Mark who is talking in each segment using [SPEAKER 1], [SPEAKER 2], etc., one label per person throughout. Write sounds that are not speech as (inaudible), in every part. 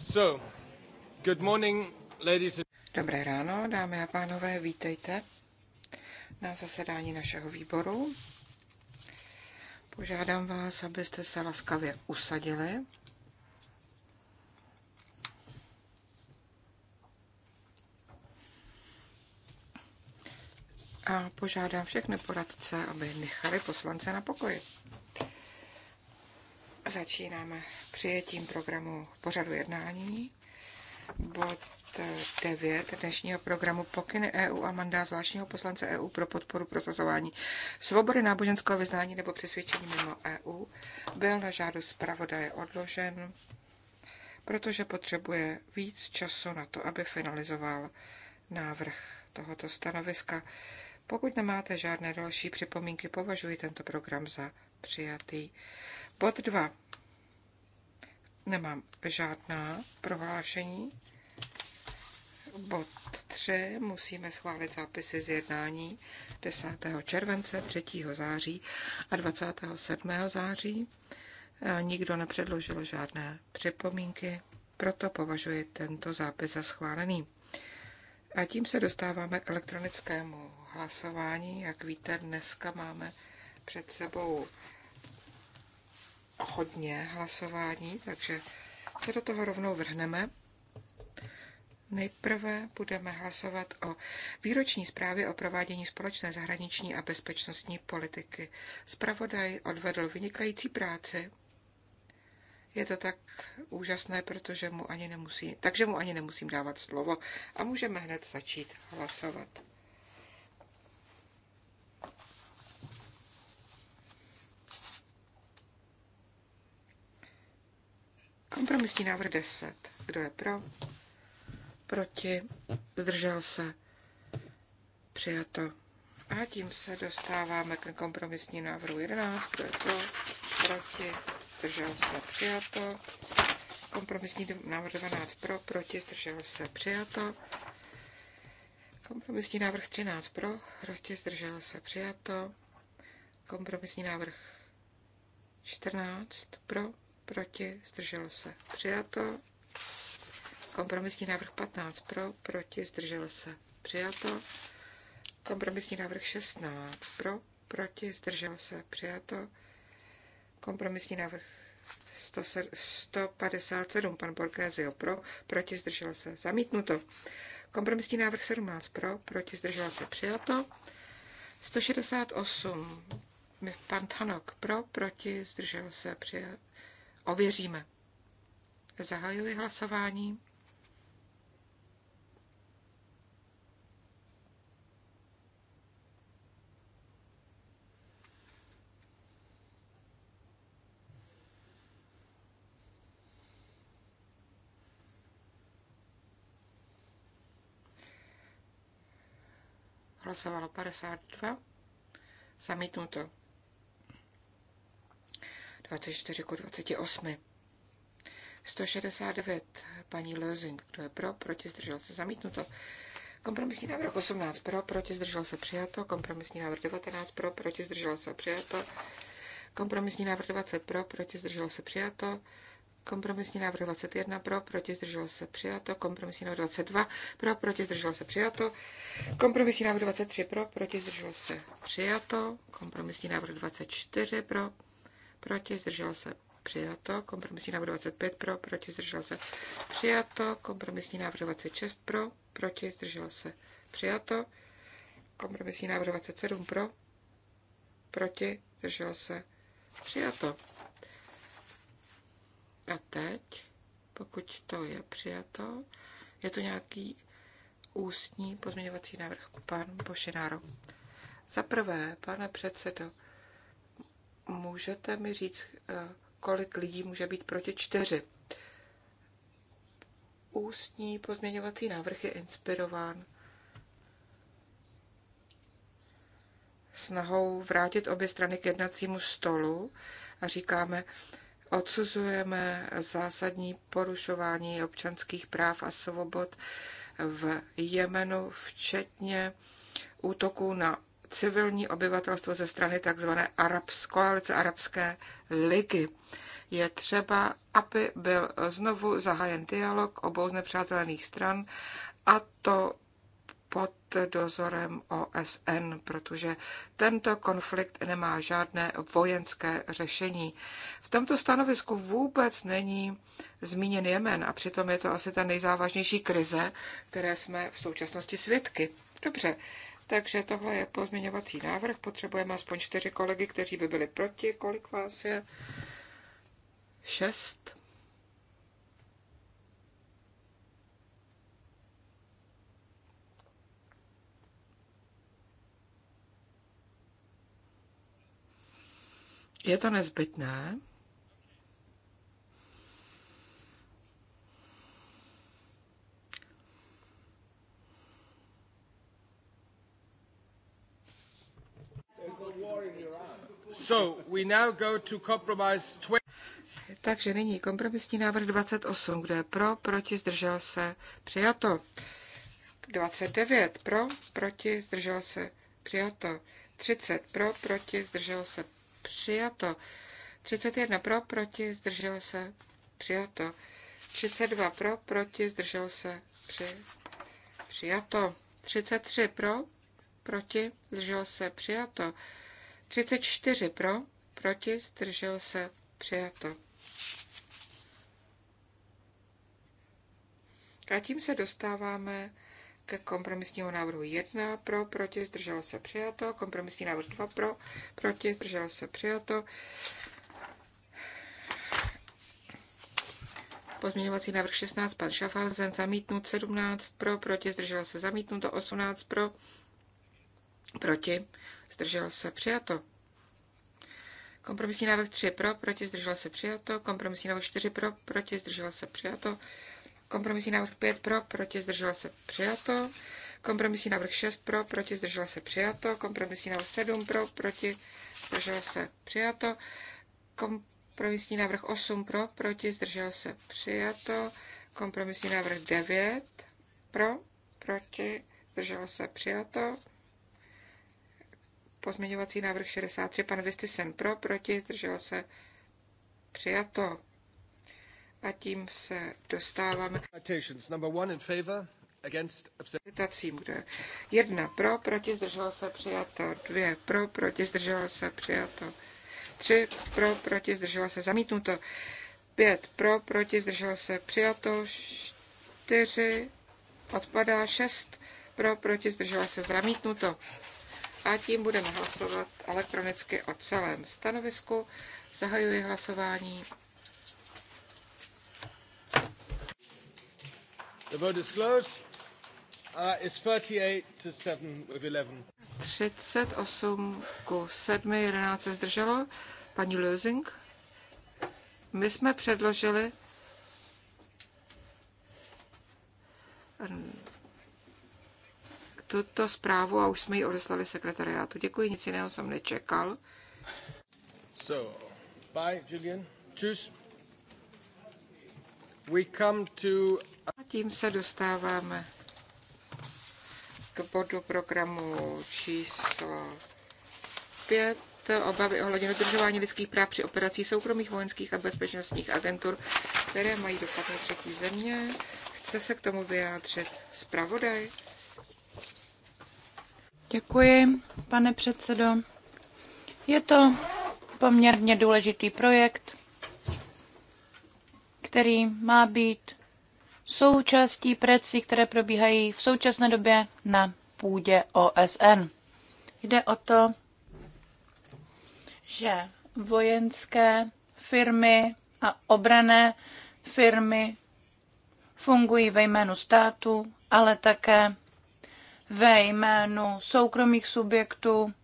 [SPEAKER 1] So, good morning, ladies
[SPEAKER 2] and... Dobré ráno, dámy a pánové, vítejte na zasedání našeho výboru. Požádám vás, abyste se laskavě usadili. A požádám všechny poradce, aby nechali poslance na pokoji. Začínáme přijetím programu pořadu jednání. Bod 9 dnešního programu Pokyny EU a mandát zvláštního poslance EU pro podporu prosazování svobody náboženského vyznání nebo přesvědčení mimo EU byl na žádost zpravodaje odložen, protože potřebuje víc času na to, aby finalizoval návrh tohoto stanoviska. Pokud nemáte žádné další připomínky, považuji tento program za přijatý. Bod 2. Nemám žádná prohlášení. Bod 3. Musíme schválit zápisy z jednání 10. července, 3. září a 27. září. Nikdo nepředložil žádné připomínky, proto považuji tento zápis za schválený. A tím se dostáváme k elektronickému hlasování. Jak víte, dneska máme před sebou hodně hlasování, takže se do toho rovnou vrhneme. Nejprve budeme hlasovat o výroční zprávě o provádění společné zahraniční a bezpečnostní politiky. Spravodaj odvedl vynikající práci. Je to tak úžasné, protože mu ani nemusí, takže mu ani nemusím dávat slovo a můžeme hned začít hlasovat. Kompromisní návrh 10. Kdo je pro? Proti? Zdržel se? Přijato. A tím se dostáváme k kompromisní návrhu 11. Kdo je pro? Proti? Zdržel se? Přijato. Kompromisní návrh 12 pro, proti, zdržel se, přijato. Kompromisní návrh 13 pro, proti, zdržel se, přijato. Kompromisní návrh 14 pro, proti, zdržel se. Přijato. Kompromisní návrh 15 pro, proti, zdržel se. Přijato. Kompromisní návrh 16 pro, proti, zdržel se. Přijato. Kompromisní návrh 157, pan Borgesio pro, proti, zdržel se. Zamítnuto. Kompromisní návrh 17 pro, proti, zdržel se. Přijato. 168, pan Tanok pro, proti, zdržel se. Přijato. Ověříme. Zahajuji hlasování. Hlasovalo 52. Zamítnuto. 24 k 28. 169. Paní Lozing, kdo je pro, proti, zdržel se, zamítnuto. Kompromisní návrh 18 pro, proti, zdržel se, přijato. Kompromisní návrh 19 pro, proti, zdržel se, přijato. Kompromisní návrh 20 pro, proti, zdržel se, přijato. Kompromisní návrh 21 pro, proti zdržel se přijato. Kompromisní návrh 22 pro, proti zdržel se přijato. Kompromisní návrh 23 pro, proti zdržel se přijato. Kompromisní návrh 24 pro, proti, zdržel se přijato, kompromisní návrh 25 pro, proti, zdržel se přijato, kompromisní návrh 26 pro, proti, zdržel se přijato, kompromisní návrh 27 pro, proti, zdržel se přijato. A teď, pokud to je přijato, je to nějaký ústní pozměňovací návrh pan Bošenáro. Za prvé, pane předsedo, Můžete mi říct, eh, kolik lidí může být proti čtyři? Ústní pozměňovací návrh je inspirován snahou vrátit obě strany k jednacímu stolu a říkáme, odsuzujeme zásadní porušování občanských práv a svobod v Jemenu, včetně útoků na civilní obyvatelstvo ze strany tzv. Arabs, koalice Arabské ligy. Je třeba, aby byl znovu zahájen dialog obou znepřátelených stran a to pod dozorem OSN, protože tento konflikt nemá žádné vojenské řešení. V tomto stanovisku vůbec není zmíněn Jemen a přitom je to asi ta nejzávažnější krize, které jsme v současnosti svědky. Dobře, takže tohle je pozměňovací návrh. Potřebujeme aspoň čtyři kolegy, kteří by byli proti. Kolik vás je? Šest. Je to nezbytné. So, we now go to compromise 20. Takže nyní kompromisní návrh 28. Kdo je pro, proti, zdržel se, přijato. 29 pro, proti, zdržel se, přijato. 30 pro, proti, zdržel se, přijato. 31 pro, proti, zdržel se, přijato. 32 pro, proti, zdržel se, při, přijato. 33 pro, proti, zdržel se, přijato. 34 pro, proti, zdržel se, přijato. A tím se dostáváme ke kompromisnímu návrhu 1 pro, proti, zdrželo se přijato, kompromisní návrh 2 pro, proti, zdrželo se přijato. Pozměňovací návrh 16, pan Šafázen, zamítnut 17 pro, proti, zdrželo se zamítnuto 18 pro, proti, zdržel se přijato. Kompromisní návrh 3 pro, proti, zdržel se přijato. Kompromisní návrh 4 pro, proti, zdržel se přijato. Kompromisní návrh 5 pro, proti, zdržel se přijato. Kompromisní návrh 6 pro, proti, zdržel se přijato. Kompromisní návrh 7 pro, proti, zdržel se přijato. Kompromisní návrh 8 pro, proti, zdržel se přijato. Kompromisní návrh 9 pro, proti, zdržel se přijato. Pozměňovací návrh 63, pan jsem pro, proti, zdržel se přijato. A tím se dostáváme citacím, kde Jedna pro, proti, zdržel se přijato. Dvě pro, proti, zdržel se přijato. Tři pro, proti, zdržel se zamítnuto. Pět pro, proti, zdržel se přijato. Čtyři odpadá. Šest pro, proti, zdržel se zamítnuto a tím budeme hlasovat elektronicky o celém stanovisku. Zahajuji hlasování. The vote is closed.
[SPEAKER 1] Uh, it's 38 to 7 with 11.
[SPEAKER 2] 38 ku 7, 11 se zdrželo. Paní Lösing, my jsme předložili tuto zprávu a už jsme ji odeslali sekretariátu. Děkuji, nic jiného jsem nečekal. So, bye, Julian. We come to... A tím se dostáváme k bodu programu číslo 5. Obavy ohledně dodržování lidských práv při operacích soukromých vojenských a bezpečnostních agentur, které mají dopad na třetí země. Chce se k tomu vyjádřit zpravodaj?
[SPEAKER 3] Děkuji, pane předsedo. Je to poměrně důležitý projekt, který má být součástí prací, které probíhají v současné době na půdě OSN. Jde o to, že vojenské firmy a obrané firmy fungují ve jménu státu, ale také ve jménu soukromých subjektů.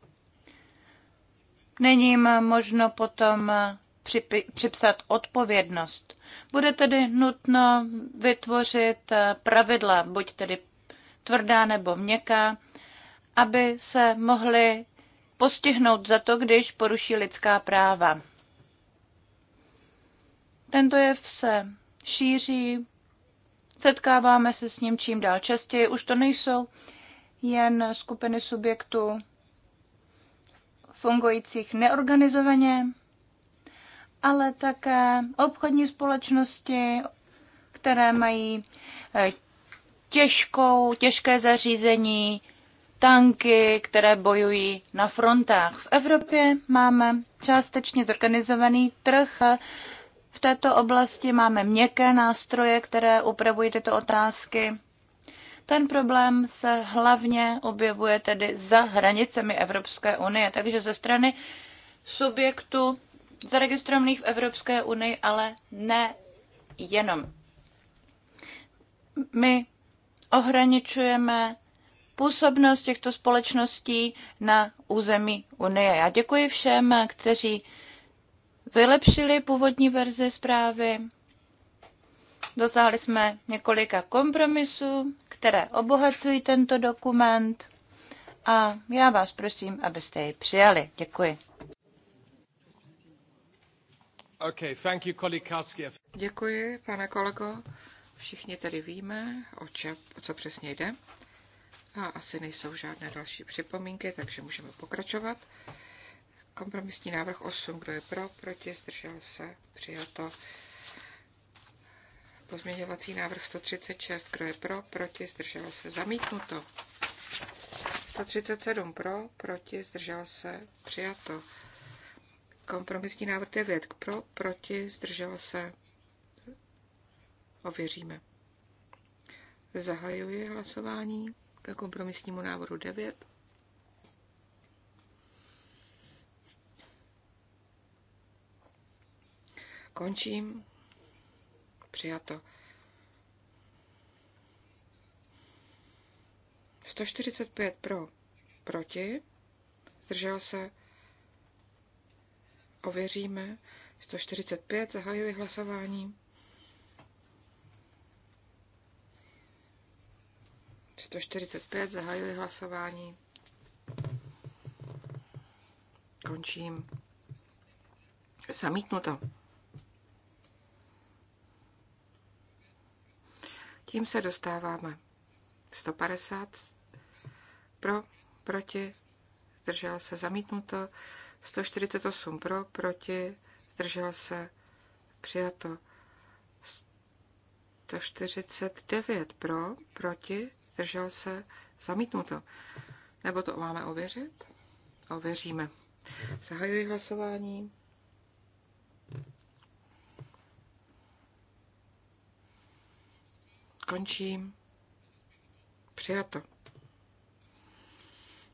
[SPEAKER 3] Není jim možno potom připsat odpovědnost. Bude tedy nutno vytvořit eh, pravidla, buď tedy tvrdá nebo měkká, aby se mohli postihnout za to, když poruší lidská práva. Tento jev se šíří, setkáváme se s ním čím dál častěji, už to nejsou jen skupiny subjektů fungujících neorganizovaně, ale také obchodní společnosti, které mají eh, těžkou, těžké zařízení, tanky, které bojují na frontách. V Evropě máme částečně zorganizovaný trh. V této oblasti máme měkké nástroje, které upravují tyto otázky. Ten problém se hlavně objevuje tedy za hranicemi Evropské unie, takže ze strany subjektů zaregistrovaných v Evropské unii, ale ne jenom. My ohraničujeme působnost těchto společností na území Unie. Já děkuji všem, kteří vylepšili původní verzi zprávy. Dosáhli jsme několika kompromisů, které obohacují tento dokument a já vás prosím, abyste jej přijali. Děkuji.
[SPEAKER 1] Okay, thank you,
[SPEAKER 2] Děkuji, pane kolego. Všichni tedy víme, o, če, o co přesně jde. A asi nejsou žádné další připomínky, takže můžeme pokračovat. Kompromisní návrh 8, kdo je pro, proti, zdržel se, přijato. Pozměňovací návrh 136, kdo je pro, proti, zdržel se, zamítnuto. 137 pro, proti, zdržel se, přijato. Kompromisní návrh 9 pro, proti, zdržel se, ověříme. Zahajuji hlasování ke kompromisnímu návrhu 9. Končím. Přijato. 145 pro, proti, zdržel se, ověříme, 145, zahajuji hlasování. 145, zahajuji hlasování. Končím. Zamítnuto. Tím se dostáváme 150 pro, proti, zdržel se zamítnuto, 148 pro, proti, zdržel se přijato, 149 pro, proti, zdržel se zamítnuto. Nebo to máme ověřit? Ověříme. Zahajuji hlasování. Končím. Přijato.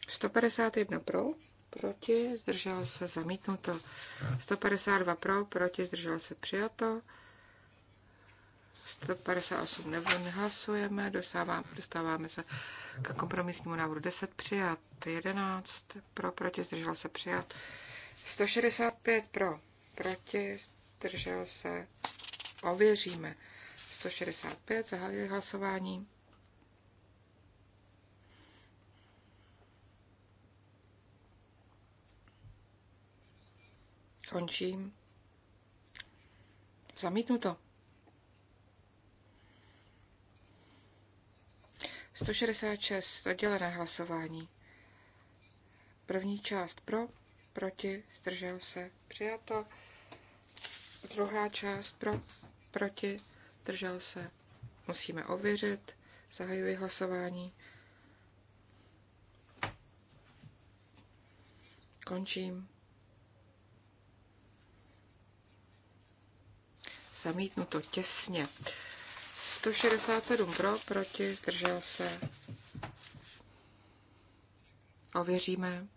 [SPEAKER 2] 151 pro, proti, zdržel se zamítnuto. 152 pro, proti, zdržel se přijato. 158 nebo nehlasujeme, dostáváme, dostáváme se k kompromisnímu návrhu 10 přijat, 11 pro, proti, zdržel se přijat, 165 pro, proti, zdržel se, ověříme. 165, zahajuji hlasování. Končím. Zamítnuto. 166, oddělené hlasování. První část pro, proti, zdržel se, přijato. Druhá část pro, proti, zdržel se, musíme ověřit, zahajuji hlasování, končím, zamítnuto těsně. 167 pro, proti, zdržel se. Ověříme.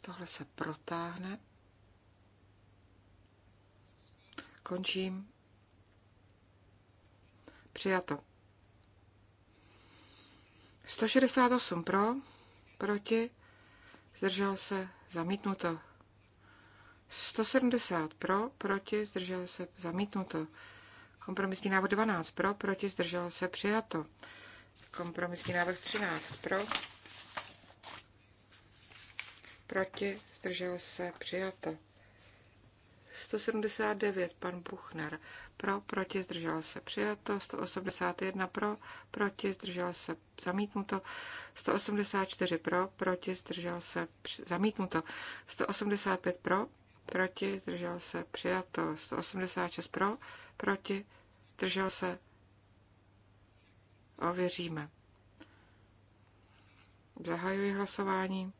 [SPEAKER 2] Tohle se protáhne. Končím. Přijato. 168 pro, proti, zdržel se, zamítnuto. 170 pro, proti, zdržel se, zamítnuto. Kompromisní návrh 12 pro, proti, zdržel se, přijato. Kompromisní návrh 13 pro, proti, zdržel se, přijato. 179 pan Buchner pro, proti, zdržel se přijato, 181 pro, proti, zdržel se zamítnuto, 184 pro, proti, zdržel se zamítnuto, 185 pro, proti, zdržel se přijato, 186 pro, proti, zdržel se ověříme. Zahajuji hlasování.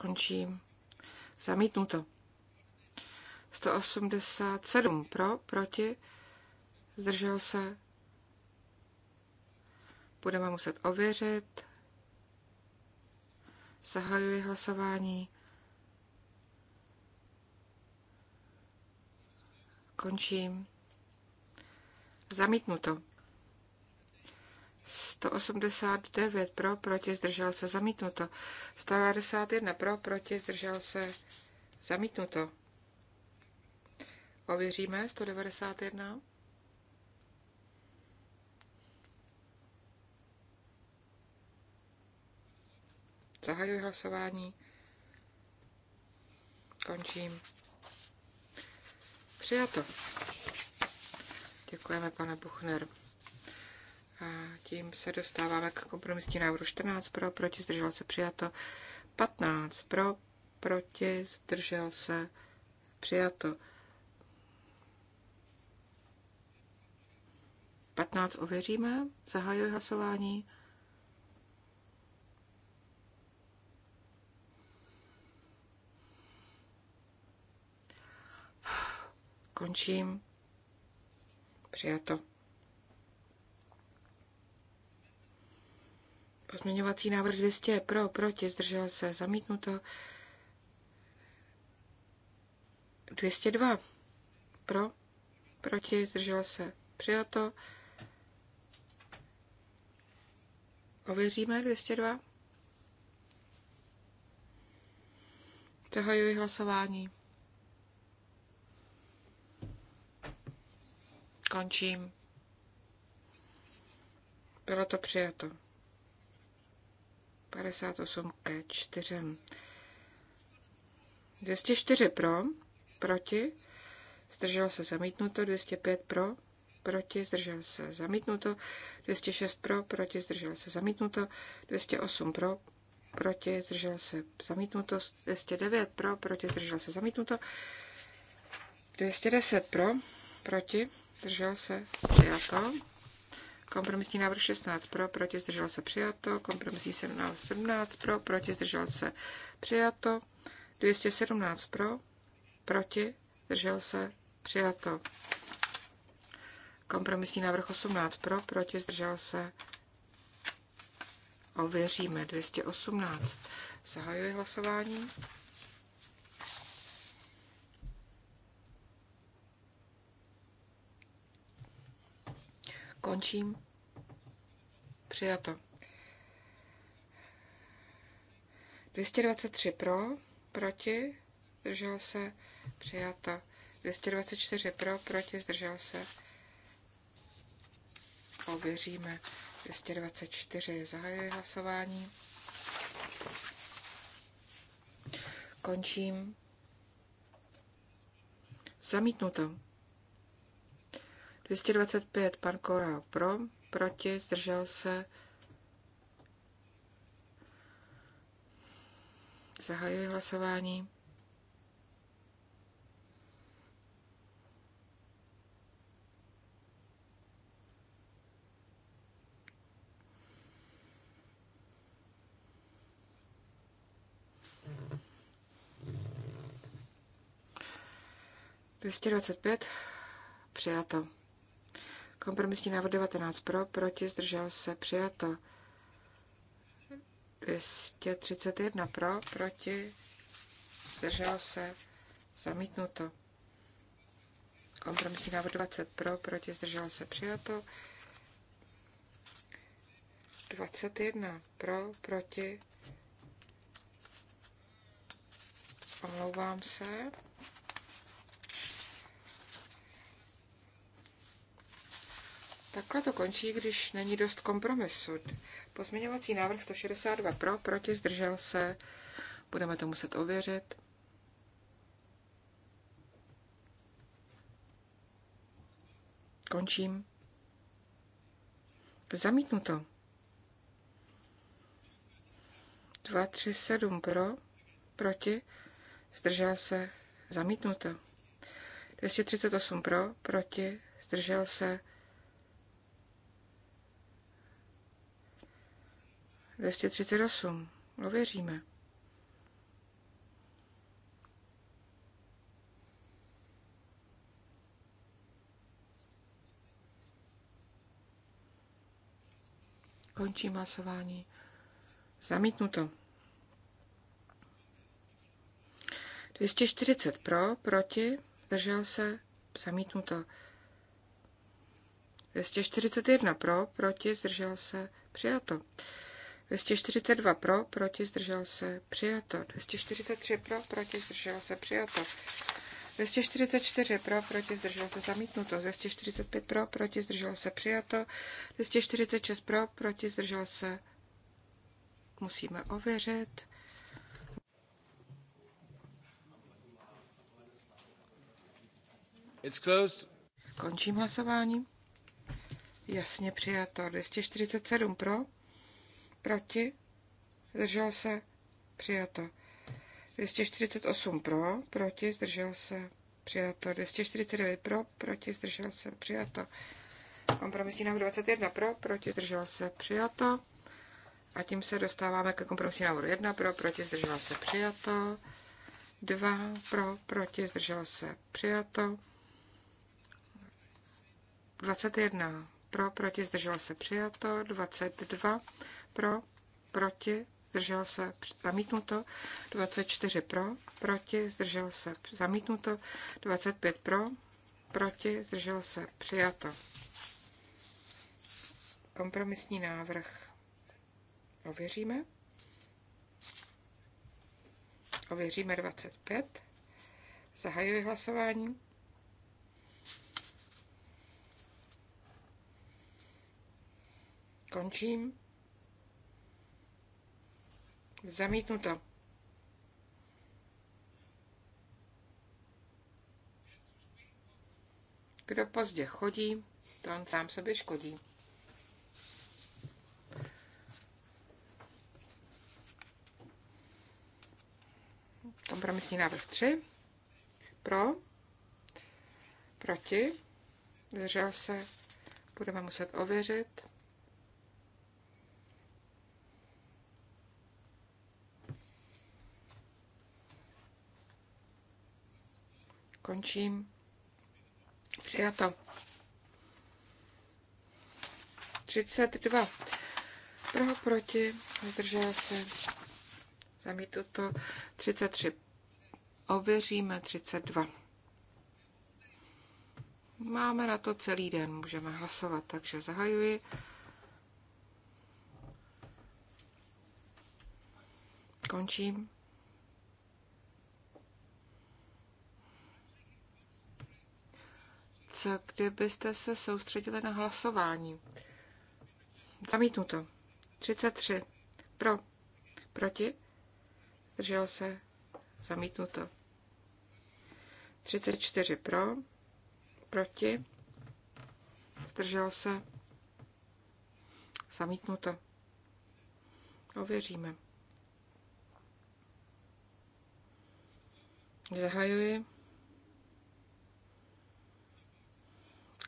[SPEAKER 2] Končím. Zamítnuto. 187 pro, proti, zdržel se. Budeme muset ověřit. Zahajuji hlasování. Končím. Zamítnuto. 189 pro, proti, zdržel se, zamítnuto. 191 pro, proti, zdržel se, zamítnuto. Ověříme 191. Zahajuji hlasování. Končím. Přijato. Děkujeme, pane Buchner. A tím se dostáváme k kompromisní návrhu 14 pro, proti, zdržel se, přijato. 15 pro, proti, zdržel se, přijato. 15 ověříme, zahajuji hlasování. Končím. Přijato. Pozměňovací návrh 200 pro, proti, zdržel se, zamítnuto. 202 pro, proti, zdržel se, přijato. Ověříme 202. Zahajuji hlasování. Končím. Bylo to přijato. 58 4. 204 pro, proti, zdržel se zamítnuto, 205 pro, proti, zdržel se zamítnuto, 206 pro, proti, zdržel se zamítnuto, 208 pro, proti, zdržel se zamítnuto, 209 pro, proti, zdržel se zamítnuto, 210 pro, proti, zdržel se přijato. Kompromisní návrh 16 pro, proti zdržel se přijato. Kompromisní 17, 17 pro, proti zdržel se přijato. 217 pro, proti zdržel se přijato. Kompromisní návrh 18 pro, proti zdržel se ověříme 218. Zahajuji hlasování. Končím. Přijato. 223 pro, proti, zdržel se, přijato. 224 pro, proti, zdržel se. Ověříme. 224 zahajuje hlasování. Končím. Zamítnuto. 225 pan Korál pro, proti, zdržel se. Zahajuji hlasování. Dvěstě dvacet pět přijato. Kompromisní návrh 19 pro, proti, zdržel se, přijato. 231 pro, proti, zdržel se, zamítnuto. Kompromisní návrh 20 pro, proti, zdržel se, přijato. 21 pro, proti, omlouvám se. Takhle to končí, když není dost kompromisu. Pozměňovací návrh 162 pro, proti, zdržel se. Budeme to muset ověřit. Končím. Zamítnuto. 2, 3, 7 pro, proti, zdržel se, zamítnuto. 238 pro, proti, zdržel se, 238. Ověříme. Končím hlasování. Zamítnuto. 240 pro, proti, držel se, zamítnuto. 241 pro, proti, zdržel se, přijato. 242 pro, proti zdržel se přijato. 243 pro, proti zdržel se přijato. 244 pro, proti zdržel se zamítnuto. 245 pro, proti zdržel se přijato. 246 pro, proti zdržel se musíme ověřit.
[SPEAKER 4] It's closed.
[SPEAKER 2] Končím hlasování. Jasně přijato. 247 pro, proti, zdržel se, přijato. 248 pro, proti, zdržel se, přijato. 249 pro, proti, zdržel se, přijato. Kompromisní návrh 21 pro, proti, zdržel se, přijato. A tím se dostáváme ke kompromisní návrhu 1 pro, proti, zdržel se, přijato. 2 pro, proti, zdržel se, přijato. 21 pro, proti, zdržel se, přijato. 22 pro, proti, zdržel se, zamítnuto, 24 pro, proti, zdržel se, zamítnuto, 25 pro, proti, zdržel se, přijato. Kompromisní návrh ověříme. Ověříme 25. Zahajuji hlasování. Končím. Zamítnuto. Kdo pozdě chodí, to on sám sobě škodí. Kompromisní návrh 3. Pro. Proti. Zdržel se. Budeme muset ověřit. Končím. Přijato. 32. Pro, proti, zdržel se. to. 33. Ověříme 32. Máme na to celý den, můžeme hlasovat, takže zahajuji. Končím. kdybyste se soustředili na hlasování. Zamítnuto. 33. Pro. Proti. Držel se. Zamítnuto. 34 pro, proti, zdržel se, zamítnuto. Ověříme. Zahajuji.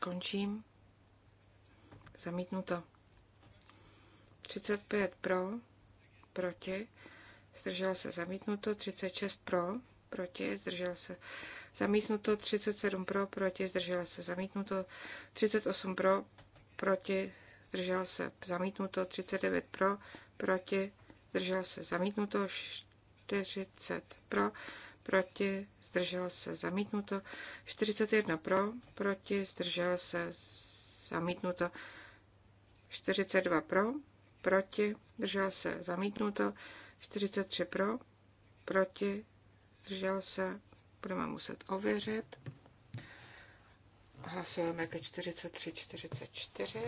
[SPEAKER 2] skončím. Zamítnuto. 35 pro, proti, zdržel se zamítnuto, 36 pro, proti, zdržel se zamítnuto, 37 pro, proti, zdržel se zamítnuto, 38 pro, proti, zdržel se zamítnuto, 39 pro, proti, zdržel se zamítnuto, 40 pro, proti, zdržel se, zamítnuto. 41 pro, proti, zdržel se, zamítnuto. 42 pro, proti, zdržel se, zamítnuto. 43 pro, proti, zdržel se, budeme muset ověřit. Hlasujeme ke 43, 44.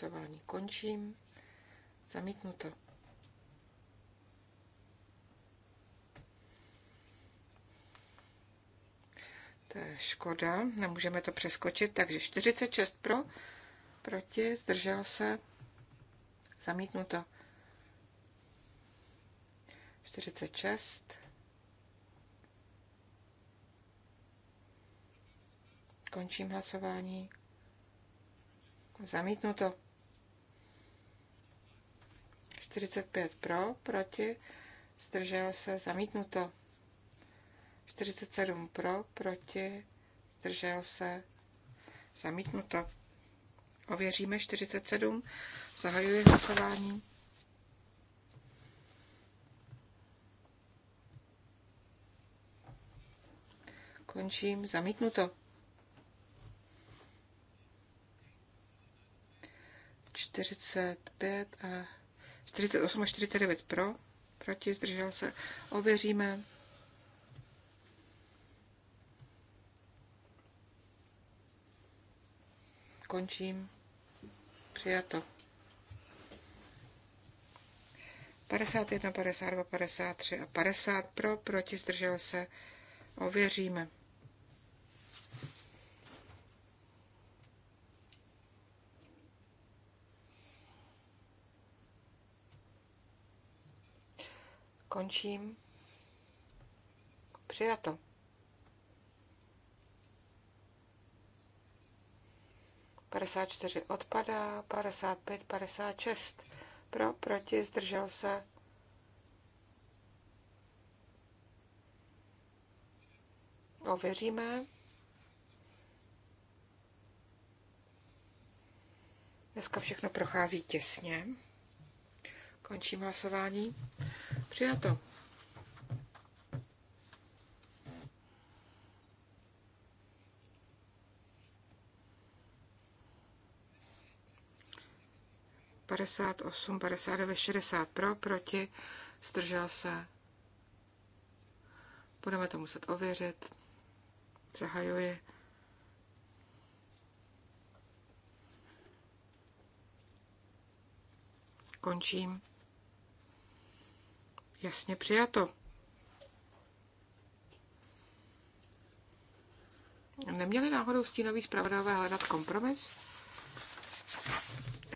[SPEAKER 2] Hlasování končím. Zamítnuto. To je škoda, nemůžeme to přeskočit. Takže 46 pro, proti, zdržel se, zamítnuto. 46. Končím hlasování. Zamítnuto. 45 pro, proti, zdrželo se, zamítnuto. 47 pro, proti, zdrželo se, zamítnuto. Ověříme 47, zahajuji hlasování. Končím, zamítnuto. 45 a 48 a 49 pro, proti, zdržel se. Ověříme. Končím. Přijato. 51, 52, 53 a 50 pro, proti, zdržel se. Ověříme. Končím. Přijato. Padesát čtyři odpadá, padesát pět, padesát šest. Pro, proti, zdržel se. Ověříme. Dneska všechno prochází těsně. Končím hlasování. Přijato. Padesát osm, padesát devět, šedesát pro, proti, zdržel se. Budeme to muset ověřit. Zahajuji. Končím. Jasně přijato. Neměli náhodou stínový zpravodajové hledat kompromis?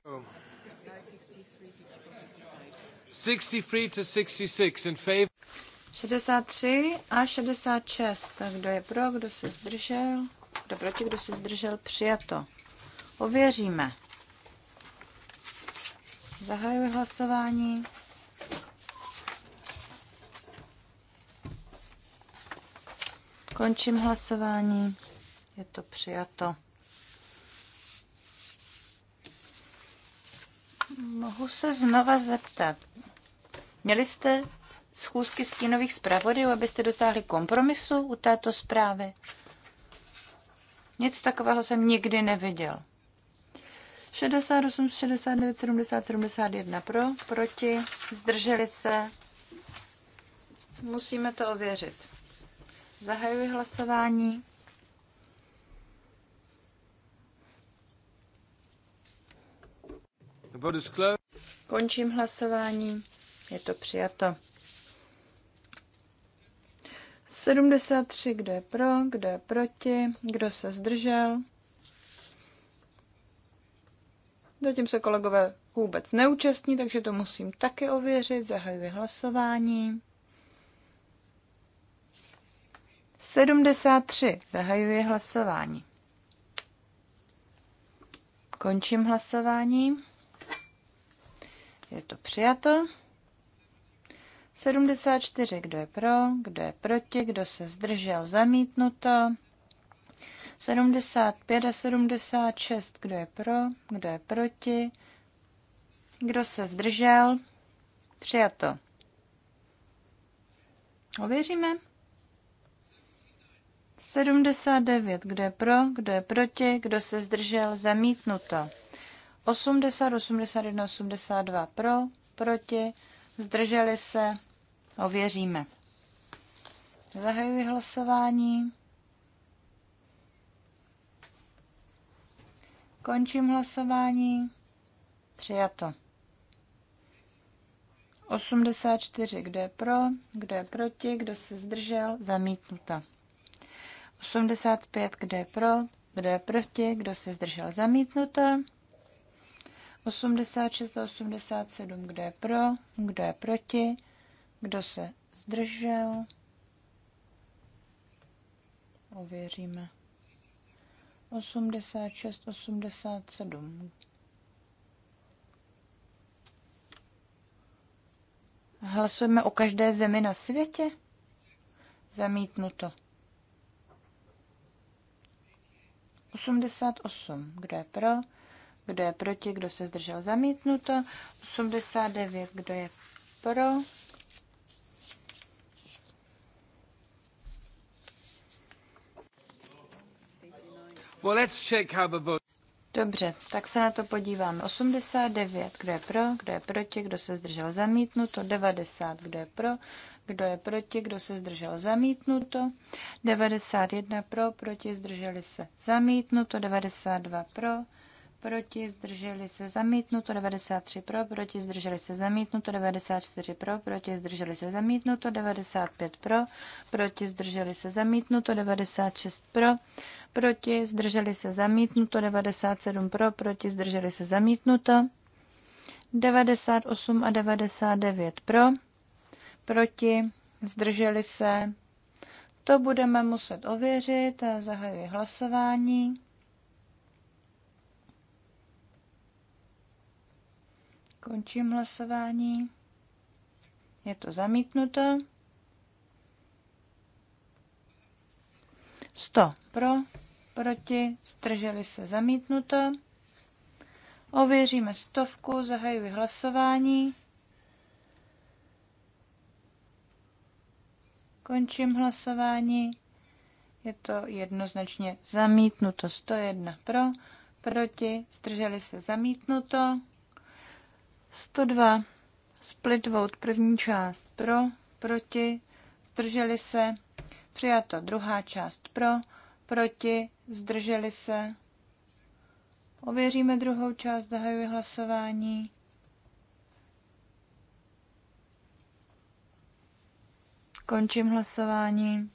[SPEAKER 4] Oh.
[SPEAKER 1] 63 to 66 in
[SPEAKER 3] 63 a 66. Tak kdo je pro, kdo se zdržel? Kdo proti, kdo se zdržel? Přijato. Ověříme. Zahajuji hlasování. Končím hlasování. Je to přijato. Mohu se znova zeptat. Měli jste schůzky stínových zpravodajů, abyste dosáhli kompromisu u této zprávy? Nic takového jsem nikdy neviděl. 68, 69, 70, 71 pro, proti, zdrželi se. Musíme to ověřit. Zahajuji hlasování. Končím hlasování. Je to přijato. 73, kdo je pro, kdo je proti, kdo se zdržel. Zatím se kolegové vůbec neúčastní, takže to musím taky ověřit. Zahajuji hlasování. 73. Zahajuji hlasování. Končím hlasování. Je to přijato. 74. Kdo je pro, kdo je proti, kdo se zdržel, zamítnuto. 75 a 76. Kdo je pro, kdo je proti, kdo se zdržel, přijato. Ověříme. 79. Kdo je pro, kdo je proti, kdo se zdržel, zamítnuto. 80, 81, 82 pro, proti, zdrželi se, ověříme. Zahajuji hlasování. Končím hlasování. Přijato. 84, kdo je pro, kdo je proti, kdo se zdržel, zamítnuto. 85, kdo je pro, kdo je proti, kdo se zdržel zamítnuto. 86 a 87, kdo je pro, kdo je proti, kdo se zdržel. Ověříme. 86, 87. Hlasujeme o každé zemi na světě? Zamítnuto. 88. Kdo je pro? Kdo je proti? Kdo se zdržel? Zamítnuto. 89. Kdo je pro?
[SPEAKER 1] Well, let's check how the vote...
[SPEAKER 3] Dobře, tak se na to podíváme. 89, kdo je pro, kdo je proti, kdo se zdržel zamítnuto, 90, kdo je pro, kdo je proti, kdo se zdržel zamítnuto, 91 pro, proti, zdrželi se zamítnuto, 92 pro, proti, zdrželi se zamítnuto, 93 pro, proti, zdrželi se zamítnuto, 94 pro, proti, zdrželi se zamítnuto, 95 pro, proti, zdrželi se zamítnuto, 96 pro, proti, zdrželi se zamítnuto, 97 pro, proti, zdrželi se zamítnuto, 98 a 99 pro, proti, zdrželi se. To budeme muset ověřit. Zahajuji hlasování. Končím hlasování. Je to zamítnuto. 100 pro, proti, zdrželi se zamítnuto. Ověříme stovku, zahajuji hlasování. Končím hlasování. Je to jednoznačně zamítnuto. 101 pro, proti, zdrželi se zamítnuto. 102 split vote, první část pro, proti, zdrželi se. Přijato druhá část pro, proti, zdrželi se. Ověříme druhou část, zahajuji hlasování. Končím hlasování.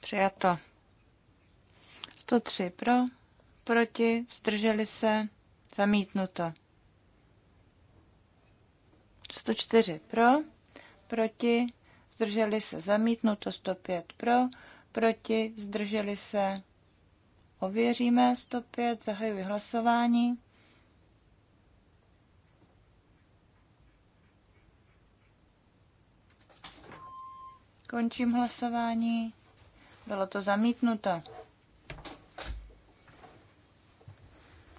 [SPEAKER 3] Přijato. 103 pro, proti, zdrželi se, zamítnuto. 104 pro, proti, zdrželi se, zamítnuto. 105 pro, proti, zdrželi se, ověříme. 105, zahajuji hlasování. Končím hlasování. Bylo to zamítnuto.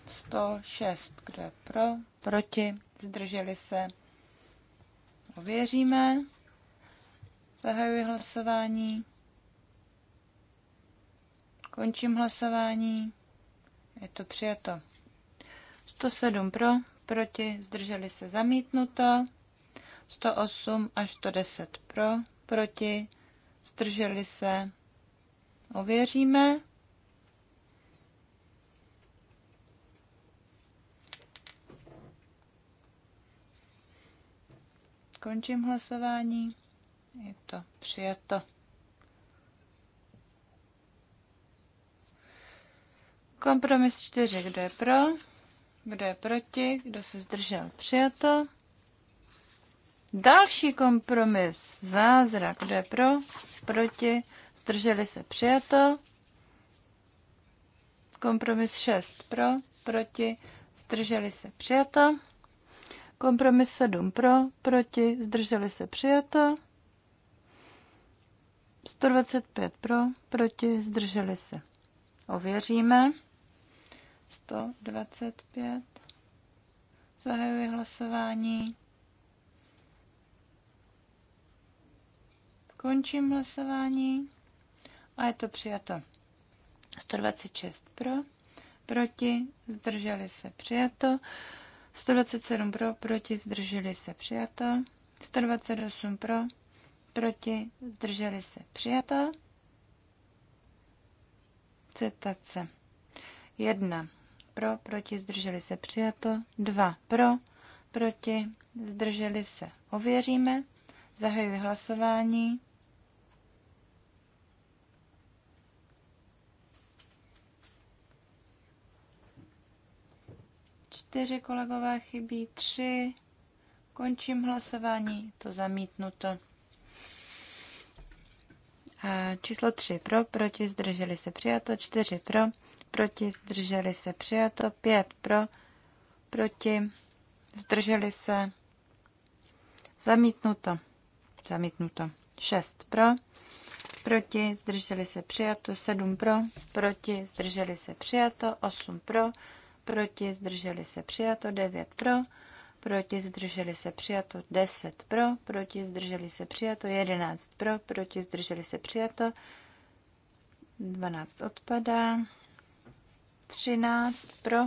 [SPEAKER 3] 106. Kdo je pro? Proti? Zdrželi se? Ověříme. Zahajuji hlasování. Končím hlasování. Je to přijato. 107 pro, proti, zdrželi se zamítnuto. 108 až 110 pro, proti, zdrželi se, ověříme. Končím hlasování. Je to přijato. Kompromis 4. Kdo je pro? Kdo je proti? Kdo se zdržel? Přijato. Další kompromis, zázrak, kde pro, proti, zdrželi se, přijato. Kompromis 6 pro, proti, zdrželi se, přijato. Kompromis 7 pro, proti, zdrželi se, přijato. 125 pro, proti, zdrželi se. Ověříme. 125. Zahajuji hlasování. Končím hlasování a je to přijato. 126 pro, proti, zdrželi se přijato. 127 pro, proti, zdrželi se přijato. 128 pro, proti, zdrželi se přijato. Citace. 1 pro, proti, zdrželi se přijato. 2 pro, proti, zdrželi se. Ověříme. Zahajuji hlasování. čtyři kolegové, chybí tři. Končím hlasování, to zamítnuto. A číslo 3 pro, proti, zdrželi se přijato, 4 pro, proti, zdrželi se přijato, 5 pro, proti, zdrželi se zamítnuto, zamítnuto, 6 pro, proti, zdrželi se přijato, 7 pro, proti, zdrželi se přijato, 8 pro, proti, zdrželi se přijato, 9 pro, proti, zdrželi se přijato, 10 pro, proti, zdrželi se přijato, 11 pro, proti, zdrželi se přijato, 12 odpadá, 13 pro,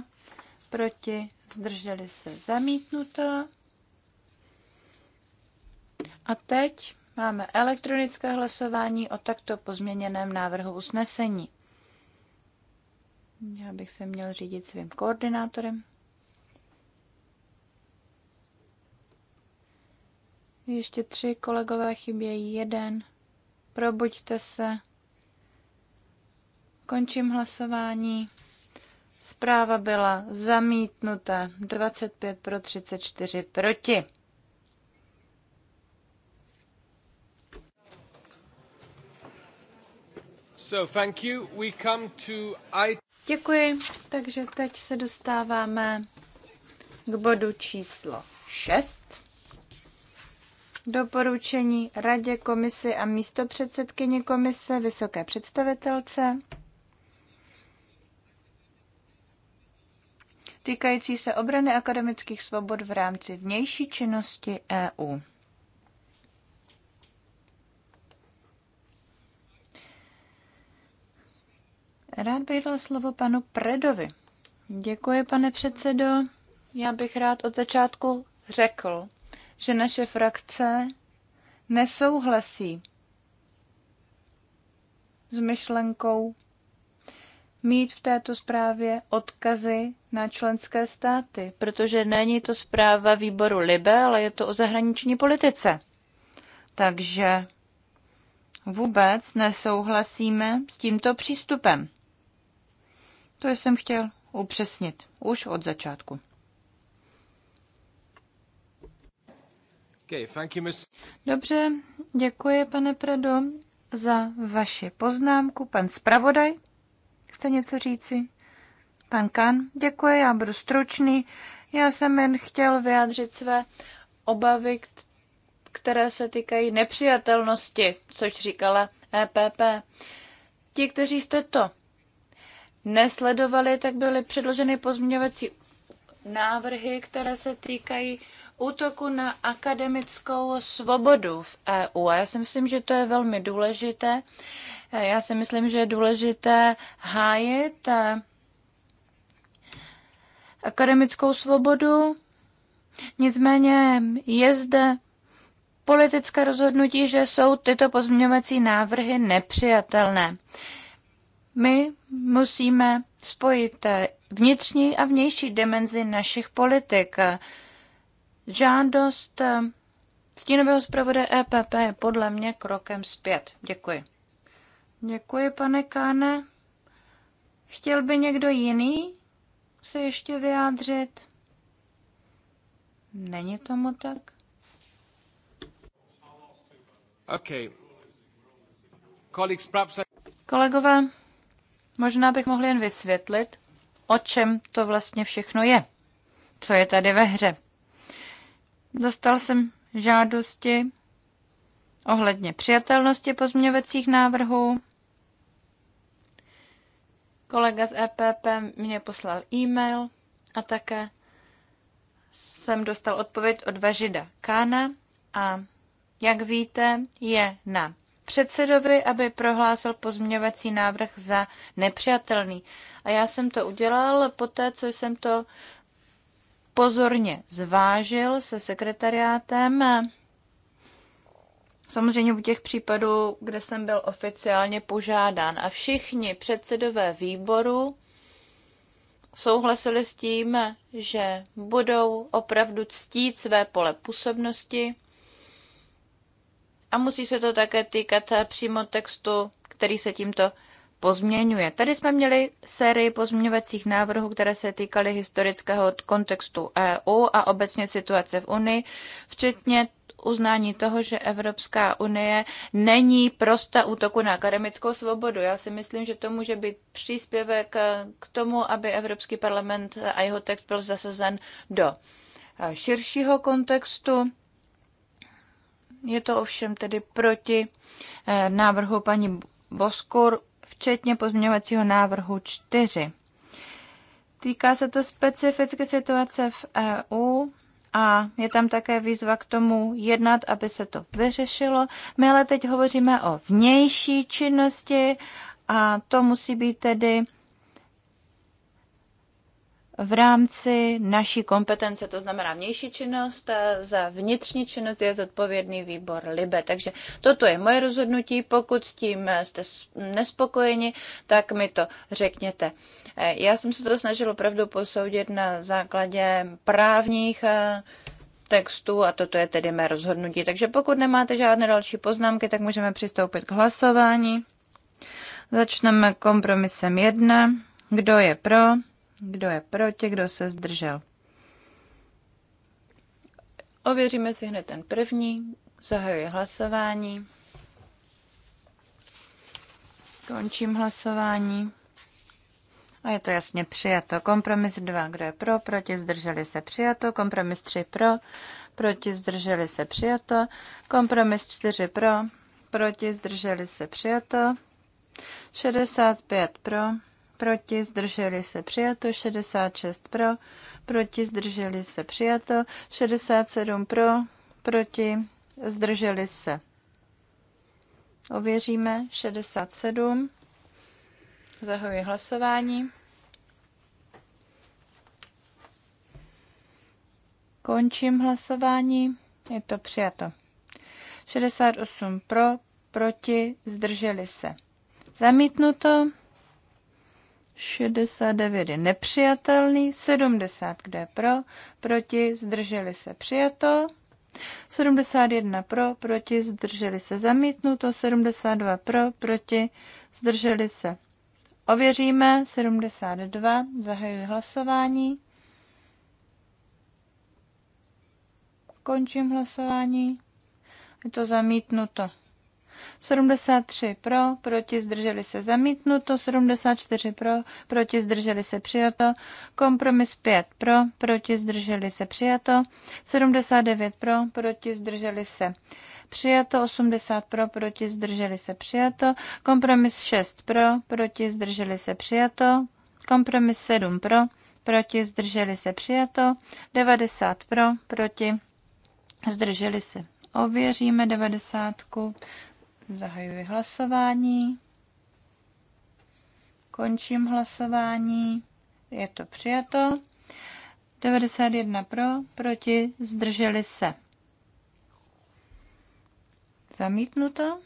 [SPEAKER 3] proti, zdrželi se zamítnuto. A teď máme elektronické hlasování o takto pozměněném návrhu usnesení. Já bych se měl řídit svým koordinátorem. Ještě tři kolegové chybějí, jeden. Probuďte se. Končím hlasování. Zpráva byla zamítnuta 25 pro 34 proti. Děkuji, takže teď se dostáváme k bodu číslo 6. Doporučení Radě komisy a místopředsedkyni komise Vysoké představitelce týkající se obrany akademických svobod v rámci vnější činnosti EU. Rád bych dal slovo panu Predovi. Děkuji, pane předsedo. Já bych rád od začátku řekl, že naše frakce nesouhlasí s myšlenkou mít v této zprávě odkazy na členské státy, protože není to zpráva výboru Libe, ale je to o zahraniční politice. Takže vůbec nesouhlasíme s tímto přístupem. To jsem chtěl upřesnit už od začátku. Dobře, děkuji, pane Predo, za vaši poznámku. Pan zpravodaj chce něco říci? Pan Kan, děkuji, já budu stručný. Já jsem jen chtěl vyjádřit své obavy, které se týkají nepřijatelnosti, což říkala EPP. Ti, kteří jste to nesledovali, tak byly předloženy pozměňovací návrhy, které se týkají útoku na akademickou svobodu v EU. A já si myslím, že to je velmi důležité. Já si myslím, že je důležité hájit eh, akademickou svobodu. Nicméně je zde politické rozhodnutí, že jsou tyto pozměňovací návrhy nepřijatelné. My musíme spojit eh, vnitřní a vnější dimenzi našich politik. Žádost eh, stínového zpravodaje EPP je podle mě krokem zpět. Děkuji. Děkuji, pane Káne. Chtěl by někdo jiný se ještě vyjádřit? Není tomu tak? Okay. Kolegové, Možná bych mohl jen vysvětlit, o čem to vlastně všechno je, co je tady ve hře. Dostal jsem žádosti ohledně přijatelnosti pozměňovacích návrhů. Kolega z EPP mě poslal e-mail a také jsem dostal odpověď od Važida Kána a jak víte, je na předsedovi, aby prohlásil pozměňovací návrh za nepřijatelný. A já jsem to udělal poté, co jsem to pozorně zvážil se sekretariátem. Samozřejmě u těch případů, kde jsem byl oficiálně požádán. A všichni předsedové výboru souhlasili s tím, že budou opravdu ctít své pole působnosti a musí se to také týkat přímo textu, který se tímto pozměňuje. Tady jsme měli sérii pozměňovacích návrhů, které se týkaly historického kontextu EU a obecně situace v Unii, včetně uznání toho, že Evropská unie není prosta útoku na akademickou svobodu. Já si myslím, že to může být příspěvek k tomu, aby Evropský parlament a jeho text byl zasazen do širšího kontextu je to ovšem tedy proti eh, návrhu paní Boskur, včetně pozměňovacího návrhu 4. Týká se to specifické situace v EU a je tam také výzva k tomu jednat, aby se to vyřešilo. My ale teď hovoříme o vnější činnosti a to musí být tedy v rámci naší kompetence, to znamená vnější činnost, a eh, za vnitřní činnost je zodpovědný výbor LIBE. Takže toto je moje rozhodnutí, pokud s tím eh, jste nespokojeni, tak mi to řekněte. Eh, já jsem se to snažil opravdu posoudit na základě právních textu a toto je tedy mé rozhodnutí. Takže pokud nemáte žádné další poznámky, tak můžeme přistoupit k hlasování. Začneme kompromisem 1. Kdo je pro? Kdo je proti, kdo se zdržel? Ověříme si hned ten první. Zahajuji hlasování. Končím hlasování. A je to jasně přijato. Kompromis 2, kdo je pro, proti, zdrželi se přijato. Kompromis 3 pro, proti, zdrželi se přijato. Kompromis 4 pro, proti, zdrželi se přijato. 65 pro, proti, zdrželi se přijato, 66 pro, proti, zdrželi se přijato, 67 pro, proti, zdrželi se. Ověříme 67. Zahajuji hlasování. Končím hlasování. Je to přijato. 68 pro, proti, zdrželi se. Zamítnuto. 69 je nepřijatelný, 70 kde pro, proti, zdrželi se přijato, 71 pro, proti, zdrželi se zamítnuto, 72 pro, proti, zdrželi se. Ověříme, 72, zahajuji hlasování. Končím hlasování. Je to zamítnuto. 73 pro, proti zdrželi se zamítnuto, 74 pro, proti zdrželi se přijato, kompromis 5 pro, proti zdrželi se přijato, 79 pro, proti zdrželi se přijato, 80 pro, proti zdrželi se přijato, kompromis 6 pro, proti zdrželi se přijato, kompromis 7 pro, proti zdrželi se přijato, 90 pro, proti zdrželi se ověříme devadesátku. Zahajuji hlasování. Končím hlasování. Je to přijato. 91 pro, proti, zdrželi se. Zamítnuto.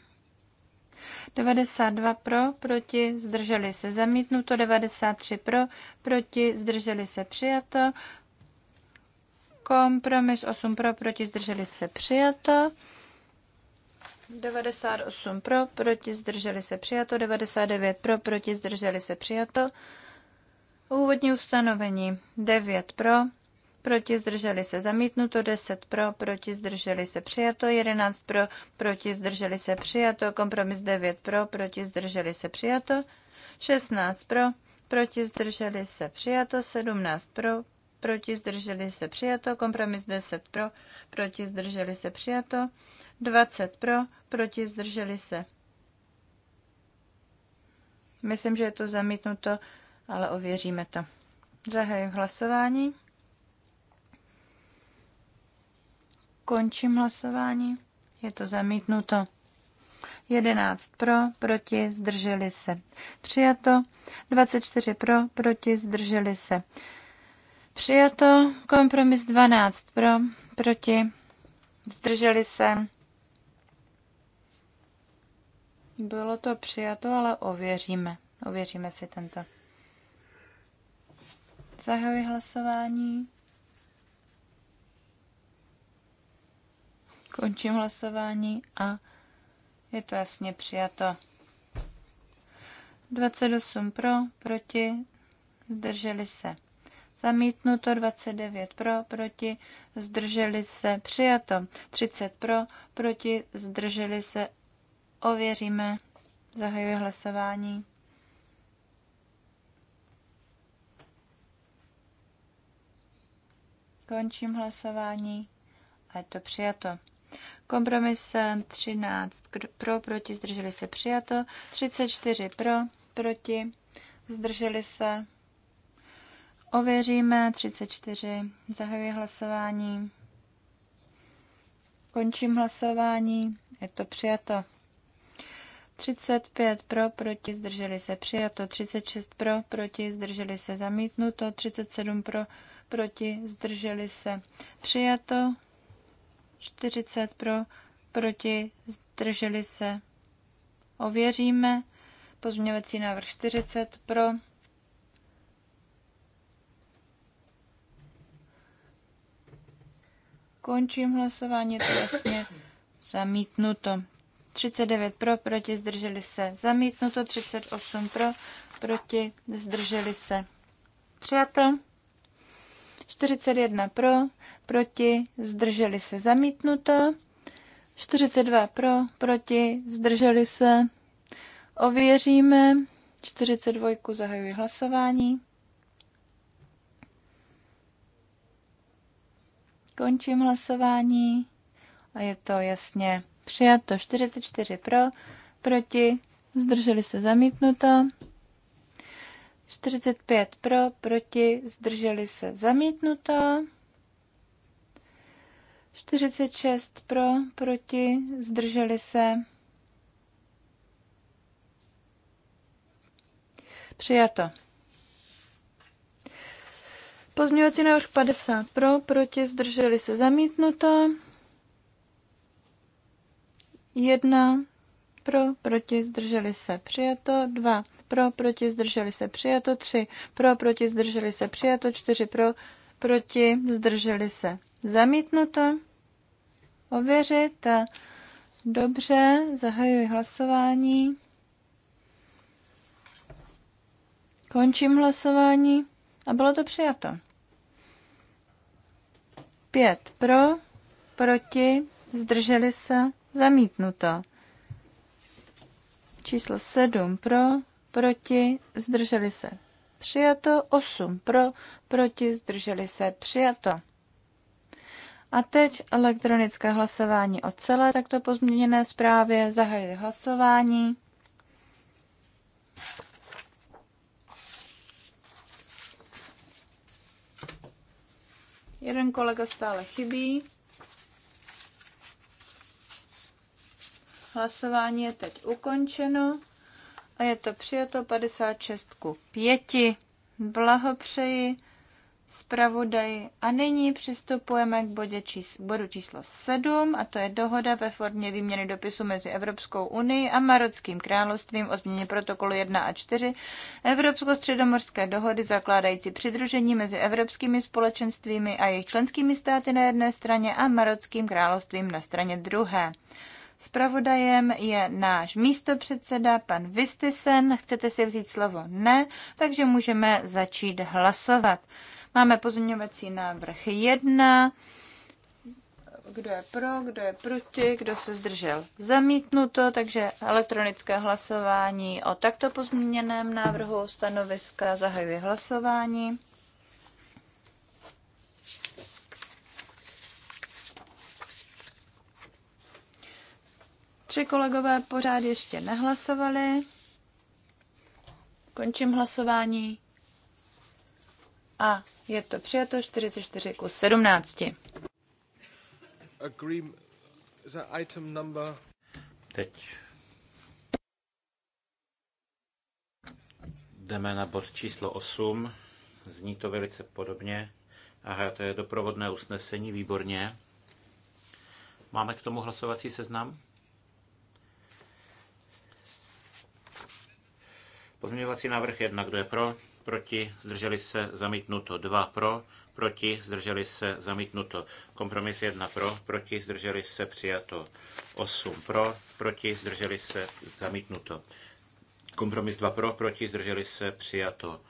[SPEAKER 3] 92 pro, proti, zdrželi se. Zamítnuto. 93 pro, proti, zdrželi se. Přijato. Kompromis 8 pro, proti, zdrželi se. Přijato. 98 pro, proti zdrželi se přijato, 99 pro, proti zdrželi se přijato. Úvodní ustanovení 9 pro, proti zdrželi se zamítnuto, 10 pro, proti zdrželi se přijato, 11 pro, proti zdrželi se přijato, kompromis 9 pro, proti zdrželi se přijato, 16 pro, proti zdrželi se přijato, 17 pro, proti zdrželi se přijato, kompromis 10 pro, proti zdrželi se přijato, 20 pro, proti zdrželi se. Myslím, že je to zamítnuto, ale ověříme to. Zahajím hlasování. Končím hlasování. Je to zamítnuto. 11 pro, proti, zdrželi se. Přijato. 24 pro, proti, zdrželi se. Přijato. Kompromis 12 pro, proti, zdrželi se. Bylo to přijato, ale ověříme. Ověříme si tento. Zahajuji hlasování. Končím hlasování a je to jasně přijato. 28 pro, proti, zdrželi se. Zamítnuto 29 pro, proti, zdrželi se. Přijato 30 pro, proti, zdrželi se. Ověříme. Zahajuje hlasování. Končím hlasování a je to přijato. Kompromis 13 pro, proti, zdrželi se přijato. 34 pro, proti, zdrželi se. Ověříme 34. Zahajuji hlasování. Končím hlasování. Je to přijato. 35 pro, proti, zdrželi se přijato, 36 pro, proti, zdrželi se zamítnuto, 37 pro, proti, zdrželi se přijato, 40 pro, proti, zdrželi se. Ověříme. Pozměňovací návrh 40 pro. Končím hlasování, to jasně zamítnuto. 39 pro, proti, zdrželi se. Zamítnuto 38 pro, proti, zdrželi se. Přijato. 41 pro, proti, zdrželi se. Zamítnuto. 42 pro, proti, zdrželi se. Ověříme. 42 zahajuji hlasování. Končím hlasování a je to jasně přijato 44 pro, proti, zdrželi se zamítnuto, 45 pro, proti, zdrželi se zamítnuto, 46 pro, proti, zdrželi se přijato. Pozměňovací návrh 50 pro, proti, zdrželi se zamítnuto. 1 pro, proti, zdrželi se, přijato, 2 pro, proti, zdrželi se, přijato, 3 pro, proti, zdrželi se, přijato, 4 pro, proti, zdrželi se, zamítnuto, ověřit, dobře, zahajuji hlasování, končím hlasování a bylo to přijato. 5 pro, proti, zdrželi se, Zamítnuto. Číslo 7 pro, proti, zdrželi se. Přijato 8 pro, proti, zdrželi se. Přijato. A teď elektronické hlasování o celé takto pozměněné zprávě. Zahajuji hlasování. Jeden kolega stále chybí. Hlasování je teď ukončeno a je to přijato 56 ku 5. Blahopřeji zpravodaji. A nyní přistupujeme k bodě čís, bodu číslo 7, a to je dohoda ve formě výměny dopisu mezi Evropskou unii a Marockým královstvím o změně protokolu 1 a 4 Evropsko-středomorské dohody zakládající přidružení mezi evropskými společenstvími a jejich členskými státy na jedné straně a Marockým královstvím na straně druhé. Spravodajem je náš místopředseda, pan Vistisen. Chcete si vzít slovo? Ne, takže můžeme začít hlasovat. Máme pozměňovací návrh 1. Kdo je pro, kdo je proti, kdo se zdržel? Zamítnuto, takže elektronické hlasování o takto pozměněném návrhu stanoviska zahajuje hlasování. Tři kolegové pořád ještě nehlasovali. Končím hlasování. A je to přijato 44 ku 17.
[SPEAKER 4] Agreem,
[SPEAKER 1] item number...
[SPEAKER 5] Teď jdeme na bod číslo 8. Zní to velice podobně. Aha, to je doprovodné usnesení, výborně. Máme k tomu hlasovací seznam? Pozměňovací návrh 1, kdo je pro, proti, zdrželi se, zamítnuto. 2 pro, proti, zdrželi se, zamítnuto. Kompromis 1 pro, proti, zdrželi se, přijato. 8 pro, proti, zdrželi se, zamítnuto. Kompromis 2 pro, proti, zdrželi se, přijato.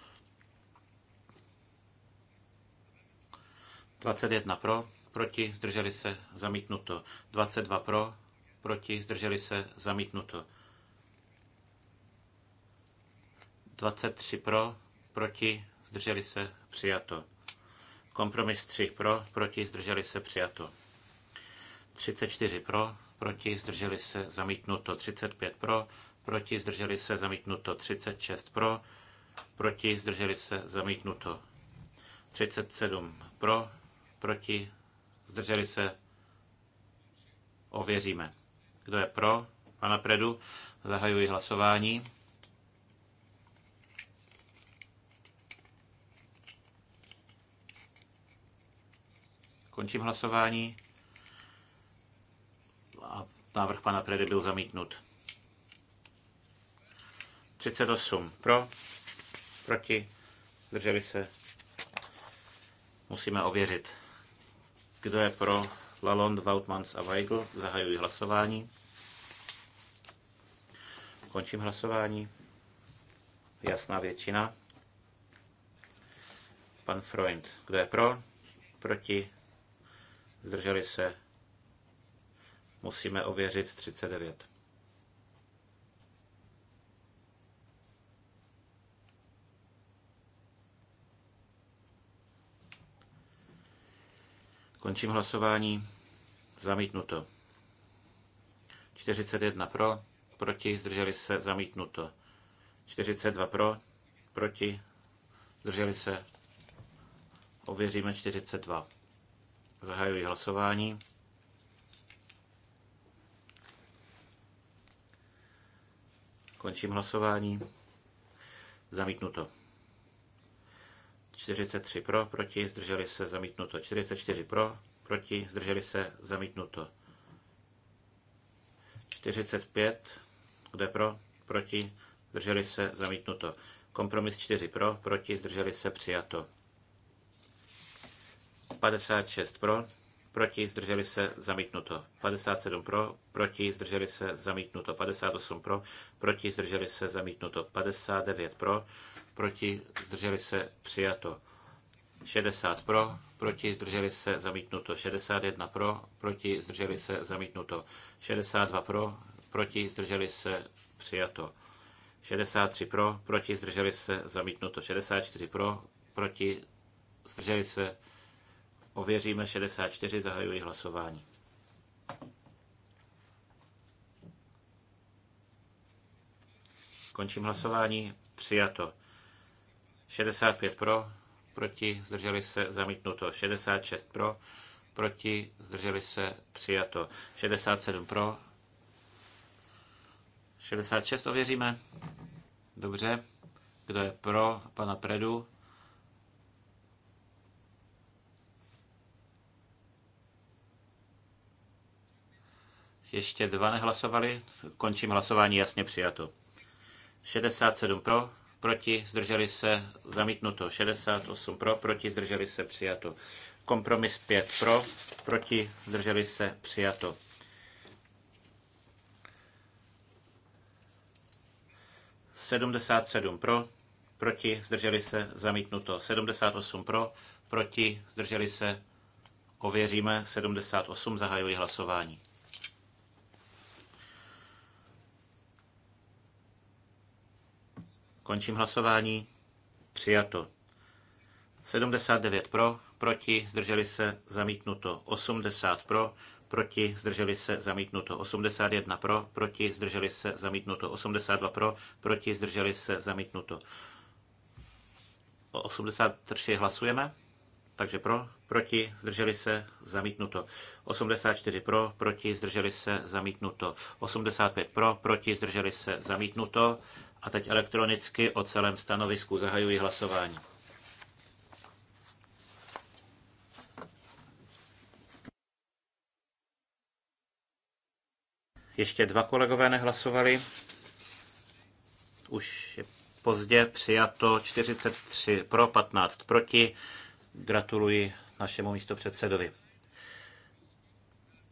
[SPEAKER 5] 21 pro, proti, zdrželi se, zamítnuto. 22 pro, proti, zdrželi se, zamítnuto. 23 pro, proti, zdrželi se, přijato. Kompromis 3 pro, proti, zdrželi se, přijato. 34 pro, proti, zdrželi se, zamítnuto. 35 pro, proti, zdrželi se, zamítnuto. 36 pro, proti, zdrželi se, zamítnuto. 37 pro, proti, zdrželi se, ověříme. Kdo je pro? Pana Predu, zahajuji hlasování. Končím hlasování. A návrh pana Predy byl zamítnut. 38 pro, proti, drželi se. Musíme ověřit. Kdo je pro Lalonde, Woutmans a Weigl? Zahajuji hlasování. Končím hlasování. Jasná většina. Pan Freund, kdo je pro? Proti? zdrželi se, musíme ověřit 39. Končím hlasování. Zamítnuto. 41 pro, proti, zdrželi se, zamítnuto. 42 pro, proti, zdrželi se. Ověříme 42. Zahajuji hlasování. Končím hlasování. Zamítnuto. 43 pro, proti, zdrželi se, zamítnuto. 44 pro, proti, zdrželi se, zamítnuto. 45, kde pro, proti, zdrželi se, zamítnuto. Kompromis 4 pro, proti, zdrželi se, přijato. 56 pro, proti, zdrželi se, zamítnuto. 57 pro, proti, zdrželi se, zamítnuto. 58 pro, proti, zdrželi se, zamítnuto. 59 pro, proti, zdrželi se, přijato. 60 pro, proti, zdrželi se, zamítnuto. 61 pro, proti, zdrželi se, zamítnuto. 62 pro, proti, zdrželi se, přijato. 63 pro, proti, zdrželi se, zamítnuto. 64 pro, proti, zdrželi se, Ověříme 64, zahajuji hlasování. Končím hlasování. Přijato. 65 pro, proti, zdrželi se, zamítnuto. 66 pro, proti, zdrželi se, přijato. 67 pro. 66 ověříme. Dobře. Kdo je pro pana Predu? Ještě dva nehlasovali. Končím hlasování, jasně přijato. 67 pro, proti, zdrželi se, zamítnuto. 68 pro, proti, zdrželi se, přijato. Kompromis 5 pro, proti, zdrželi se, přijato. Sedmdesát sedm pro, proti, zdrželi se, zamítnuto. 78 pro, proti, zdrželi se, ověříme. 78, zahajuji hlasování. Končím hlasování. Přijato. 79 pro, proti, zdrželi se, zamítnuto. 80 pro, proti, zdrželi se, zamítnuto 81 pro, proti, zdrželi se, zamítnuto 82 pro, proti, zdrželi se, zamítnuto. O 83 hlasujeme, takže pro, proti, zdrželi se, zamítnuto. 84 pro, proti, zdrželi se, zamítnuto. 85 pro, proti, zdrželi se, zamítnuto. A teď elektronicky o celém stanovisku zahajuji hlasování. Ještě dva kolegové nehlasovali. Už je pozdě přijato 43 pro, 15 proti. Gratuluji našemu místopředsedovi.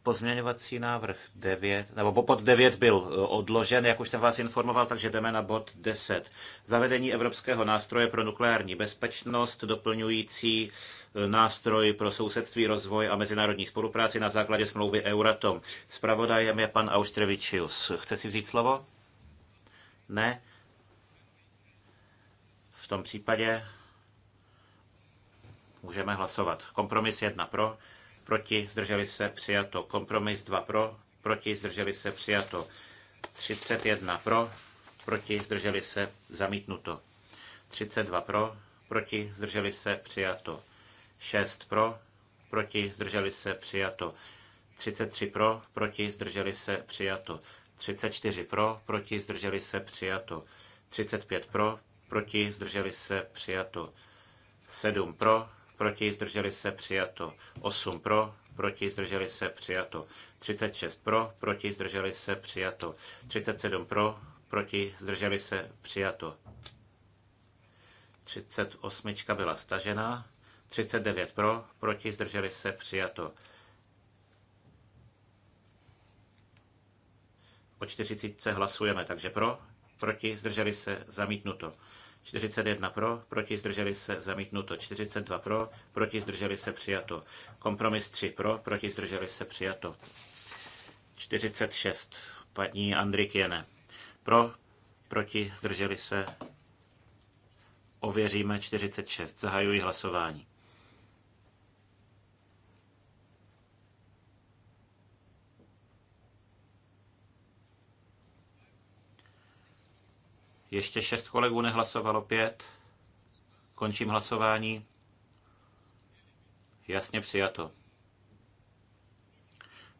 [SPEAKER 5] Pozměňovací návrh 9, nebo bod 9 byl e, odložen, jak už jsem vás informoval, takže jdeme na bod 10. Zavedení Evropského nástroje pro nukleární bezpečnost, doplňující e, nástroj pro sousedství, rozvoj a mezinárodní spolupráci na základě smlouvy Euratom. Spravodajem je pan Austrevičius. Chce si vzít slovo? Ne? V tom případě můžeme hlasovat. Kompromis 1 pro, proti, zdrželi se, přijato. Kompromis 2 pro, proti, zdrželi se, přijato. 31 pro, proti, zdrželi se, zamítnuto. 32 pro, proti, zdrželi se, přijato. 6 pro, proti, zdrželi se, přijato. 33 pro, proti, zdrželi se, přijato. 34 pro, proti, zdrželi se, přijato. 35 pro, proti, zdrželi se, přijato. 7 pro, proti, zdrželi se, přijato. 8 pro, proti, zdrželi se, přijato. 36 pro, proti, zdrželi se, přijato. 37 pro, proti, zdrželi se, přijato. 38 byla stažena, 39 pro, proti, zdrželi se, přijato. O 40 hlasujeme, takže pro, proti, zdrželi se, zamítnuto. 41 pro, proti zdrželi se zamítnuto. 42 pro, proti zdrželi se přijato. Kompromis 3 pro, proti zdrželi se přijato. 46 paní Jene. Pro, proti zdrželi se. Ověříme 46. Zahajuji hlasování. Ještě šest kolegů nehlasovalo, pět. Končím hlasování. Jasně přijato.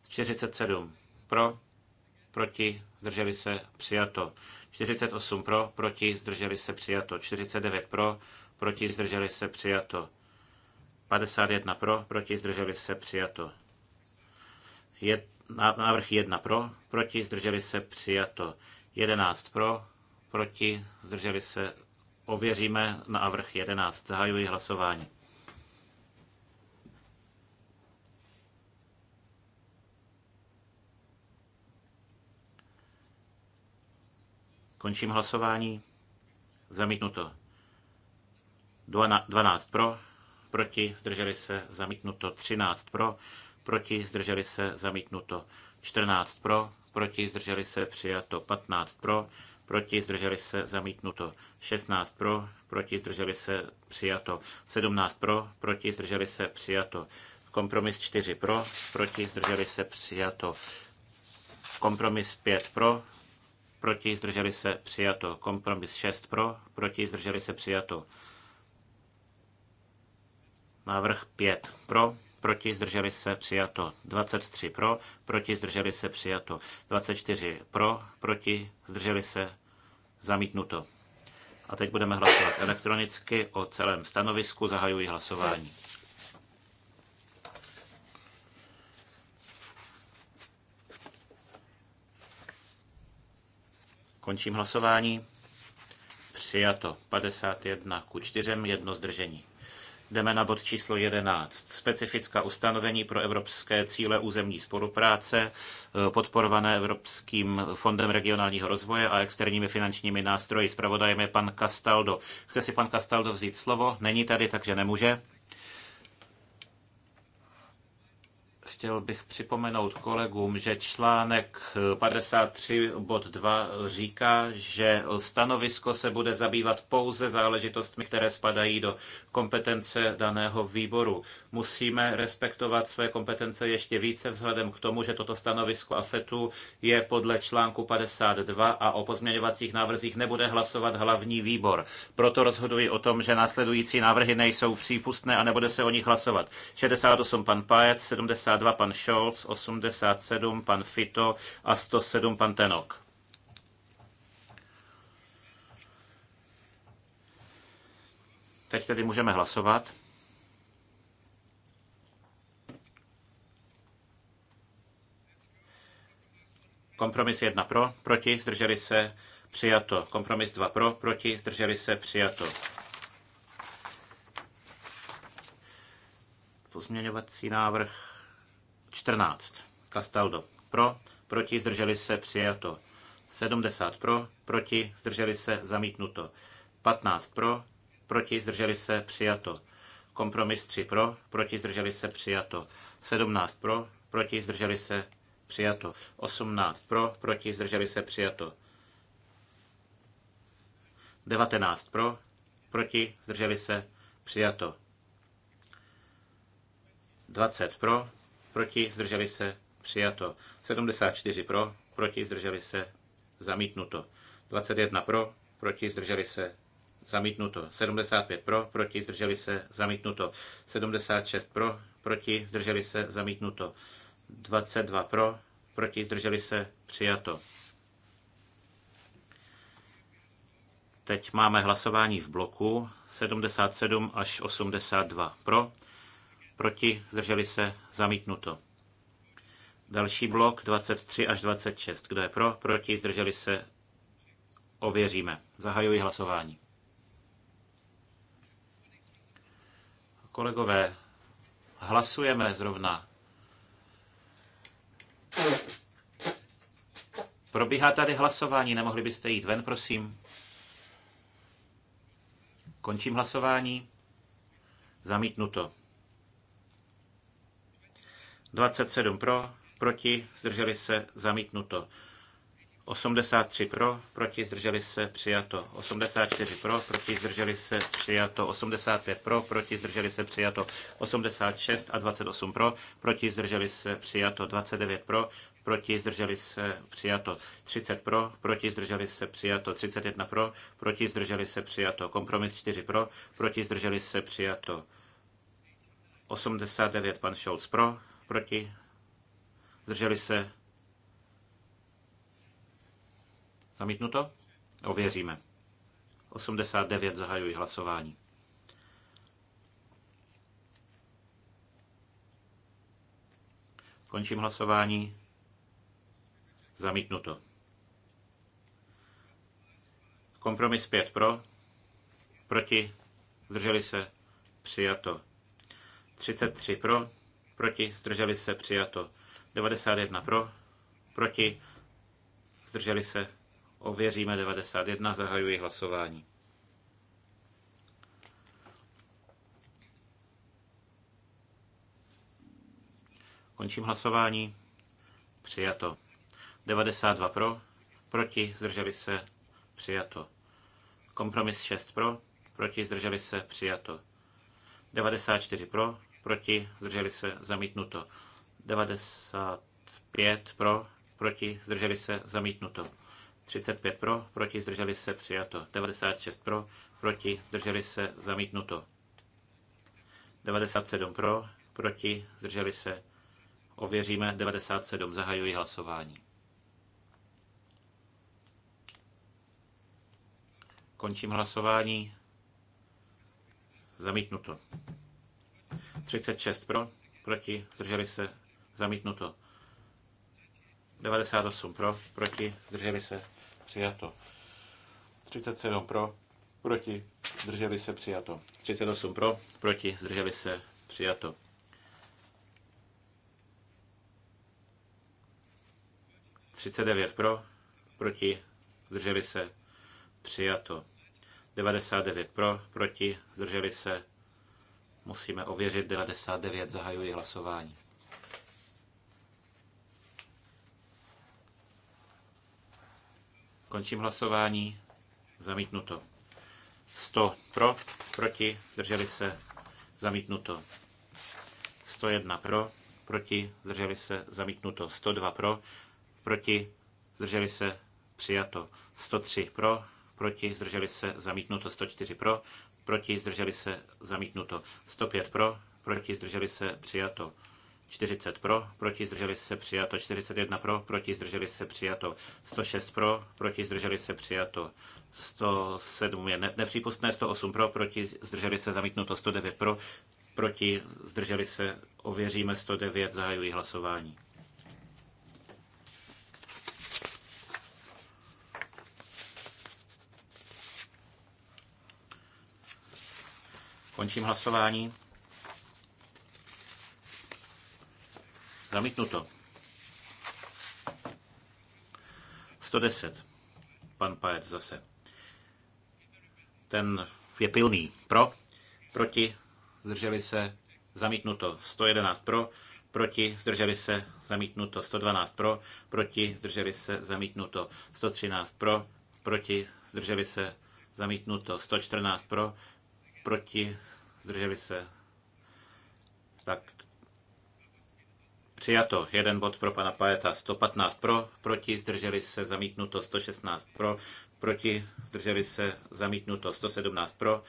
[SPEAKER 5] 47 pro, proti, zdrželi se, přijato. 48 pro, proti, zdrželi se, přijato. 49 pro, proti, zdrželi se, přijato. 51 pro, proti, zdrželi se, přijato. Jed, návrh 1 pro, proti, zdrželi se, přijato. 11 pro, proti, zdrželi se, ověříme na avrch 11. Zahajuji hlasování. Končím hlasování. Zamítnuto. 12 pro, proti, zdrželi se, zamítnuto. 13 pro, proti, zdrželi se, zamítnuto. 14 pro, proti, zdrželi se, přijato. 15 pro, proti, zdrželi se, zamítnuto. 16 pro, proti, zdrželi se, přijato. 17 pro, proti, zdrželi se, přijato. Kompromis 4 pro, proti, zdrželi se, přijato. Kompromis 5 pro, proti, zdrželi se, přijato. Kompromis 6 pro, proti, zdrželi se, přijato. Návrh 5 pro, proti zdrželi se přijato. 23 pro, proti zdrželi se přijato. 24 pro, proti zdrželi se zamítnuto. A teď budeme hlasovat elektronicky o celém stanovisku. Zahajuji hlasování. Končím hlasování. Přijato 51 ku 4, jedno zdržení. Jdeme na bod číslo 11. Specifická ustanovení pro evropské cíle územní spolupráce, eh, podporované Evropským fondem regionálního rozvoje a externími finančními nástroji. Spravodajem je pan Castaldo. Chce si pan Castaldo vzít slovo? Není tady, takže nemůže. chtěl bych připomenout kolegům, že článek 53 bod 2 říká, že stanovisko se bude zabývat pouze záležitostmi, které spadají do kompetence daného výboru. Musíme respektovat své kompetence ještě více vzhledem k tomu, že toto stanovisko AFETu je podle článku 52 a o pozměňovacích návrzích nebude hlasovat hlavní výbor. Proto rozhoduji o tom, že následující návrhy nejsou přípustné a nebude se o nich hlasovat. 68 pan Pájec, 72 pan Scholz, 87 pan Fito a 107 pan Tenok. Teď tedy můžeme hlasovat. Kompromis 1 pro, proti, zdrželi se, přijato. Kompromis 2 pro, proti, zdrželi se, přijato. Pozměňovací návrh 14. Castaldo. Pro, proti, zdrželi se, přijato. 70 pro, proti, zdrželi se, zamítnuto. 15 pro, proti, zdrželi se, přijato. Kompromis 3 pro, proti, zdrželi se, přijato. 17 pro, proti, zdrželi se, přijato. 18 pro, proti, zdrželi se, přijato. 19 pro, proti, zdrželi se, přijato. 20 pro, proti, zdrželi se, přijato. 74 pro, proti, zdrželi se, zamítnuto. 21 pro, proti, zdrželi se, zamítnuto. 75 pro, proti, zdrželi se, zamítnuto. 76 pro, proti, zdrželi se, zamítnuto. 22 pro, proti, zdrželi se, přijato. Teď máme hlasování v bloku 77 až 82 pro, proti, zdrželi se, zamítnuto. Další blok 23 až 26. Kdo je pro, proti, zdrželi se, ověříme. Zahajuji hlasování. Kolegové, hlasujeme zrovna. Probíhá tady hlasování, nemohli byste jít ven, prosím. Končím hlasování. Zamítnuto. 27 pro, proti, zdrželi se, zamítnuto. 83 pro, proti, zdrželi se, přijato. 84 pro, proti, zdrželi se, přijato. 85 pro, proti, zdrželi se, přijato. 86 a 28 pro, proti, zdrželi se, přijato. 29 pro, proti, zdrželi se, přijato. 30 pro, proti, zdrželi se, přijato. 31 pro, proti, zdrželi se, přijato. Kompromis 4 pro, proti, zdrželi se, přijato. 89 pan Scholz pro, proti, zdrželi se, zamítnuto, ověříme. 89 zahajuji hlasování. Končím hlasování. Zamítnuto. Kompromis 5 pro, proti, zdrželi se, přijato. 33 pro, proti, zdrželi se, přijato. 91 pro, proti, zdrželi se, ověříme 91, zahajuji hlasování. Končím hlasování. Přijato. 92 pro, proti, zdrželi se, přijato. Kompromis 6 pro, proti, zdrželi se, přijato. 94 pro, proti, zdrželi se, zamítnuto. 95 pro, proti, zdrželi se, zamítnuto. 35 pro, proti, zdrželi se, přijato. 96 pro, proti, zdrželi se, zamítnuto. 97 pro, proti, zdrželi se. Ověříme 97, zahajuji hlasování. Končím hlasování. Zamítnuto. 36 pro, proti, zdrželi se, zamítnuto. 98 pro, proti, zdrželi se, přijato. 37 pro, proti, zdrželi se, přijato. 38 pro, proti, zdrželi se, přijato. 39 pro, proti, zdrželi se, přijato. 99 pro, proti, zdrželi se, Musíme ověřit 99, zahajuji hlasování. Končím hlasování. Zamítnuto. 100 pro, proti, zdrželi se, zamítnuto. 101 pro, proti, zdrželi se, zamítnuto. 102 pro, proti, zdrželi se, přijato. 103 pro, proti, zdrželi se, zamítnuto. 104 pro, proti, zdrželi se, zamítnuto. 105 pro, proti, zdrželi se, přijato. 40 pro, proti zdrželi se přijato, 41 pro, proti zdrželi se přijato, 106 pro, proti zdrželi se přijato, 107 je ne, nepřípustné, 108 pro, proti zdrželi se zamítnuto, 109 pro, proti zdrželi se, ověříme 109, zahajují hlasování. Končím hlasování. Zamítnuto. 110. Pan Pajet zase. Ten je pilný. Pro, proti, zdrželi se, zamítnuto. 111 pro, proti, zdrželi se, zamítnuto. 112 pro, proti, zdrželi se, zamítnuto. 113 pro, proti, zdrželi se, zamítnuto. 114 pro, proti, zdrželi se. Tak přijato, jeden bod pro pana Pajeta, 115 pro, proti, zdrželi se, zamítnuto, 116 pro, proti, zdrželi se, zamítnuto, 117 pro,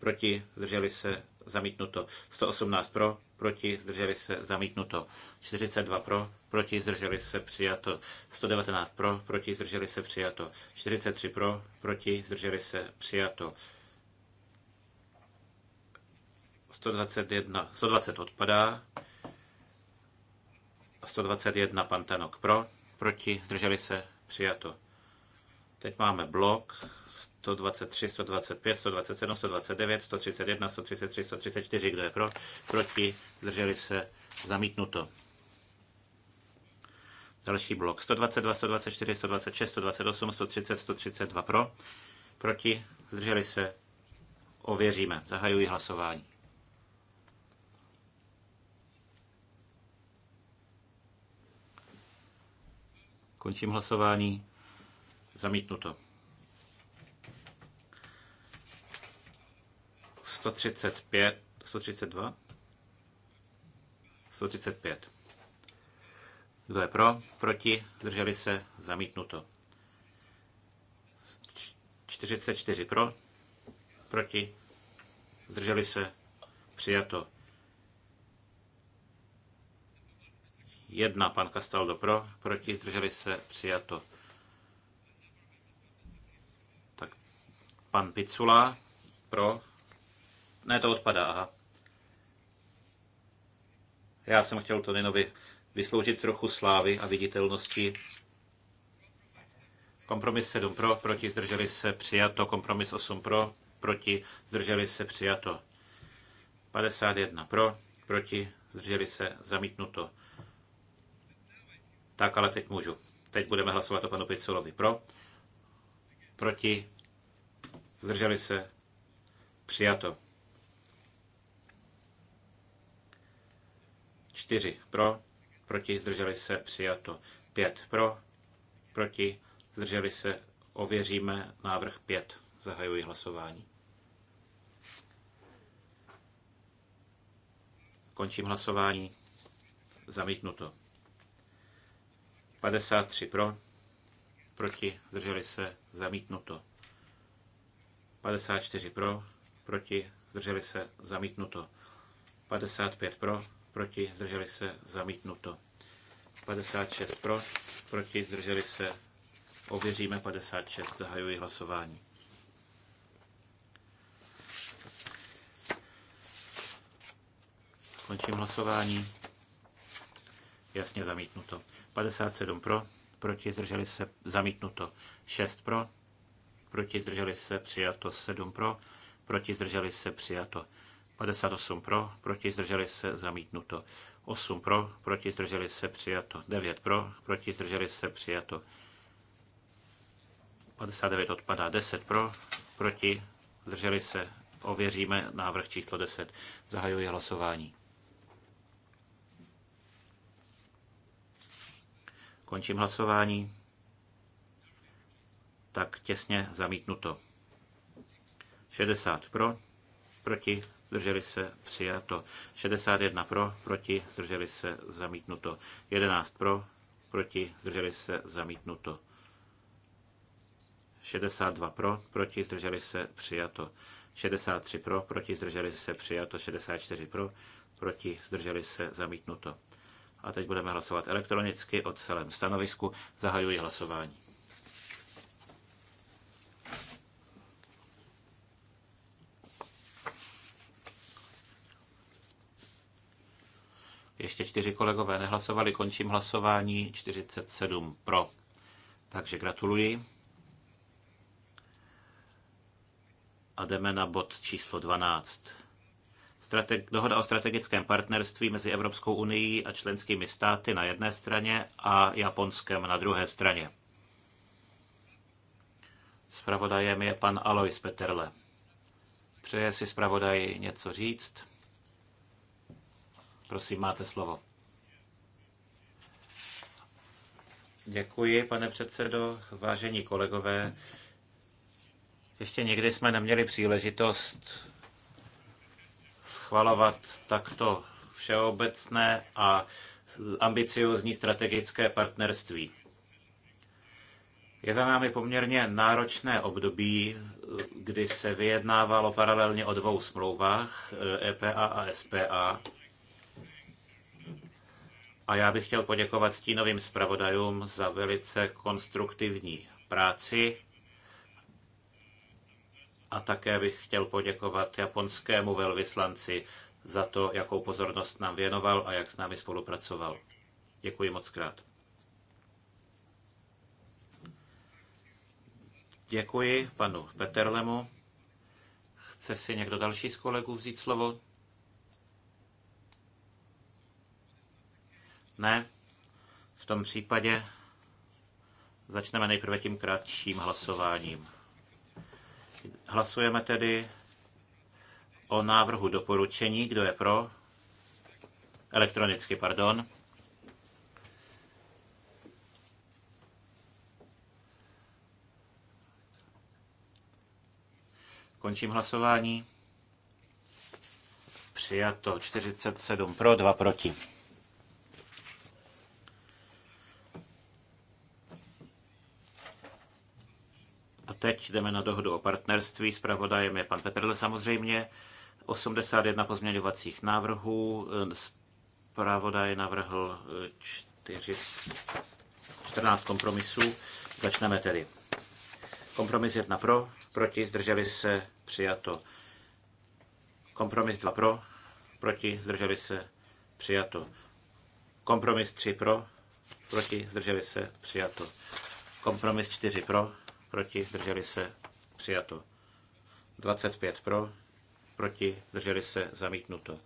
[SPEAKER 5] proti, zdrželi se, zamítnuto, 118 pro, proti, zdrželi se, zamítnuto, 42 pro, proti, zdrželi se, přijato, 119 pro, proti, zdrželi se, přijato, 43 pro, proti, zdrželi se, přijato, 121, 120 odpadá. A 121 pantanok pro, proti, zdrželi se, přijato. Teď máme blok 123, 125, 127, 129, 131, 133, 134. Kdo je pro? Proti, zdrželi se, zamítnuto. Další blok 122, 124, 126, 128, 130, 132 pro. Proti, zdrželi se, ověříme. Zahajuji hlasování. Končím hlasování. Zamítnuto. 135, 132, 135. Kdo je pro? Proti? Zdrželi se? Zamítnuto. 44 pro? Proti? Zdrželi se? Přijato. 1, pan Castaldo pro, proti, zdrželi se, přijato. Tak pan Picula pro, ne, to odpadá, aha. Já jsem chtěl Toninovi vysloužit trochu slávy a viditelnosti. Kompromis 7 pro, proti, zdrželi se, přijato. Kompromis 8 pro, proti, zdrželi se, přijato. 51 pro, proti, zdrželi se, zamítnuto. Tak, ale teď můžu. Teď budeme hlasovat o panu Piculovi. Pro? Proti? Zdrželi se? Přijato. Čtyři. Pro? Proti? Zdrželi se? Přijato. Pět. Pro? Proti? Zdrželi se? Ověříme návrh pět. Zahajuji hlasování. Končím hlasování. Zamítnuto. 53 pro, proti, zdrželi se, zamítnuto. 54 pro, proti, zdrželi se, zamítnuto. 55 pro, proti, zdrželi se, zamítnuto. 56 pro, proti, zdrželi se, ověříme 56, zahajuji hlasování. Končím hlasování. Jasně zamítnuto. 57 pro, proti zdrželi se zamítnuto 6 pro, proti zdrželi se přijato 7 pro, proti zdrželi se přijato 58 pro, proti zdrželi se zamítnuto 8 pro, proti zdrželi se přijato 9 pro, proti zdrželi se přijato 59 odpadá 10 pro, proti zdrželi se ověříme návrh číslo 10. Zahajuji hlasování. Končím hlasování. Tak těsně zamítnuto. 60 pro, proti, zdrželi se, přijato. 61 pro, proti, zdrželi se, zamítnuto. 11 pro, proti, zdrželi se, zamítnuto. 62 pro, proti, zdrželi se, přijato. 63 pro, proti, zdrželi se, přijato. 64 pro, proti, zdrželi se, zamítnuto. A teď budeme hlasovat elektronicky o celém stanovisku. Zahajuji hlasování. Ještě čtyři kolegové nehlasovali, končím hlasování, 47 pro. Takže gratuluji. A jdeme na bod číslo 12 dohoda o strategickém partnerství mezi Evropskou unii a členskými státy na jedné straně a Japonskem na druhé straně. Spravodajem je pan Alois Peterle. Přeje si zpravodaj něco říct? Prosím, máte slovo. Děkuji, pane předsedo, vážení kolegové. Ještě někdy jsme neměli příležitost schvalovat takto všeobecné a ambiciozní strategické partnerství. Je za námi poměrně náročné období, kdy se vyjednávalo paralelně o dvou smlouvách, EPA a SPA. A já bych chtěl poděkovat stínovým zpravodajům za velice konstruktivní práci a také bych chtěl poděkovat japonskému velvyslanci za to, jakou pozornost nám věnoval a jak s námi spolupracoval. Děkuji moc krát. Děkuji panu Peterlemu. Chce si někdo další z kolegů vzít slovo? Ne? V tom případě začneme nejprve tím kratším hlasováním. Hlasujeme tedy o návrhu doporučení. Kdo je pro? Elektronicky, pardon. Končím hlasování. Přijato 47 pro, 2 proti. A teď jdeme na dohodu o partnerství. Zpravodajem je pan Petrle samozřejmě. 81 pozměňovacích návrhů. Zpravodaj navrhl 4, eh, 14 kompromisů. Začneme tedy. Kompromis 1 pro, proti, zdrželi se, přijato. Kompromis 2 pro, proti, zdrželi se, přijato. Kompromis 3 pro, proti, zdrželi se, přijato. Kompromis 4 pro, proti, zdrželi se, přijato. 25 pro, proti, zdrželi se, zamítnuto.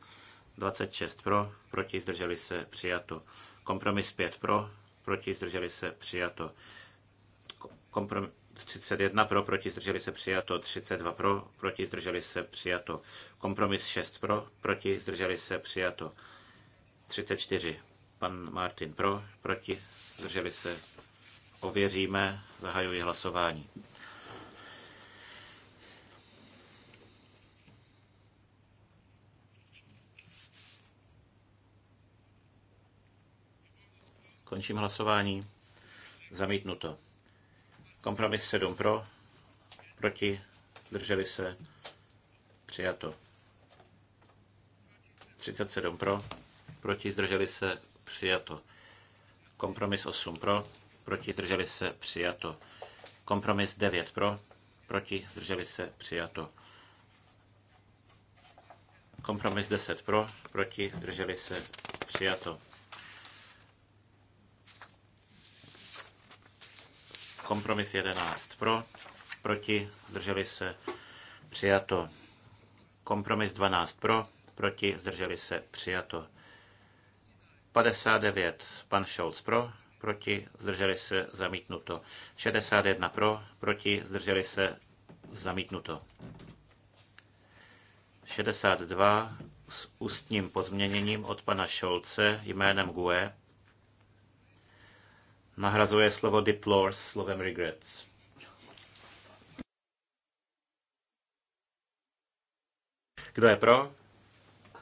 [SPEAKER 5] 26 pro, proti, zdrželi se, přijato. Kompromis 5 pro, proti, zdrželi se, přijato. Kompromis 31 pro, proti, zdrželi se, přijato. 32 pro, proti, zdrželi se, přijato. Kompromis 6 pro, proti, zdrželi se, přijato. 34. Pan Martin pro, proti, zdrželi se, Ověříme, zahajuji hlasování. Končím hlasování. Zamítnuto. Kompromis 7 pro, proti, drželi se, přijato. 37 pro, proti, zdrželi se, přijato. Kompromis 8 pro, proti, zdrželi se, přijato. Kompromis 9 pro, proti, zdrželi se, přijato. Kompromis 10 pro, proti, zdrželi se, přijato. Kompromis 11 pro, proti, zdrželi se, přijato. Kompromis 12 pro, proti, zdrželi se, přijato. 59, pan Scholz pro, proti, zdrželi se, zamítnuto. 61 pro, proti, zdrželi se, zamítnuto. 62 s ústním pozměněním od pana Šolce jménem GUE nahrazuje slovo deplores slovem regrets. Kdo je pro?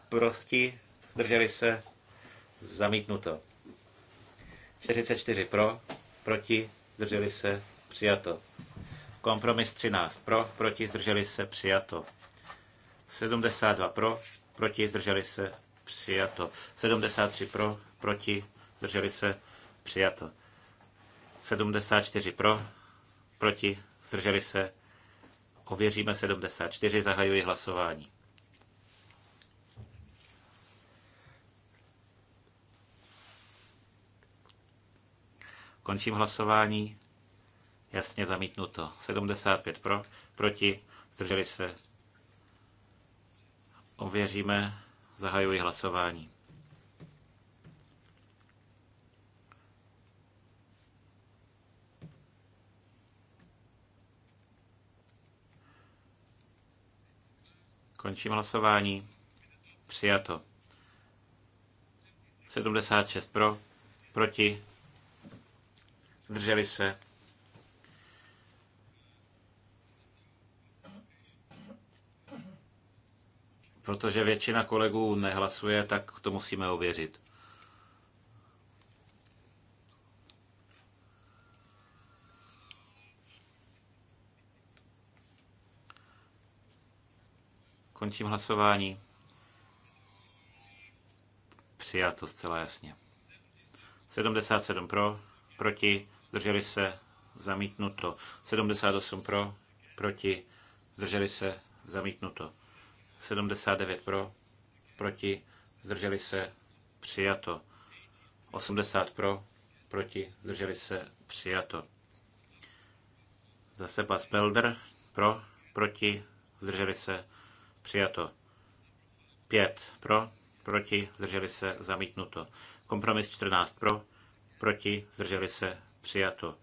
[SPEAKER 5] Proti? Zdrželi se? Zamítnuto. 44 pro, proti, zdrželi se, přijato. Kompromis 13 pro, proti, zdrželi se, přijato. 72 pro, proti, zdrželi se, přijato. 73 pro, proti, zdrželi se, přijato. 74 pro, proti, zdrželi se, ověříme 74, zahajuji hlasování. Končím hlasování. Jasně zamítnuto. 75 pro, proti, zdrželi se. Ověříme, zahajuji hlasování. Končím hlasování. Přijato. 76 pro, proti, zdrželi se. Protože většina kolegů nehlasuje, tak to musíme ověřit. Končím hlasování. Přijato zcela jasně. 77 pro, proti, zdrželi se, zamítnuto. 78 pro, proti, zdrželi se, zamítnuto. 79 pro, proti, zdrželi se, přijato. 80 pro, proti, zdrželi se, přijato. Zase pas Belder, pro, proti, zdrželi se, přijato. 5 pro, proti, zdrželi se, zamítnuto. Kompromis 14 pro, proti, zdrželi se, přijato.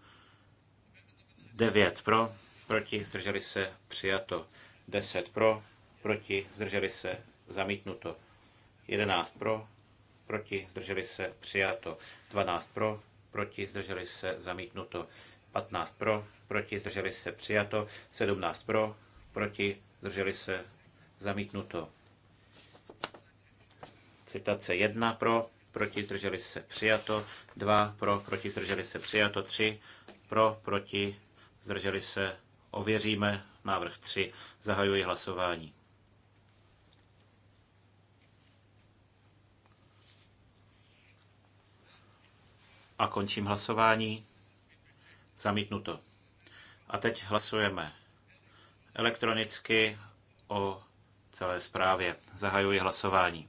[SPEAKER 5] 9 pro, proti, zdrželi se, přijato. 10 pro, proti, zdrželi se, zamítnuto. 11 pro, proti, zdrželi se, přijato. 12 pro, proti, zdrželi se, zamítnuto. 15 pro, proti, zdrželi se, přijato. 17 pro, proti, zdrželi se, zamítnuto. Citace 1 pro, proti, zdrželi se, přijato. 2 pro, proti, zdrželi se, přijato. 3 pro, proti, zdrželi se, ověříme. Návrh 3. Zahajuji hlasování. A končím hlasování. Zamítnuto. A teď hlasujeme elektronicky o celé zprávě. Zahajuji hlasování.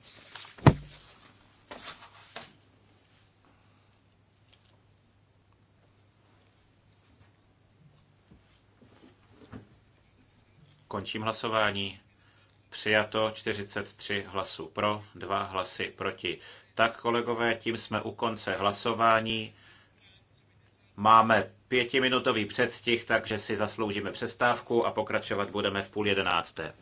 [SPEAKER 5] Končím hlasování. Přijato 43 hlasů pro, 2 hlasy proti. Tak, kolegové, tím jsme u konce hlasování. Máme pětiminutový předstih, takže si zasloužíme přestávku a pokračovat budeme v půl jedenácté.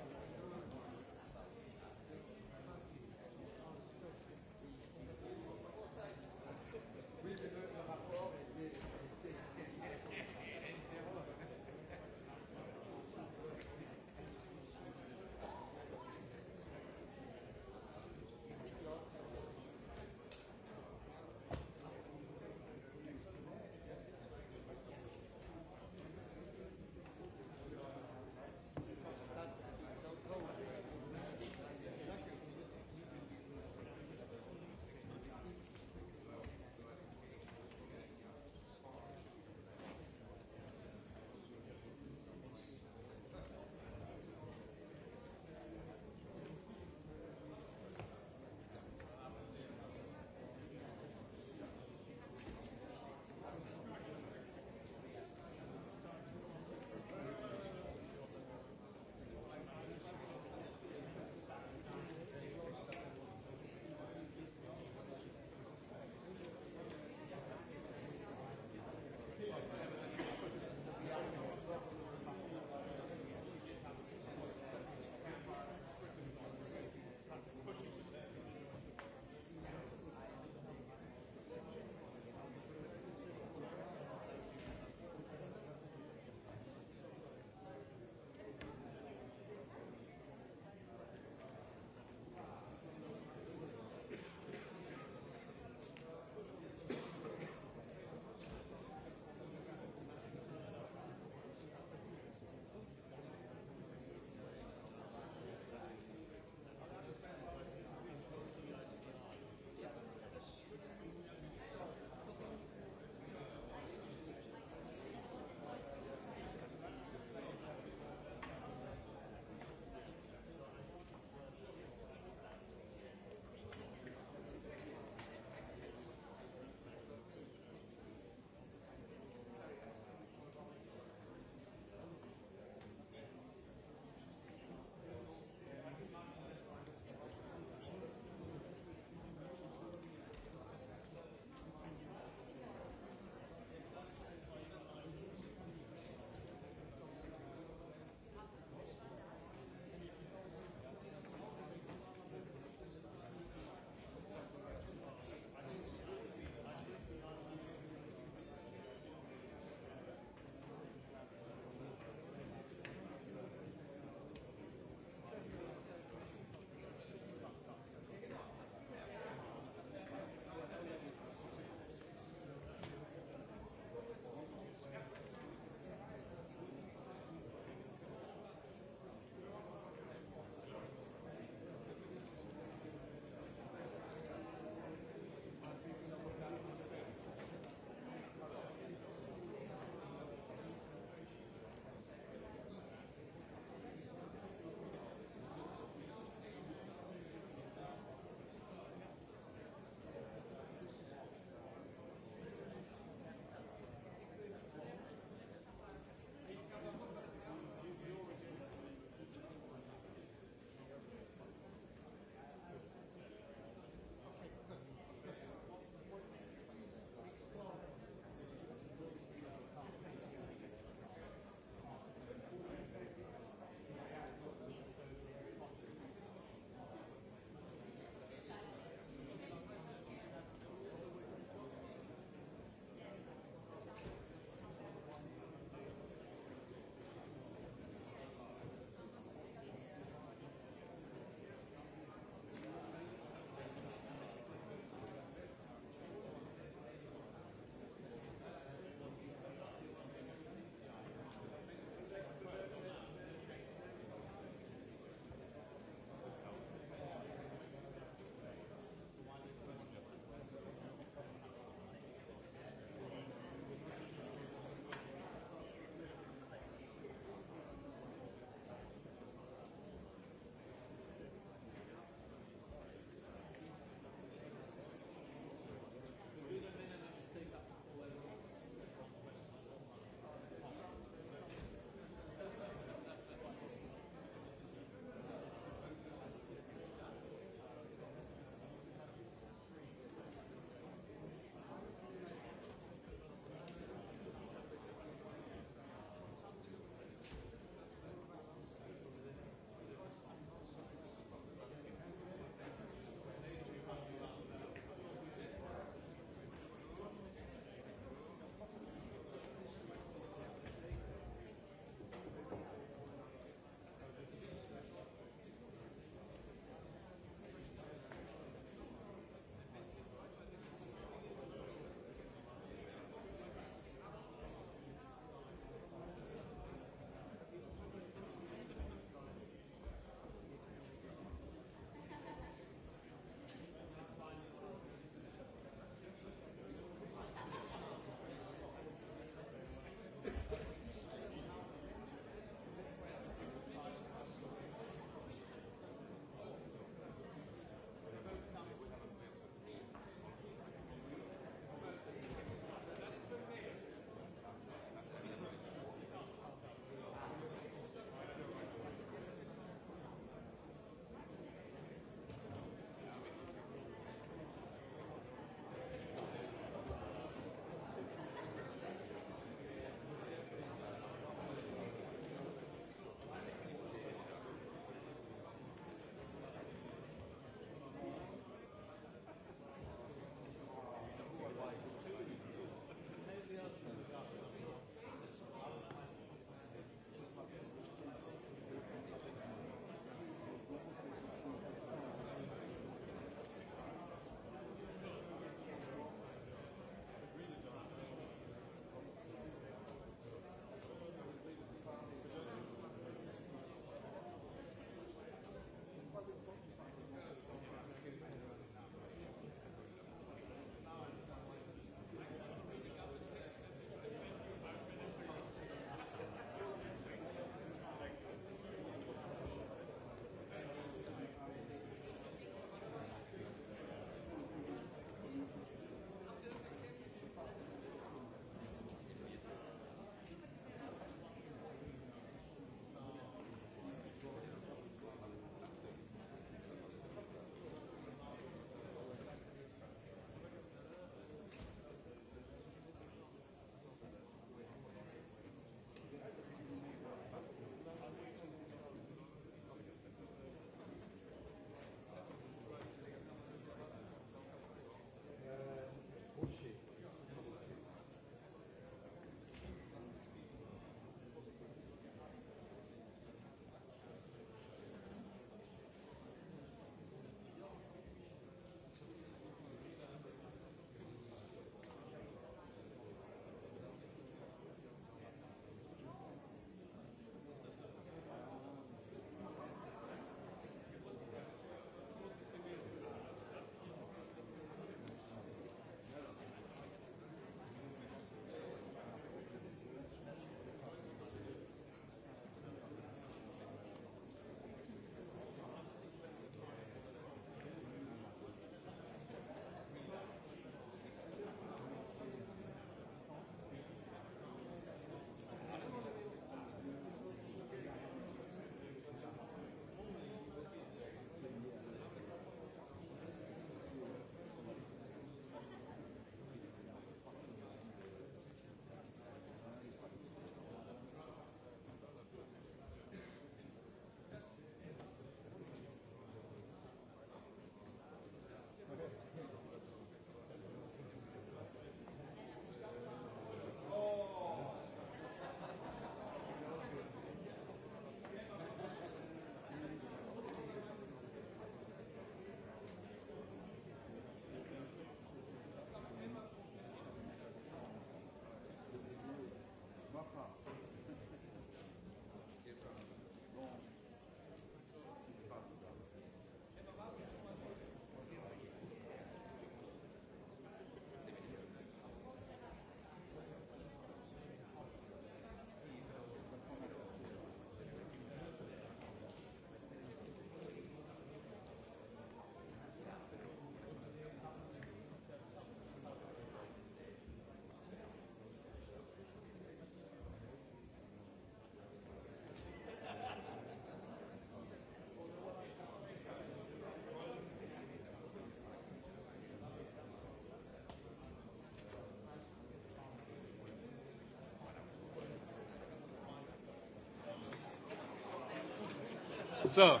[SPEAKER 1] So.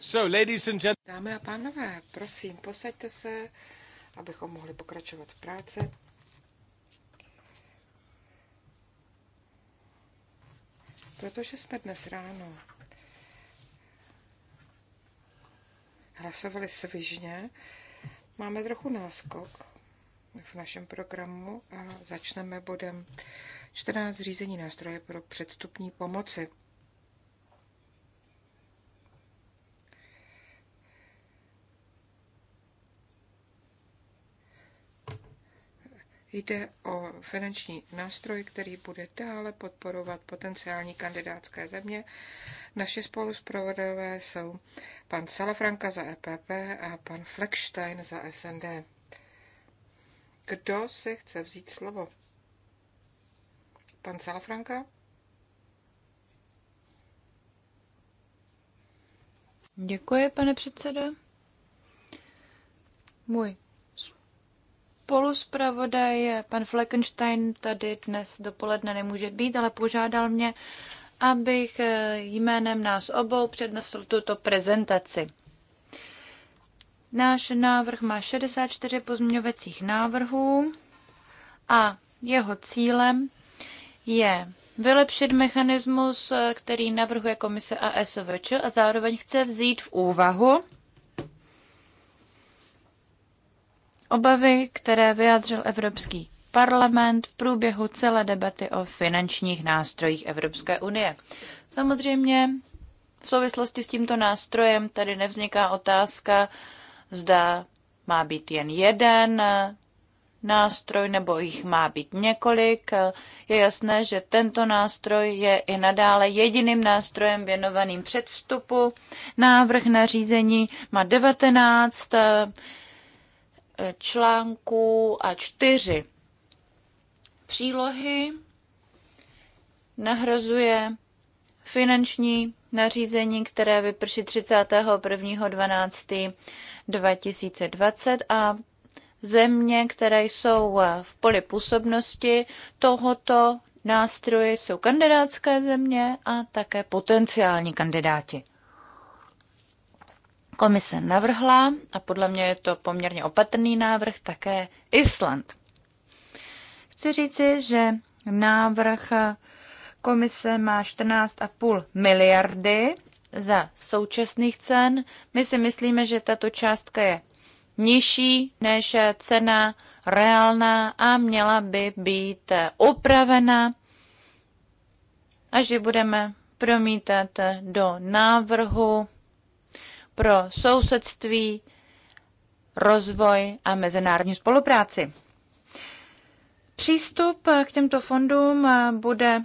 [SPEAKER 2] So, ladies and gentlemen. Dámy a pánové, prosím, posaďte se, abychom mohli pokračovat v práci. protože jsme dnes ráno hlasovali svižně, máme trochu náskok v našem programu a začneme bodem 14 řízení nástroje pro předstupní pomoci. Jde o finanční nástroj, který bude dále podporovat potenciální kandidátské země. Naši spoluzpravodajové jsou pan Salafranka za EPP a pan Fleckstein za SND. Kdo si chce vzít slovo? Pan Salafranka?
[SPEAKER 3] Děkuji, pane předsedo. Můj spoluspravodaj, pan Fleckenstein, tady dnes dopoledne nemůže být, ale požádal mě, abych eh, jménem nás obou přednesl tuto prezentaci. Náš návrh má 64 pozměňovacích návrhů a jeho cílem je vylepšit mechanismus, eh, který navrhuje komise a a zároveň chce vzít v úvahu obavy, které vyjádřil Evropský parlament v průběhu celé debaty o finančních nástrojích Evropské unie. Samozřejmě v souvislosti s tímto nástrojem tady nevzniká otázka, zda má být jen jeden nástroj nebo jich má být několik. Je jasné, že tento nástroj je i nadále jediným nástrojem věnovaným předvstupu. Návrh na řízení má 19 článků a čtyři přílohy nahrazuje finanční nařízení, které vyprší 31.12.2020 a země, které jsou v poli působnosti tohoto nástroje, jsou kandidátské země a také potenciální kandidáti. Komise navrhla, a podle mě je to poměrně opatrný návrh, také Island. Chci říci, že návrh komise má 14,5 miliardy za současných cen. My si myslíme, že tato částka je nižší než cena reálná a měla by být upravena a že budeme promítat do návrhu pro sousedství, rozvoj a mezinárodní spolupráci. Přístup k těmto fondům bude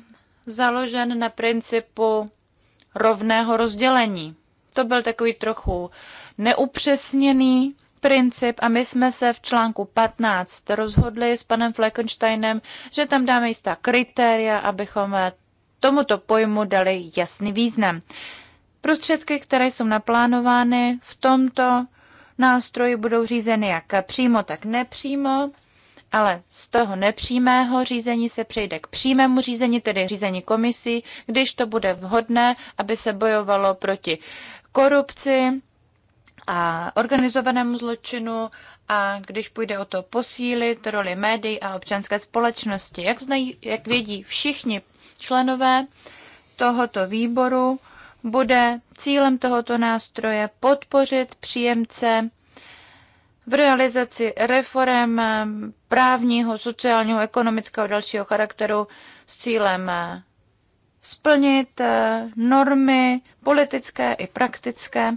[SPEAKER 3] založen na principu rovného rozdělení. To byl takový trochu neupřesněný princip a my jsme se v článku 15 rozhodli s panem Fleckensteinem, že tam dáme jistá kritéria, abychom tomuto pojmu dali jasný význam. Prostředky, které jsou naplánovány v tomto nástroji, budou řízeny jak přímo, tak nepřímo, ale z toho nepřímého řízení se přejde k přímému řízení, tedy řízení komisí, když to bude vhodné, aby se bojovalo proti korupci a organizovanému zločinu a když půjde o to posílit roli médií a občanské společnosti. Jak, znají, jak vědí všichni členové tohoto výboru, bude cílem tohoto nástroje podpořit příjemce v realizaci reform právního, sociálního, ekonomického a dalšího charakteru s cílem eh, splnit eh, normy politické i praktické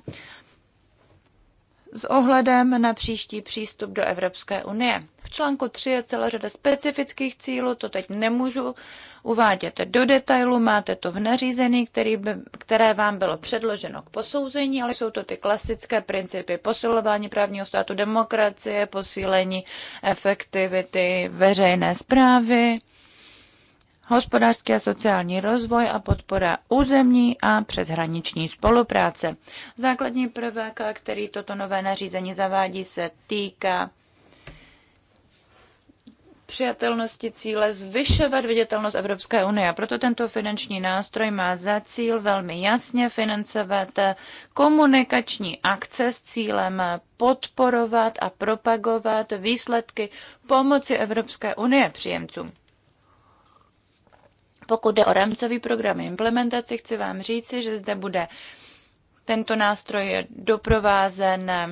[SPEAKER 3] s ohledem na příští přístup do Evropské unie. V článku 3 je celá řada specifických cílů, to teď nemůžu uvádět do detailu, máte to v nařízení, který by, které vám bylo předloženo k posouzení, ale jsou to ty klasické principy posilování právního státu, demokracie, posílení efektivity veřejné zprávy, hospodářský a sociální rozvoj a podpora územní a přeshraniční spolupráce. Základní prvek, který toto nové nařízení zavádí, se týká přijatelnosti cíle zvyšovat viditelnost Evropské unie. Proto tento finanční nástroj má za cíl velmi jasně financovat komunikační akce s cílem podporovat a propagovat výsledky pomoci Evropské unie příjemcům. Pokud jde o rámcový program implementace, chci vám říci, že zde bude tento nástroj doprovázen eh,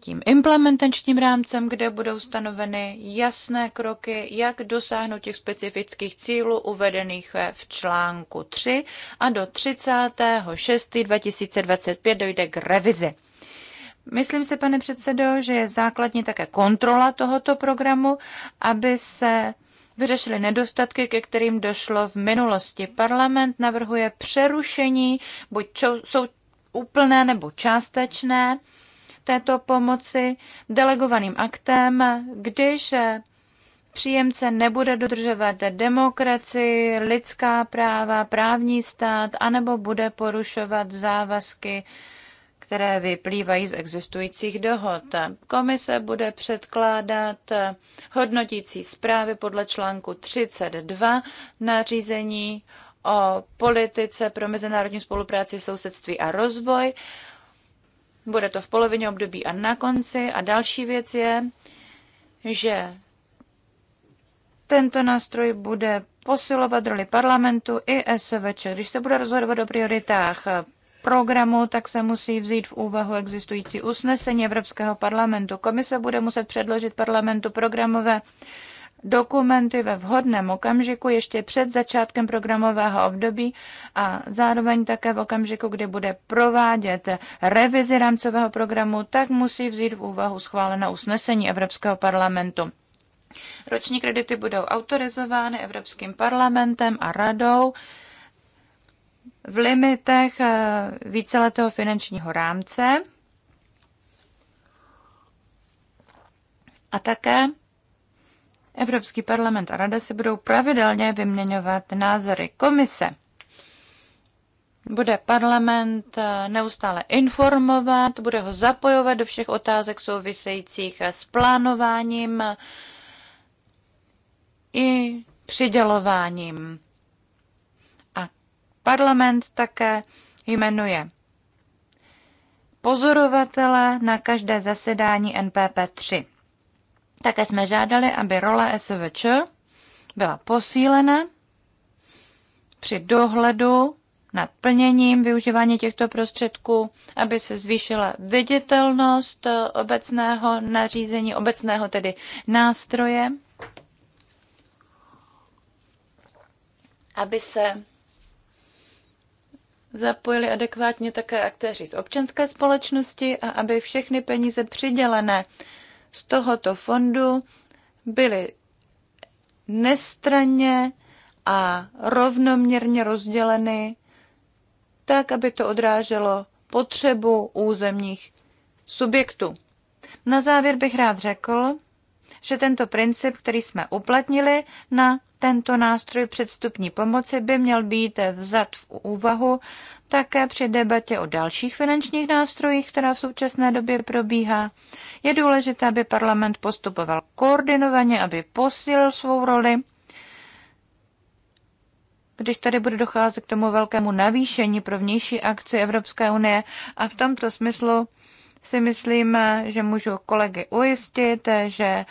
[SPEAKER 3] tím implementačním rámcem, kde budou stanoveny jasné kroky, jak dosáhnout těch specifických cílů uvedených eh, v článku 3 a do 30.6.2025 dojde k revizi. Myslím si, pane předsedo, že je základní také kontrola tohoto programu, aby se vyřešili nedostatky, ke kterým došlo v minulosti. Parlament navrhuje přerušení, buď čo, jsou úplné nebo částečné této pomoci delegovaným aktem, když příjemce nebude dodržovat demokracii, lidská práva, právní stát, anebo bude porušovat závazky které vyplývají z existujících dohod. Komise bude předkládat hodnotící zprávy podle článku 32 nařízení o politice pro mezinárodní spolupráci, sousedství a rozvoj. Bude to v polovině období a na konci. A další věc je, že tento nástroj bude posilovat roli parlamentu i SVČ, když se bude rozhodovat o prioritách programu, tak se musí vzít v úvahu existující usnesení Evropského parlamentu. Komise bude muset předložit parlamentu programové dokumenty ve vhodném okamžiku ještě před začátkem programového období a zároveň také v okamžiku, kdy bude provádět revizi rámcového programu, tak musí vzít v úvahu schválené usnesení Evropského parlamentu. Roční kredity budou autorizovány Evropským parlamentem a radou v limitech eh, víceletého finančního rámce a také Evropský parlament a Rada si budou pravidelně vyměňovat názory komise. Bude parlament eh, neustále informovat, bude ho zapojovat do všech otázek souvisejících s plánováním i přidělováním Parlament také jmenuje pozorovatele na každé zasedání NPP 3. Také jsme žádali, aby role SVČ byla posílena při dohledu nad plněním využívání těchto prostředků, aby se zvýšila viditelnost obecného nařízení, obecného tedy nástroje, aby se zapojili adekvátně také aktéři z občanské společnosti a aby všechny peníze přidělené z tohoto fondu byly nestranně a rovnoměrně rozděleny tak, aby to odráželo potřebu územních subjektů. Na závěr bych rád řekl, že tento princip, který jsme uplatnili na tento nástroj předstupní pomoci, by měl být vzat v úvahu také při debatě o dalších finančních nástrojích, která v současné době probíhá. Je důležité, aby parlament postupoval koordinovaně, aby posílil svou roli když tady bude docházet k tomu velkému navýšení pro vnější akci Evropské unie. A v tomto smyslu si myslím, že můžu kolegy ujistit, že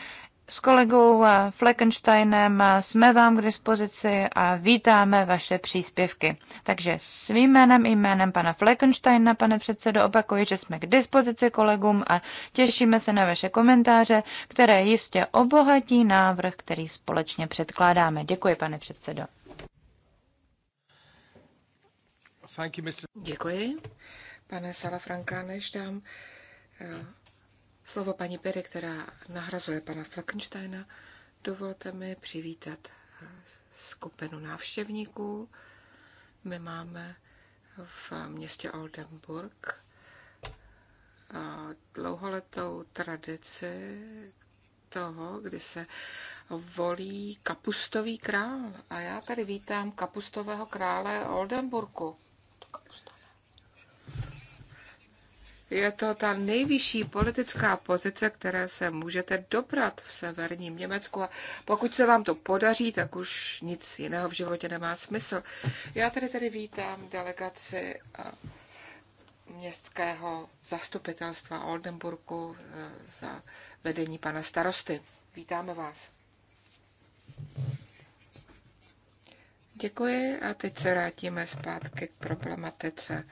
[SPEAKER 3] s kolegou Fleckensteinem jsme vám k dispozici a vítáme vaše příspěvky. Takže svým jménem i jménem pana Fleckensteina, pane předsedo, opakuji, že jsme k dispozici kolegům a těšíme se na vaše komentáře, které jistě obohatí návrh, který společně předkládáme. Děkuji, pane předsedo.
[SPEAKER 2] Děkuji. Pane Salafranka, než dám eh, slovo paní Pery, která nahrazuje pana Flakensteina, dovolte mi přivítat eh, skupinu návštěvníků. My máme v městě Oldenburg eh, dlouholetou tradici toho, kdy se volí kapustový král. A já tady vítám kapustového krále Oldenburgu. Je to ta nejvyšší politická pozice, které se můžete dobrat v severním Německu a pokud se vám to podaří, tak už nic jiného v životě nemá smysl. Já tady tedy vítám delegaci eh, městského zastupitelstva Oldenburgu eh, za vedení pana starosty. Vítáme vás. Děkuji a teď se vrátíme zpátky k problematice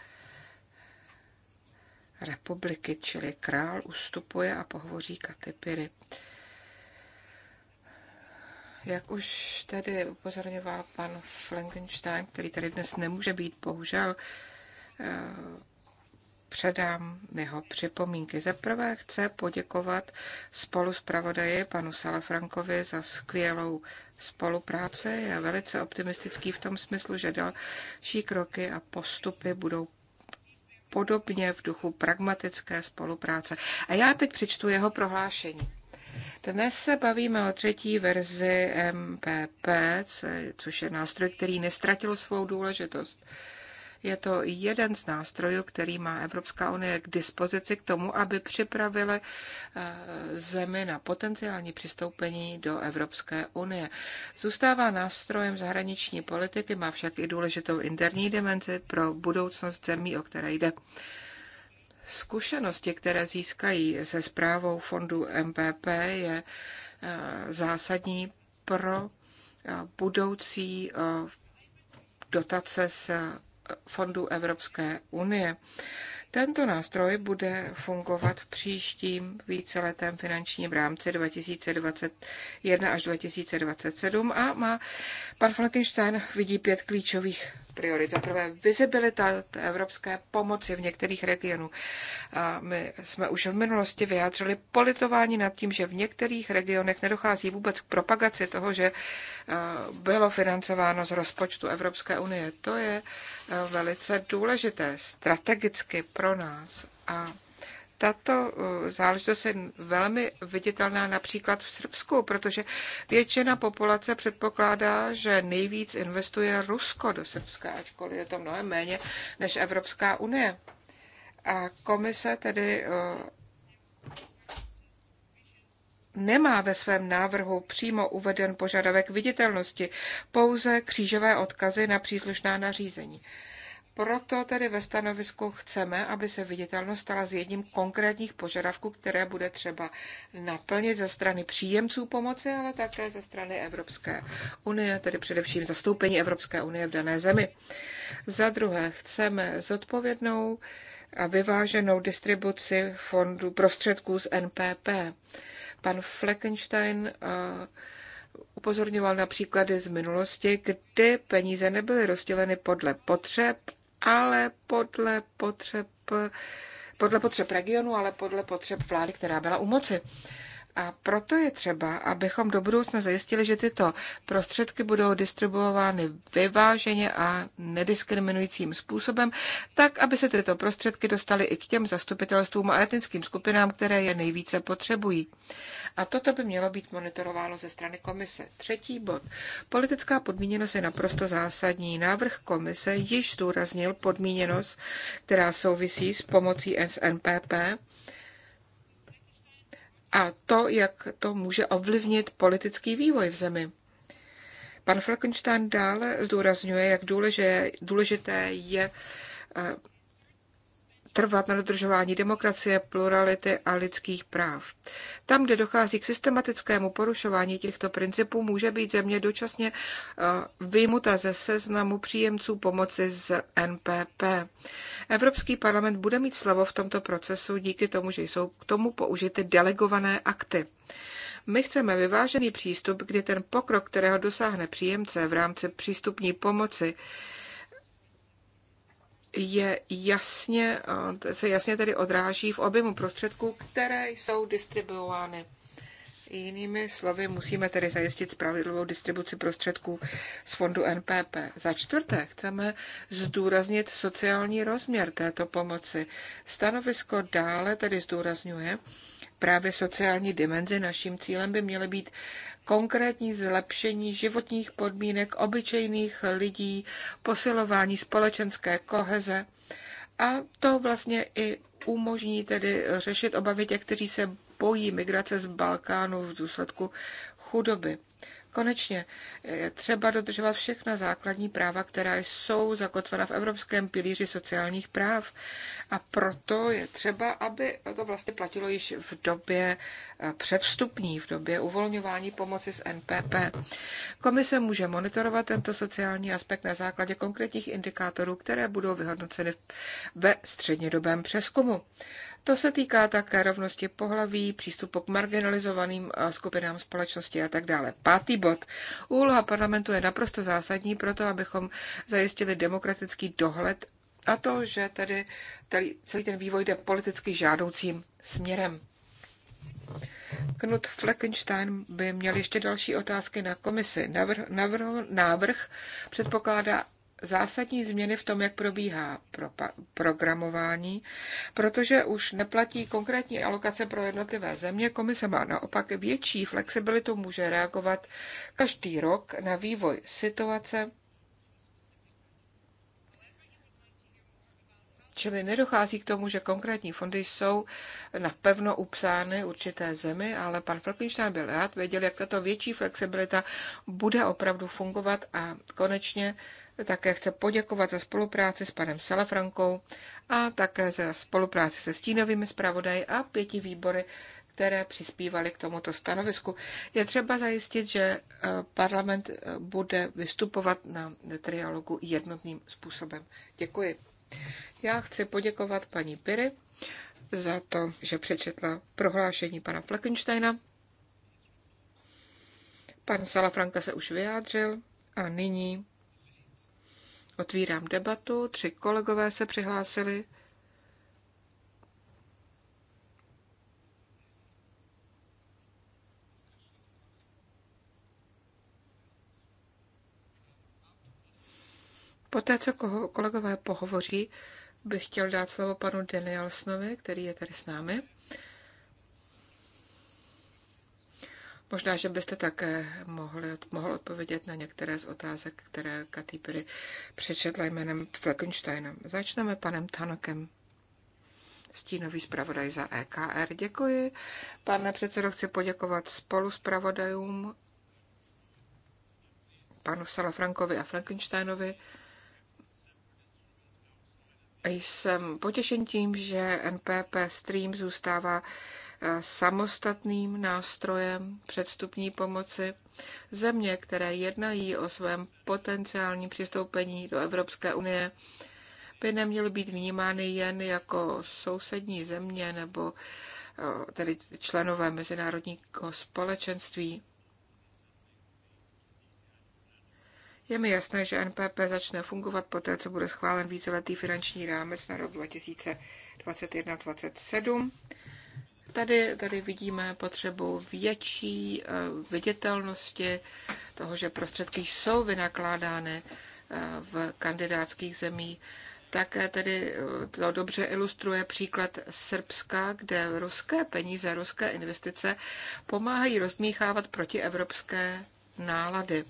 [SPEAKER 2] republiky, čili král ustupuje a pohovoří Katypiry. Jak už tady upozorňoval pan Flankenstein, který tady dnes nemůže být, bohužel, eh, předám jeho připomínky. Za prvé chce poděkovat spolu s pravodaji panu Salafrankovi za skvělou spolupráci. Je velice optimistický v tom smyslu, že další kroky a postupy budou podobně v duchu pragmatické spolupráce. A já teď přečtu jeho prohlášení. Dnes se bavíme o třetí verzi MPP, což je nástroj, který nestratil svou důležitost. Je to jeden z nástrojů, který má Evropská unie k dispozici k tomu, aby připravila eh, zemi na potenciální přistoupení do Evropské unie. Zůstává nástrojem zahraniční politiky, má však i důležitou interní dimenzi pro budoucnost zemí, o které jde. Zkušenosti, které získají se zprávou fondu MPP, je eh, zásadní pro eh, budoucí dotace z fondů Evropské unie. Tento nástroj bude fungovat v příštím víceletém finančním rámci 2021 až 2027 a má pan Frankenstein vidí pět klíčových priorit. Za prvé vizibilita evropské pomoci v některých regionů. A my jsme už v minulosti vyjádřili politování nad tím, že v některých regionech nedochází vůbec k propagaci toho, že bylo financováno z rozpočtu Evropské unie. To je velice důležité strategicky pro nás. A tato eh, záležitost je velmi viditelná například v Srbsku, protože většina populace předpokládá, že nejvíc investuje Rusko do Srbska, ačkoliv je to mnohem méně než Evropská unie. A komise tedy eh, nemá ve svém návrhu přímo uveden požadavek viditelnosti, pouze křížové odkazy na příslušná nařízení. Proto tedy ve stanovisku chceme, aby se viditelnost stala z jedním konkrétních požadavků, které bude třeba naplnit ze strany příjemců pomoci, ale také ze strany Evropské unie, tedy především zastoupení Evropské unie v dané zemi. Za druhé, chceme zodpovědnou a vyváženou distribuci fondu prostředků z NPP. Pan Fleckenstein eh, upozorňoval na příklady z minulosti, kdy peníze nebyly rozděleny podle potřeb ale podle potřeb, podle potřeb regionu, ale podle potřeb vlády, která byla u moci. A proto je třeba, abychom do budoucna zajistili, že tyto prostředky budou distribuovány vyváženě a nediskriminujícím způsobem, tak, aby se tyto prostředky dostaly i k těm zastupitelstvům a etnickým skupinám, které je nejvíce potřebují. A toto by mělo být monitorováno ze strany komise. Třetí bod. Politická podmíněnost je naprosto zásadní. Návrh komise již zdůraznil podmíněnost, která souvisí s pomocí SNPP a to, jak to může ovlivnit politický vývoj v zemi. Pan Falkenstein dále zdůrazňuje, jak důležité je eh, trvat na dodržování demokracie, plurality a lidských práv. Tam, kde dochází k systematickému porušování těchto principů, může být země dočasně eh, vyjmuta ze seznamu příjemců pomoci z NPP. Evropský parlament bude mít slovo v tomto procesu díky tomu, že jsou k tomu použity delegované akty. My chceme vyvážený přístup, kdy ten pokrok, kterého dosáhne příjemce v rámci přístupní pomoci, je jasně, eh, se jasně tedy odráží v objemu prostředků, které jsou distribuovány. Jinými slovy, musíme tedy zajistit spravedlivou distribuci prostředků z fondu NPP. Za čtvrté, chceme zdůraznit sociální rozměr této pomoci. Stanovisko dále tedy zdůrazňuje, právě sociální dimenzi. Naším cílem by měly být konkrétní zlepšení životních podmínek obyčejných lidí, posilování společenské koheze a to vlastně i umožní tedy řešit obavy těch, kteří se bojí migrace z Balkánu v důsledku chudoby. Konečně je třeba dodržovat všechna základní práva, která jsou zakotvena v Evropském pilíři sociálních práv. A proto je třeba, aby to vlastně platilo již v době eh, předvstupní, v době uvolňování pomoci z NPP. Komise může monitorovat tento sociální aspekt na základě konkrétních indikátorů, které budou vyhodnoceny ve střednědobém přeskumu. To se týká také rovnosti pohlaví, přístupu k marginalizovaným eh, skupinám společnosti a tak dále. Pátý bod. Úloha parlamentu je naprosto zásadní pro to, abychom zajistili demokratický dohled a to, že tedy celý ten vývoj jde politicky žádoucím směrem. Knut Fleckenstein by měl ještě další otázky na komisi. Navrh, navrh, návrh předpokládá zásadní změny v tom, jak probíhá pro programování, protože už neplatí konkrétní alokace pro jednotlivé země. Komise má naopak větší flexibilitu, může reagovat každý rok na vývoj situace. Čili nedochází k tomu, že konkrétní fondy jsou napevno upsány určité zemi, ale pan Falkenstein byl rád, věděl, jak tato větší flexibilita bude opravdu fungovat a konečně také chce poděkovat za spolupráci s panem Salafrankou a také za spolupráci se stínovými zpravodaji a pěti výbory, které přispívaly k tomuto stanovisku. Je třeba zajistit, že eh, parlament eh, bude vystupovat na trialogu jednotným způsobem. Děkuji. Já chci poděkovat paní Piry za to, že přečetla prohlášení pana Fleckensteina. Pan Salafranka se už vyjádřil a nyní Otvírám debatu, tři kolegové se přihlásili. Poté, co kolegové pohovoří, bych chtěl dát slovo panu Danielsnovi, který je tady s námi. Možná, že byste také mohli, mohl odpovědět na některé z otázek, které Katýpery přečetla jménem Fleckensteina. Začneme panem Tanokem stínový zpravodaj za EKR. Děkuji. Pane předsedo, chci poděkovat spolu zpravodajům panu Salafrankovi a Frankensteinovi. Jsem potěšen tím, že NPP Stream zůstává samostatným nástrojem předstupní pomoci. Země, které jednají o svém potenciálním přistoupení do Evropské unie, by neměly být vnímány jen jako sousední země nebo eh, tedy členové mezinárodního společenství. Je mi jasné, že NPP začne fungovat poté, co bude schválen víceletý finanční rámec na rok 2021-2027 Tady, tady vidíme potřebu větší eh, viditelnosti toho, že prostředky jsou vynakládány eh, v kandidátských zemích. Také tedy eh, to dobře ilustruje příklad Srbska, kde ruské peníze, ruské investice pomáhají rozmíchávat protievropské nálady.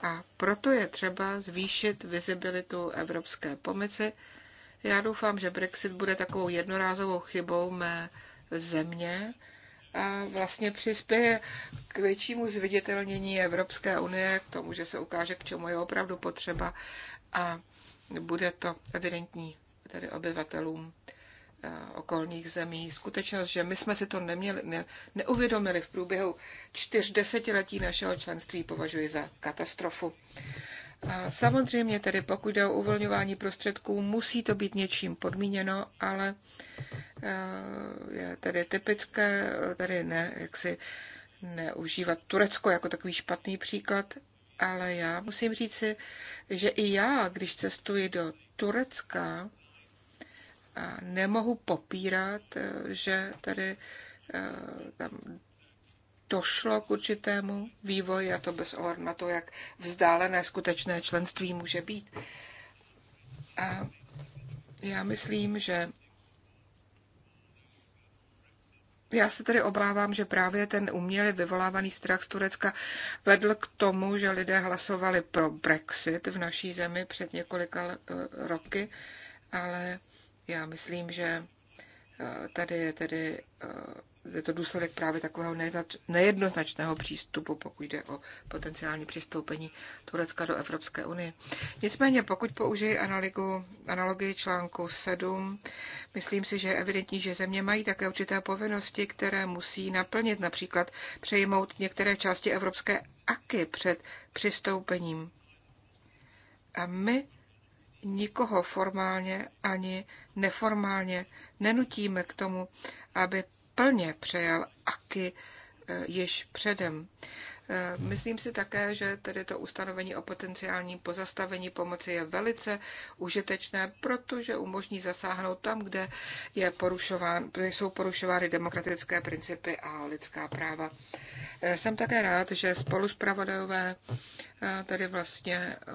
[SPEAKER 2] A proto je třeba zvýšit vizibilitu evropské pomoci. Já doufám, že Brexit bude takovou jednorázovou chybou mé země a vlastně přispěje k většímu zviditelnění Evropské unie, k tomu, že se ukáže, k čemu je opravdu potřeba a bude to evidentní tedy obyvatelům eh, okolních zemí. Skutečnost, že my jsme si to neměli, ne, neuvědomili v průběhu čtyř desetiletí našeho členství, považuji za katastrofu. A samozřejmě tedy, pokud jde o uvolňování prostředků, musí to být něčím podmíněno, ale Eh, je tedy typické, eh, tedy ne, jak si neužívat Turecko jako takový špatný příklad, ale já musím říci, že i já, když cestuji do Turecka, nemohu popírat, eh, že tady tam došlo k určitému vývoji, a to bez ohledu na to, jak vzdálené skutečné členství může být. A já myslím, že já se tedy obávám, že právě ten uměle vyvolávaný strach z Turecka vedl k tomu, že lidé hlasovali pro Brexit v naší zemi před několika roky, ale já myslím, že eh, tady je tedy eh, je to důsledek právě takového nejednoznačného přístupu, pokud jde o potenciální přistoupení Turecka do Evropské unie. Nicméně, pokud použijí analogu, analogii článku 7, myslím si, že je evidentní, že země mají také určité povinnosti, které musí naplnit, například přejmout některé části Evropské aky před přistoupením. A my nikoho formálně ani neformálně nenutíme k tomu, aby plně přejal AKY eh, již předem. Eh, myslím si také, že tedy to ustanovení o potenciálním pozastavení pomoci je velice užitečné, protože umožní zasáhnout tam, kde, je porušován, kde jsou porušovány demokratické principy a lidská práva. Jsem také rád, že spolu zpravodajové eh, tady vlastně eh,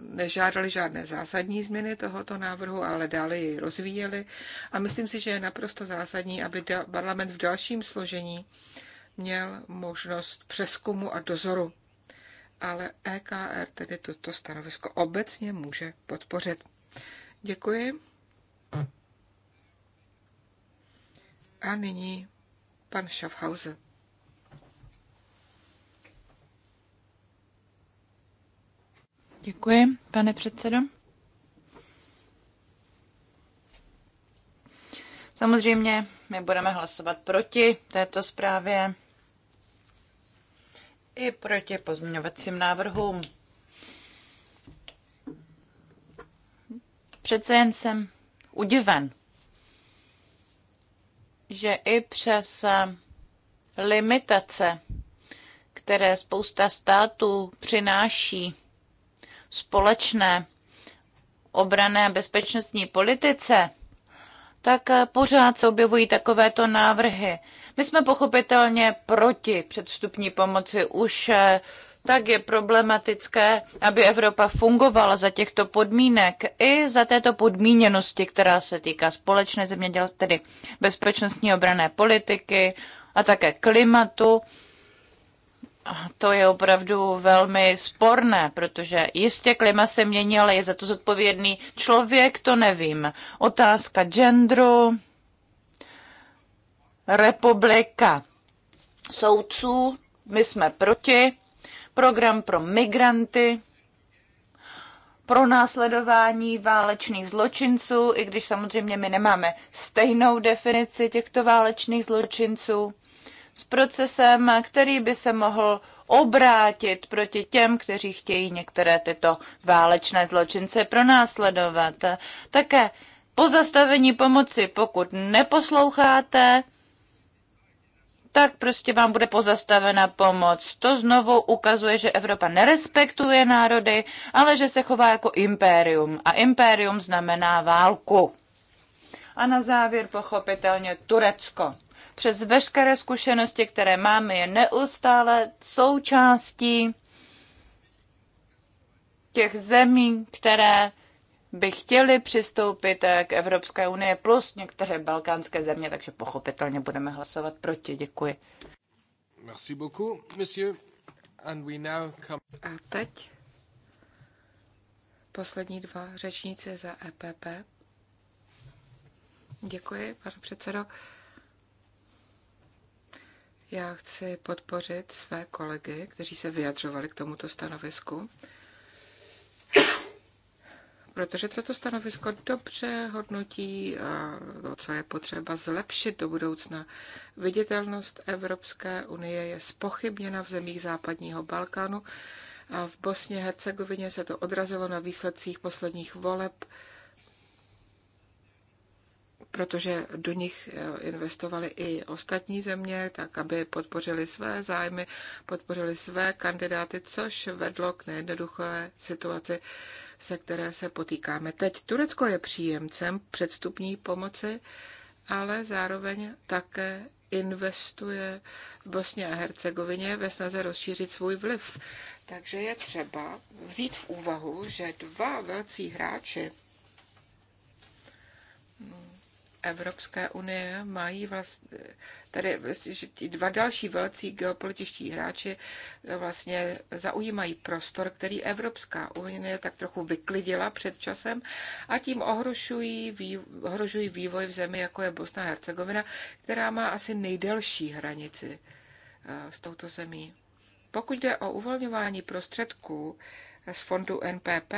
[SPEAKER 2] nežádali žádné zásadní změny tohoto návrhu, ale dále ji rozvíjeli. A myslím si, že je naprosto zásadní, aby parlament v dalším složení měl možnost přeskumu a dozoru. Ale EKR tedy toto stanovisko obecně může podpořit. Děkuji. A nyní pan Schaffhausen.
[SPEAKER 3] Děkuji, pane předsedo. Samozřejmě my budeme hlasovat proti této zprávě i proti pozměňovacím návrhům. Přece jen jsem udiven, že i přes limitace, které spousta států přináší společné obrané a bezpečnostní politice, tak eh, pořád se objevují takovéto návrhy. My jsme pochopitelně proti předstupní pomoci už eh, tak je problematické, aby Evropa fungovala za těchto podmínek i za této podmíněnosti, která se týká společné zemědělství, tedy bezpečnostní obrané politiky a také klimatu to je opravdu velmi sporné, protože jistě klima se mění, ale je za to zodpovědný člověk, to nevím. Otázka genderu, republika soudců, my jsme proti, program pro migranty, pro následování válečných zločinců, i když samozřejmě my nemáme stejnou definici těchto válečných zločinců s procesem, který by se mohl obrátit proti těm, kteří chtějí některé tyto válečné zločince pronásledovat. Také pozastavení pomoci, pokud neposloucháte, tak prostě vám bude pozastavena pomoc. To znovu ukazuje, že Evropa nerespektuje národy, ale že se chová jako impérium. A impérium znamená válku. A na závěr pochopitelně Turecko přes veškeré zkušenosti, které máme, je neustále součástí těch zemí, které by chtěli přistoupit k Evropské unie plus některé balkánské země, takže pochopitelně budeme hlasovat proti. Děkuji. Merci beaucoup, monsieur. And we now come... A teď poslední
[SPEAKER 2] dva řečníci za EPP. Děkuji, pane předsedo. Já chci podpořit své kolegy, kteří se vyjadřovali k tomuto stanovisku, protože toto stanovisko dobře hodnotí, eh, to, co je potřeba zlepšit do budoucna. Viditelnost Evropské unie je spochybněna v zemích západního Balkánu a v Bosně Hercegovině se to odrazilo na výsledcích posledních voleb protože do nich eh, investovali i ostatní země, tak aby podpořili své zájmy, podpořili své kandidáty, což vedlo k nejednoduché situaci, se které se potýkáme. Teď Turecko je příjemcem předstupní pomoci, ale zároveň také investuje v Bosně a Hercegovině ve snaze rozšířit svůj vliv. Takže je třeba vzít v úvahu, že dva velcí hráči Evropské unie mají vlastně, tady vlastně, dva další velcí geopolitičtí hráči eh, vlastně zaujímají prostor, který Evropská unie tak trochu vyklidila před časem a tím ohrožují, ohrožují vývoj v zemi, jako je Bosna a Hercegovina, která má asi nejdelší hranici eh, s touto zemí. Pokud jde o uvolňování prostředků z fondu NPP,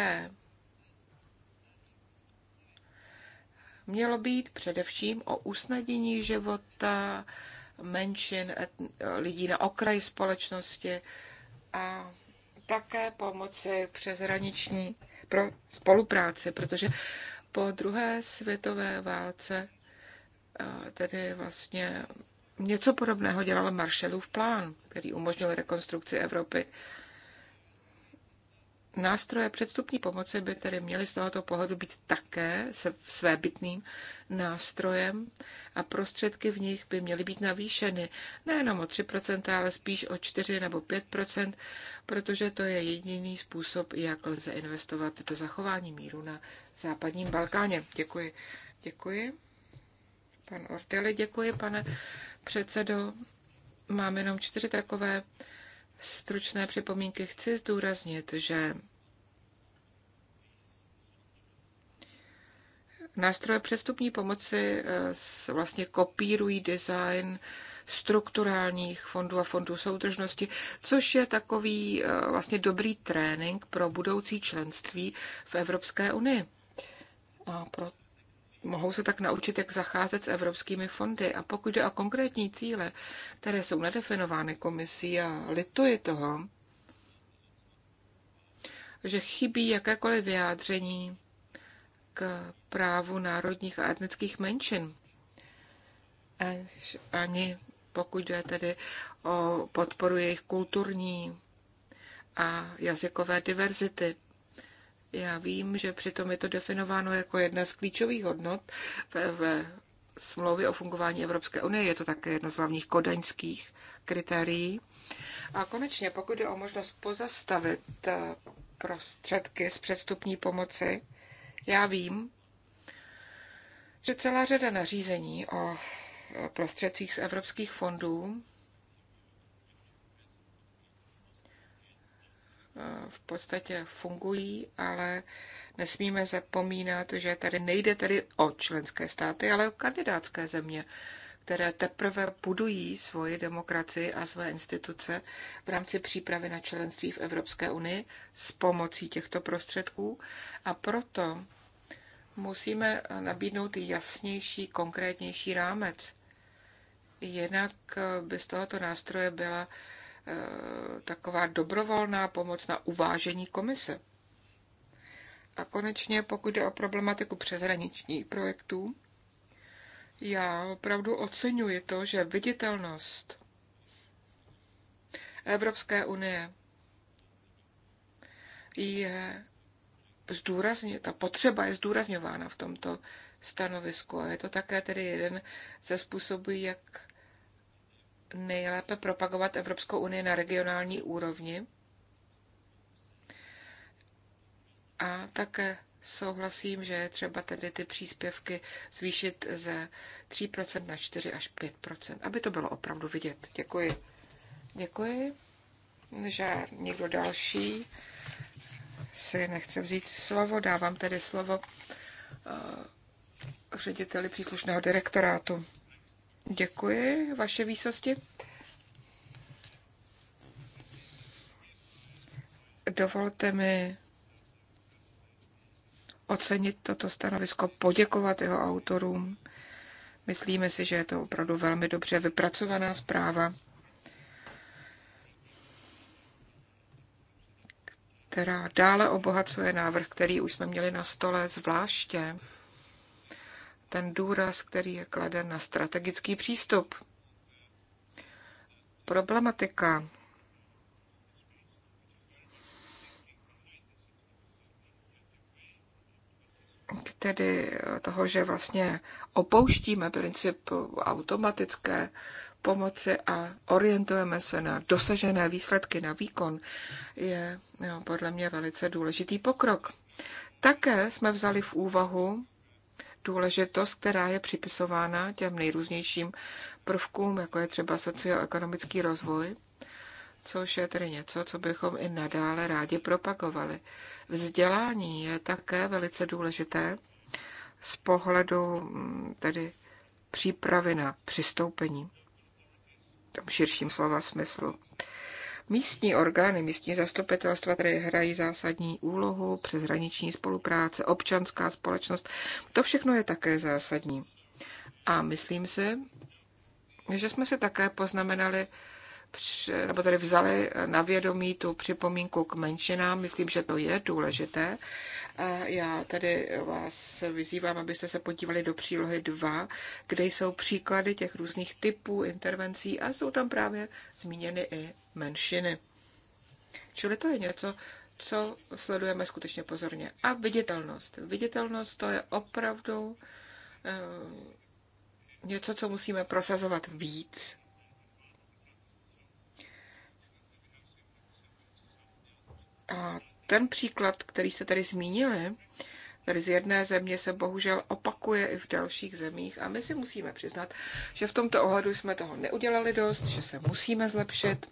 [SPEAKER 2] mělo být především o usnadnění života menšin, lidí na okraji společnosti a také pomoci přeshraniční pro spolupráci, protože po druhé světové válce tedy vlastně něco podobného dělal Marshallův plán, který umožnil rekonstrukci Evropy Nástroje předstupní pomoci by tedy měly z tohoto pohledu být také svébytným nástrojem a prostředky v nich by měly být navýšeny nejenom o 3%, ale spíš o 4 nebo 5%, protože to je jediný způsob, jak lze investovat do zachování míru na západním Balkáně. Děkuji. Děkuji. Pan Orteli, děkuji, pane předsedo. Mám jenom čtyři takové stručné připomínky chci zdůraznit, že nástroje přestupní pomoci eh, vlastně kopírují design strukturálních fondů a fondů soudržnosti, což je takový eh, vlastně dobrý trénink pro budoucí členství v Evropské unii. A proto mohou se tak naučit, jak zacházet s evropskými fondy. A pokud jde o konkrétní cíle, které jsou nedefinovány komisí a lituji toho, že chybí jakékoliv vyjádření k právu národních a etnických menšin. Ani pokud jde tedy o podporu jejich kulturní a jazykové diverzity. Já vím, že přitom je to definováno jako jedna z klíčových hodnot v smlouvě o fungování Evropské unie. Je to také jedno z hlavních kodaňských kritérií. A konečně, pokud je o možnost pozastavit eh, prostředky z předstupní pomoci, já vím, že celá řada nařízení o eh, prostředcích z evropských fondů E, v podstatě fungují, ale nesmíme zapomínat, že tady nejde tedy o členské státy, ale o kandidátské země, které teprve budují svoji demokracii a své instituce v rámci přípravy na členství v Evropské unii s pomocí těchto prostředků. A proto musíme nabídnout jasnější, konkrétnější rámec. Jinak by z tohoto nástroje byla Eh, taková dobrovolná pomoc na uvážení komise. A konečně, pokud jde o problematiku přeshraničních projektů, já opravdu oceňuji to, že viditelnost Evropské unie je zdůrazně, ta potřeba je zdůrazňována v tomto stanovisku a je to také tedy jeden ze způsobů, jak nejlépe propagovat Evropskou unii na regionální úrovni. A také souhlasím, že je třeba tedy ty příspěvky zvýšit ze 3% na 4 až 5%, aby to bylo opravdu vidět. Děkuji. Děkuji. Že někdo další si nechce vzít slovo, dávám tedy slovo eh, řediteli příslušného direktorátu. Děkuji, vaše výsosti. Dovolte mi ocenit toto stanovisko, poděkovat jeho autorům. Myslíme si, že je to opravdu velmi dobře vypracovaná zpráva, která dále obohacuje návrh, který už jsme měli na stole, zvláště ten důraz, který je kladen na strategický přístup. Problematika tedy toho, že vlastně opouštíme princip automatické pomoci a orientujeme se na dosažené výsledky, na výkon, je jo, no, podle mě velice důležitý pokrok. Také jsme vzali v úvahu důležitost, která je připisována těm nejrůznějším prvkům, jako je třeba socioekonomický rozvoj, což je tedy něco, co bychom i nadále rádi propagovali. Vzdělání je také velice důležité z pohledu mm, tedy přípravy na přistoupení v tom širším slova smyslu. Místní orgány, místní zastupitelstva tady hrají zásadní úlohu, přeshraniční spolupráce, občanská společnost, to všechno je také zásadní. A myslím si, že jsme se také poznamenali, nebo tady vzali na vědomí tu připomínku k menšinám. Myslím, že to je důležité. Já tady vás vyzývám, abyste se podívali do přílohy 2, kde jsou příklady těch různých typů intervencí a jsou tam právě zmíněny i menšiny. Čili to je něco, co sledujeme skutečně pozorně. A viditelnost. Viditelnost to je opravdu eh, něco, co musíme prosazovat víc. A ten příklad, který jste tady zmínili, tady z jedné země se bohužel opakuje i v dalších zemích a my si musíme přiznat, že v tomto ohledu jsme toho neudělali dost, že se musíme zlepšit.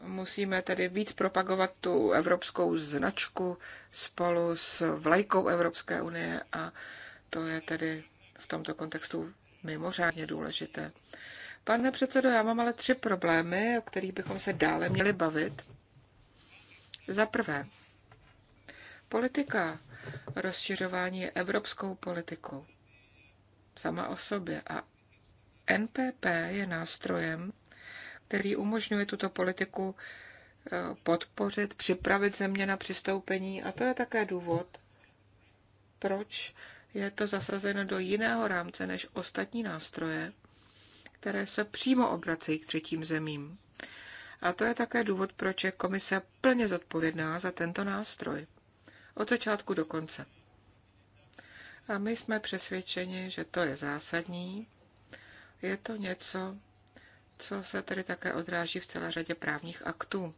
[SPEAKER 2] musíme tedy víc propagovat tu evropskou značku spolu s vlajkou Evropské unie a to je tedy v tomto kontextu mimořádně důležité. Pane předsedo, já mám ale tři problémy, o kterých bychom se dále měli bavit. Za prvé, politika rozšiřování je evropskou politikou sama o sobě a NPP je nástrojem, který umožňuje tuto politiku eh, podpořit, připravit země na přistoupení a to je také důvod, proč je to zasazeno do jiného rámce než ostatní nástroje, které se přímo obracejí k třetím zemím. A to je také důvod, proč je komise plně zodpovědná za tento nástroj. Od začátku do konce. A my jsme přesvědčeni, že to je zásadní. Je to něco, co se tedy také odráží v celé řadě právních aktů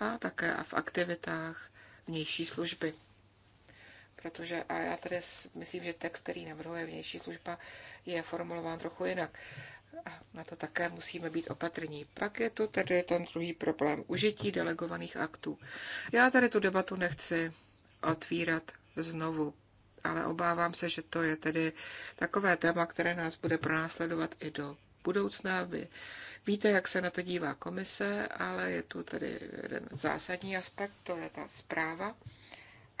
[SPEAKER 2] a také a v aktivitách vnější služby. Protože, a já tady myslím, že text, který navrhuje vnější služba, je formulován trochu jinak. A na to také musíme být opatrní. Pak je tu tedy ten druhý problém, užití delegovaných aktů. Já tady tu debatu nechci otvírat znovu, ale obávám se, že to je tedy takové téma, které nás bude pronásledovat i do budoucna. Vy víte, jak se na to dívá komise, ale je tu tady jeden zásadní aspekt, to je ta zpráva.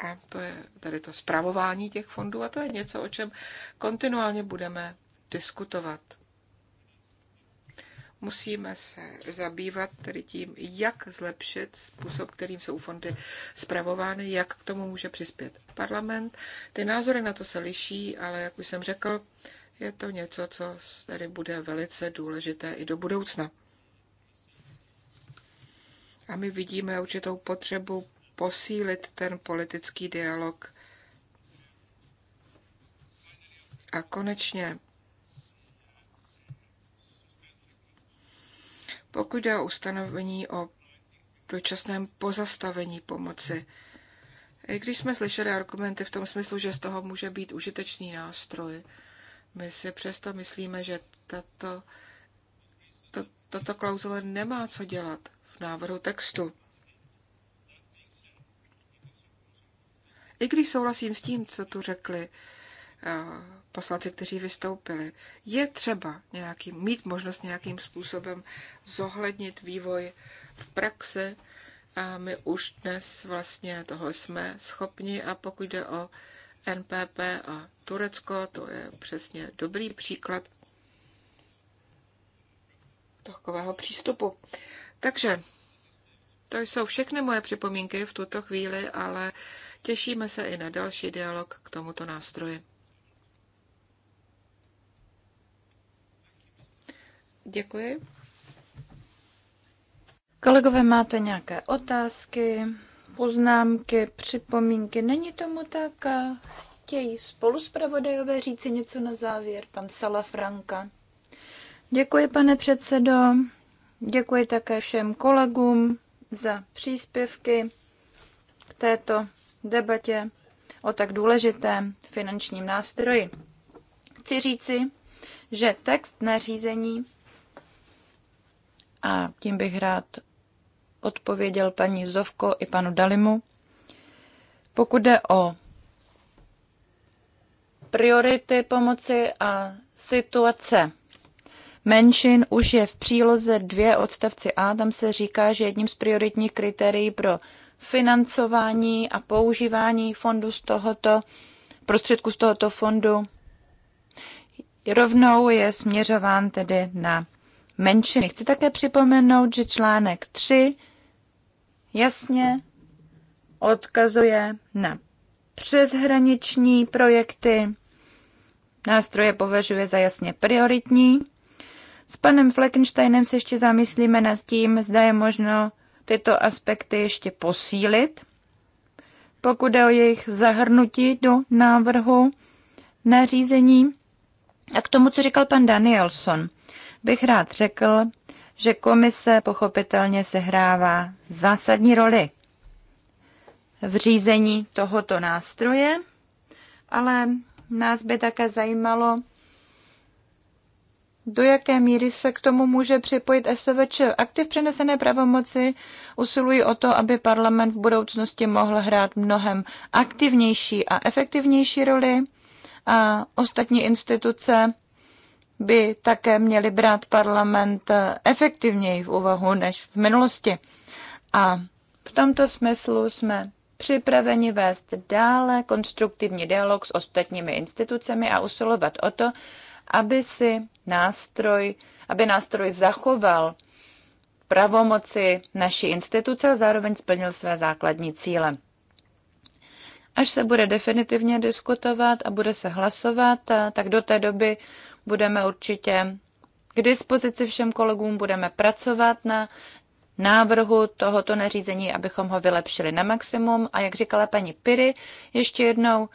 [SPEAKER 2] A to je tady to zpravování těch fondů a to je něco, o čem kontinuálně budeme diskutovat. Musíme se zabývat tedy tím, jak zlepšit způsob, kterým jsou fondy zpravovány, jak k tomu může přispět parlament. Ty názory na to se liší, ale jak už jsem řekl, je to něco, co tady bude velice důležité i do budoucna. A my vidíme určitou potřebu posílit ten politický dialog. A konečně, pokud je o ustanovení o dočasném pozastavení pomoci, i když jsme slyšeli argumenty v tom smyslu, že z toho může být užitečný nástroj, my si přesto myslíme, že tato, to, tato klauzule nemá co dělat v návrhu textu. I když souhlasím s tím, co tu řekli eh, poslanci, kteří vystoupili, je třeba nějaký, mít možnost nějakým způsobem zohlednit vývoj v praxi a my už dnes vlastně toho jsme schopni a pokud jde o NPP a Turecko, to je přesně dobrý příklad takového přístupu. Takže to jsou všechny moje připomínky v tuto chvíli, ale těšíme se i na další dialog k tomuto nástroji.
[SPEAKER 3] Děkuji. Kolegové, máte nějaké otázky? poznámky, připomínky. Není tomu tak? Chtějí spolu zpravodajové říci něco na závěr, pan Salafranka. Děkuji, pane předsedo. Děkuji také všem kolegům za příspěvky k této debatě o tak důležitém finančním nástroji. Chci říci, že text nařízení, a tím bych rád odpověděl paní Zovko i panu Dalimu. Pokud jde o priority pomoci a situace menšin, už je v příloze dvě odstavci A, tam se říká, že jedním z prioritních kritérií pro financování a používání fondu z tohoto, prostředku z tohoto fondu rovnou je směřován tedy na menšiny. Chci také připomenout, že článek 3 jasně odkazuje na přeshraniční projekty. Nástroje považuje za jasně prioritní. S panem Fleckensteinem se ještě zamyslíme nad tím, zda je možno tyto aspekty ještě posílit, pokud je o jejich zahrnutí do návrhu nařízení. A k tomu, co říkal pan Danielson, bych rád řekl, že komise pochopitelně sehrává zásadní roli v řízení tohoto nástroje, ale nás by také zajímalo, do jaké míry se k tomu může připojit SVČ? Aktiv přenesené pravomoci usilují o to, aby parlament v budoucnosti mohl hrát mnohem aktivnější a efektivnější roli a ostatní instituce by také měly brát parlament eh, efektivněji v úvahu než v minulosti. A v tomto smyslu jsme připraveni vést dále konstruktivní dialog s ostatními institucemi a usilovat o to, aby si nástroj, aby nástroj zachoval pravomoci naší instituce a zároveň splnil své základní cíle. Až se bude definitivně diskutovat a bude se hlasovat, eh, tak do té doby budeme určitě k dispozici všem kolegům, budeme pracovat na návrhu tohoto nařízení, abychom ho vylepšili na maximum. A jak říkala paní Piry, ještě jednou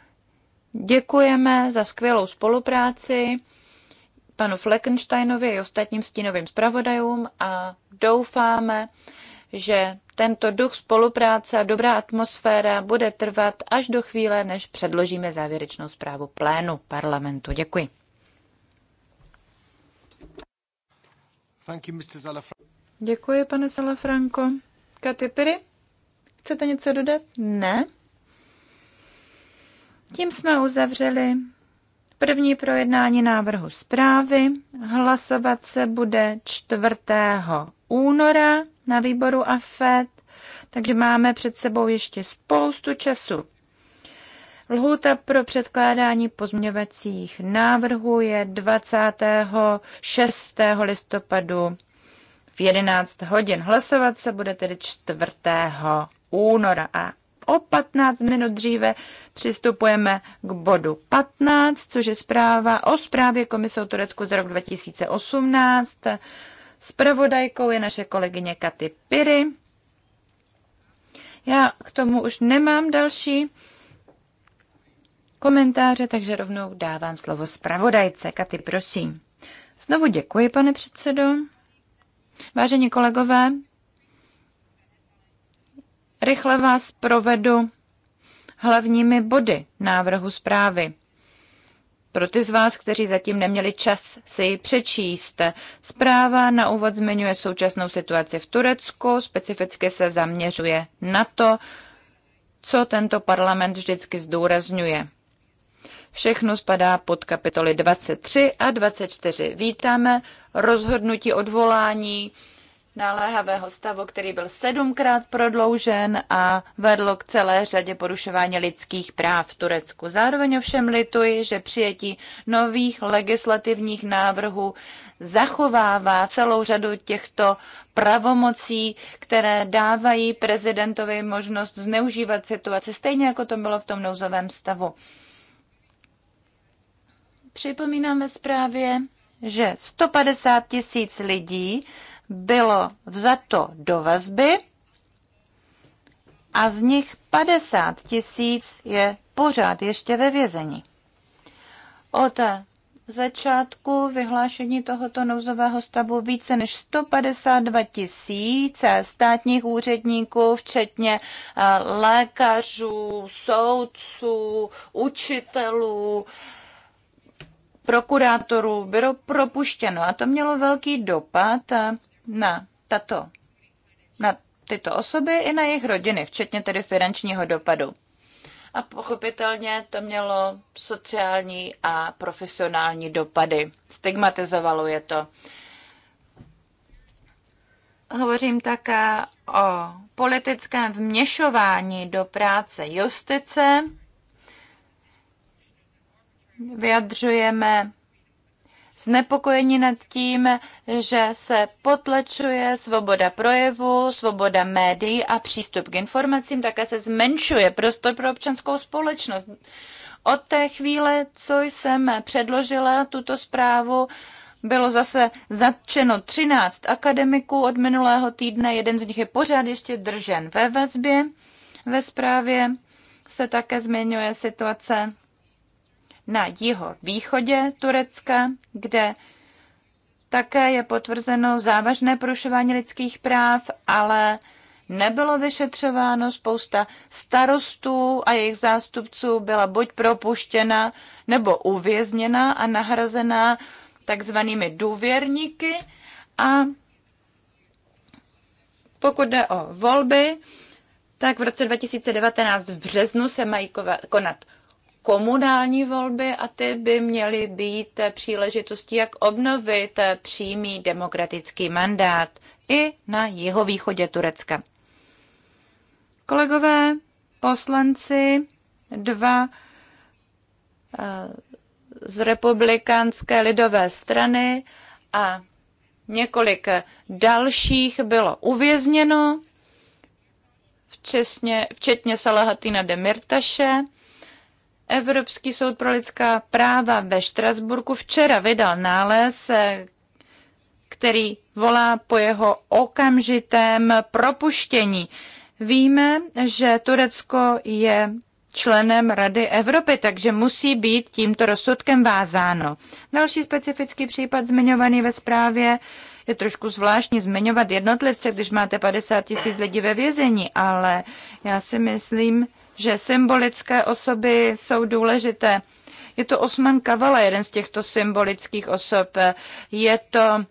[SPEAKER 3] děkujeme za skvělou spolupráci panu Fleckensteinovi i ostatním stínovým zpravodajům a doufáme, že tento duch spolupráce a dobrá atmosféra bude trvat až do chvíle, než předložíme závěrečnou zprávu plénu parlamentu. Děkuji. Děkuji, pane Salafranco. Katy Piri, chcete něco dodat? Ne. Tím jsme uzavřeli první projednání návrhu zprávy. Hlasovat se bude 4. února na výboru AFED, takže máme před sebou ještě spoustu času. Lhůta pro předkládání pozměňovacích návrhů je 26. listopadu v 11 hodin. Hlasovat se bude tedy 4. února a o 15 minut dříve přistupujeme k bodu 15, což je zpráva o zprávě Komise o Turecku za rok 2018. Spravodajkou je naše kolegyně Katy Piry. Já k tomu už nemám další komentáře, takže rovnou dávám slovo zpravodajce. Katy, prosím. Znovu děkuji, pane předsedo. Vážení kolegové, rychle vás provedu hlavními body návrhu zprávy. Pro ty z vás, kteří zatím neměli čas si ji přečíst, zpráva na úvod zmiňuje současnou situaci v Turecku, specificky se zaměřuje na to, co tento parlament vždycky zdůrazňuje. Všechno spadá pod kapitoly 23 a 24. Vítáme rozhodnutí odvolání naléhavého stavu, který byl sedmkrát prodloužen a vedlo k celé řadě porušování lidských práv v Turecku. Zároveň ovšem lituji, že přijetí nových legislativních návrhů zachovává celou řadu těchto pravomocí, které dávají prezidentovi možnost zneužívat situaci, stejně jako to bylo v tom nouzovém stavu. Připomínám ve zprávě, že 150 tisíc lidí bylo vzato do vazby a z nich 50 tisíc je pořád ještě ve vězení. Od začátku vyhlášení tohoto nouzového stavu více než 152 tisíc státních úředníků, včetně eh, lékařů, soudců, učitelů, prokurátorů bylo propuštěno a to mělo velký dopad na tato, na tyto osoby i na jejich rodiny, včetně tedy finančního dopadu. A pochopitelně to mělo sociální a profesionální dopady. Stigmatizovalo je to. Hovořím také o politickém vměšování do práce justice vyjadřujeme znepokojení nad tím, že se potlačuje svoboda projevu, svoboda médií a přístup k informacím, také se zmenšuje prostor pro občanskou společnost. Od té chvíle, co jsem předložila tuto zprávu, bylo zase zatčeno 13 akademiků od minulého týdne, jeden z nich je pořád ještě držen ve vazbě. Ve zprávě se také zmiňuje situace na jiho východě Turecka, kde také je potvrzeno závažné porušování lidských práv, ale nebylo vyšetřováno. Spousta starostů a jejich zástupců byla buď propuštěna nebo uvězněna a nahrazená takzvanými důvěrníky. A pokud jde o volby, tak v roce 2019 v březnu se mají konat komunální volby a ty by měly být příležitostí, jak obnovit přímý demokratický mandát i na jihovýchodě Turecka. Kolegové, poslanci, dva eh, z republikánské lidové strany a několik dalších bylo uvězněno, včetně, včetně Salahatina Demirtaše. Evropský soud pro lidská práva ve Štrasburku včera vydal nález, eh, který volá po jeho okamžitém propuštění. Víme, že Turecko je členem Rady Evropy, takže musí být tímto rozsudkem vázáno. Další specifický případ zmiňovaný ve zprávě je trošku zvláštní zmiňovat jednotlivce, když máte 50 tisíc lidí ve vězení, ale já si myslím, že symbolické osoby jsou důležité. Je to Osman Kavala, jeden z těchto symbolických osob. Je to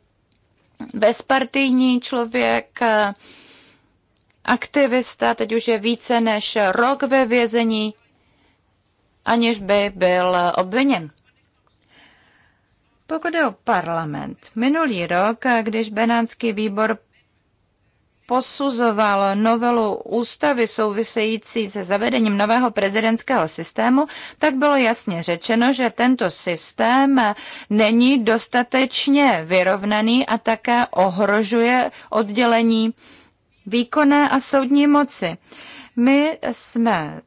[SPEAKER 3] bezpartijní člověk, aktivista, teď už je více než rok ve vězení, aniž by byl obviněn. Pokud je o parlament, minulý rok, když Benátský výbor posuzoval novelu ústavy související se zavedením nového prezidentského systému, tak bylo jasně řečeno, že tento systém není dostatečně vyrovnaný a také ohrožuje oddělení výkonné a soudní moci. My jsme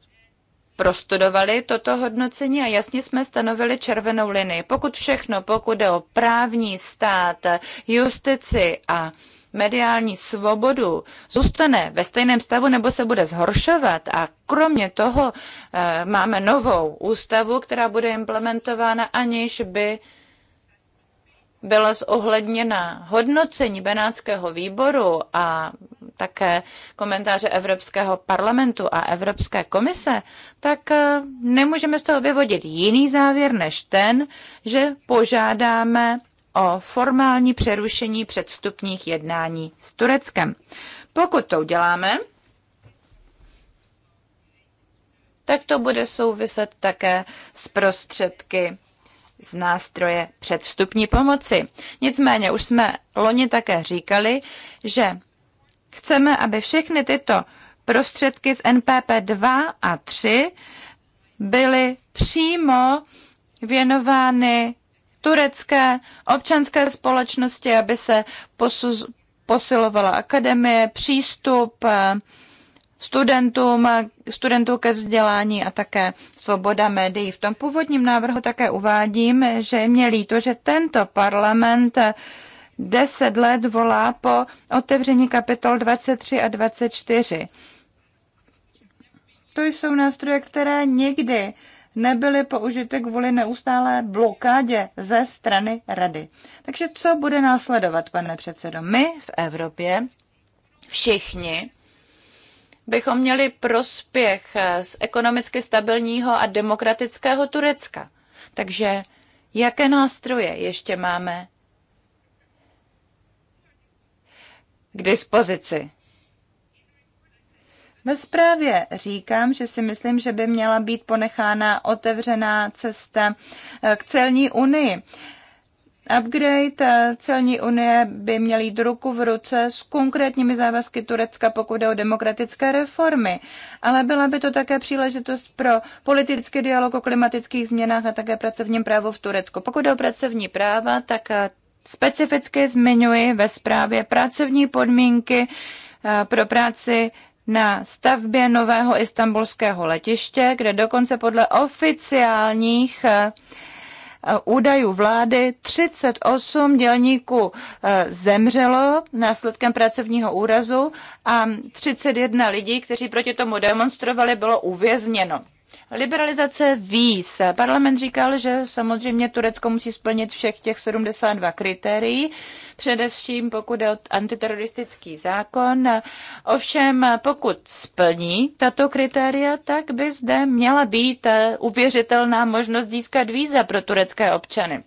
[SPEAKER 3] prostudovali toto hodnocení a jasně jsme stanovili červenou linii. Pokud všechno, pokud jde o právní stát, justici a mediální svobodu zůstane ve stejném stavu nebo se bude zhoršovat. A kromě toho eh, máme novou ústavu, která bude implementována, aniž by byla zohledněna hodnocení Benátského výboru a také komentáře Evropského parlamentu a Evropské komise, tak eh, nemůžeme z toho vyvodit jiný závěr než ten, že požádáme o formální přerušení předstupních jednání s Tureckem. Pokud to uděláme, tak to bude souviset také s prostředky z nástroje předstupní pomoci. Nicméně už jsme loni také říkali, že chceme, aby všechny tyto prostředky z NPP 2 a 3 byly přímo věnovány turecké občanské společnosti, aby se posuz, posilovala akademie, přístup eh, studentům, studentů ke vzdělání a také svoboda médií. V tom původním návrhu také uvádím, že mě líto, že tento parlament deset let volá po otevření kapitol 23 a 24. To jsou nástroje, které nikdy nebyly použity kvůli neustálé blokádě ze strany rady. Takže co bude následovat, pane předsedo? My v Evropě všichni bychom měli prospěch z ekonomicky stabilního a demokratického Turecka. Takže jaké nástroje ještě máme k dispozici? Ve zprávě říkám, že si myslím, že by měla být ponechána otevřená cesta eh, k celní unii. Upgrade eh, celní unie by měl jít ruku v ruce s konkrétními závazky Turecka, pokud jde o demokratické reformy. Ale byla by to také příležitost pro politický dialog o klimatických změnách a také pracovním právu v Turecku. Pokud jde o pracovní práva, tak eh, specificky zmiňuji ve zprávě pracovní podmínky pro práci na stavbě nového istambulského letiště, kde dokonce podle oficiálních eh, eh, údajů vlády 38 dělníků eh, zemřelo následkem pracovního úrazu a 31 lidí, kteří proti tomu demonstrovali, bylo uvězněno. Liberalizace víz. Parlament říkal, že samozřejmě Turecko musí splnit všech těch 72 kritérií, především pokud je o antiteroristický zákon. Ovšem, pokud splní tato kritéria, tak by zde měla být uvěřitelná možnost získat víza pro turecké občany.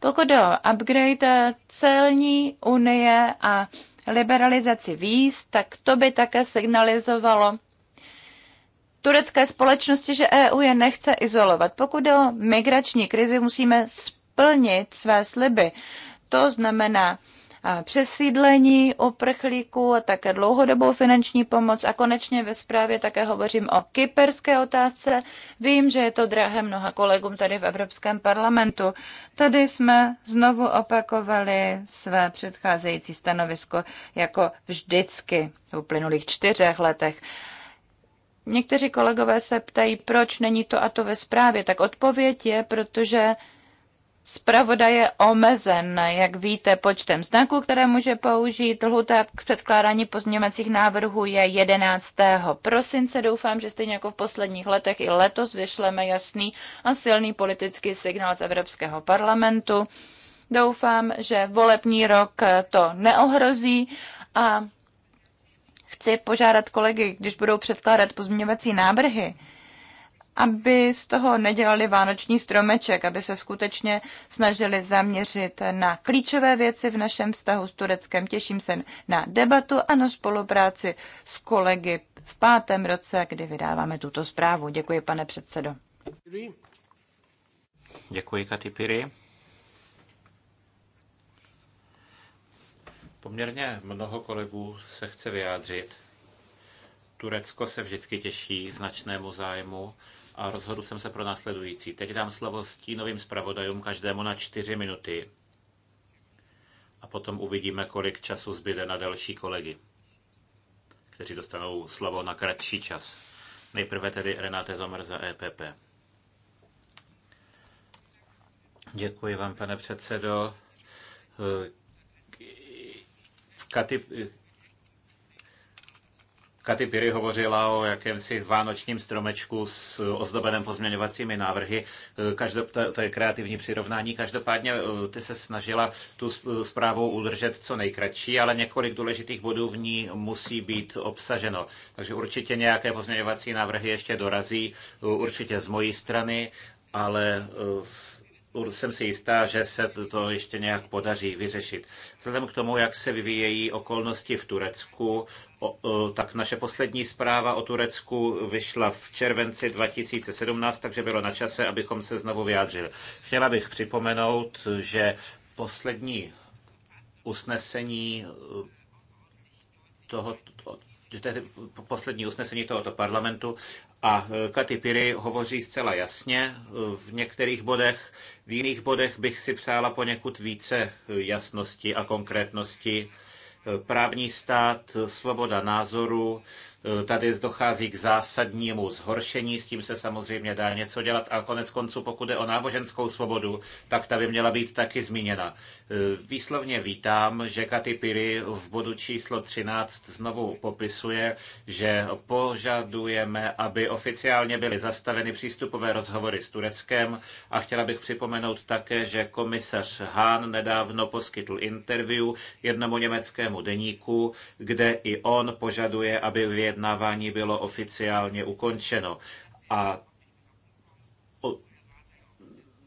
[SPEAKER 3] Pokud o upgrade celní unie a liberalizaci víz, tak to by také signalizovalo turecké společnosti, že EU je nechce izolovat. Pokud jde o migrační krizi, musíme splnit své sliby. To znamená přesídlení uprchlíků a také dlouhodobou finanční pomoc. A konečně ve zprávě také hovořím o kyperské otázce. Vím, že je to drahé mnoha kolegům tady v Evropském parlamentu. Tady jsme znovu opakovali své předcházející stanovisko jako vždycky v uplynulých čtyřech letech. Někteří kolegové se ptají, proč není to a to ve zprávě. Tak odpověď je, protože zpravoda je omezen, jak víte, počtem znaků, které může použít. Lhuta k předkládání pozměňovacích návrhů je 11. prosince. Doufám, že stejně jako v posledních letech i letos vyšleme jasný a silný politický signál z Evropského parlamentu. Doufám, že volební rok to neohrozí a chci požádat kolegy, když budou předkládat pozměňovací návrhy, aby z toho nedělali vánoční stromeček, aby se skutečně snažili zaměřit na klíčové věci v našem vztahu s Tureckem. Těším se na debatu a na spolupráci s kolegy v pátém roce, kdy vydáváme tuto zprávu. Děkuji, pane předsedo.
[SPEAKER 5] Děkuji, Katy Piri. Poměrně mnoho kolegů se chce vyjádřit. Turecko se vždycky těší značnému zájmu a rozhodl jsem se pro následující. Teď dám slovo stínovým zpravodajům každému na čtyři minuty a potom uvidíme, kolik času zbyde na další kolegy, kteří dostanou slovo na kratší čas. Nejprve tedy Renáte Zomr za EPP. Děkuji vám, pane předsedo. Katy, Katy Piry hovořila o jakémsi vánočním stromečku s ozdobeným pozměňovacími návrhy. Každop, to, to je kreativní přirovnání. Každopádně eh, ty se snažila tu eh, zprávu udržet co nejkratší, ale několik důležitých bodů v ní musí být obsaženo. Takže určitě nějaké pozměňovací návrhy ještě dorazí, eh, určitě z mojí strany, ale s jsem si jistá, že se to ještě nějak podaří vyřešit. Vzhledem k tomu, jak se vyvíjejí okolnosti v Turecku, tak naše poslední zpráva o Turecku vyšla v červenci 2017, takže bylo na čase, abychom se znovu vyjádřili. Chtěla bych připomenout, že poslední usnesení e, toho, že tehdy poslední usnesení tohoto parlamentu a e, Katy Piry hovoří zcela jasně e, v některých bodech, v jiných bodech bych si přála poněkud více e, jasnosti a konkrétnosti. Právní stát, svoboda názoru, tady dochází k zásadnímu zhoršení, s tím se samozřejmě dá něco dělat a konec konců, pokud je o náboženskou svobodu, tak ta by měla být taky zmíněna. Výslovně vítám, že Katy Piri v bodu číslo 13 znovu popisuje, že požadujeme, aby oficiálně byly zastaveny přístupové rozhovory s Tureckem a chtěla bych připomenout také, že komisař Hahn nedávno poskytl interview jednomu německému deníku, kde i on požaduje, aby vyjednávání bylo oficiálně ukončeno. A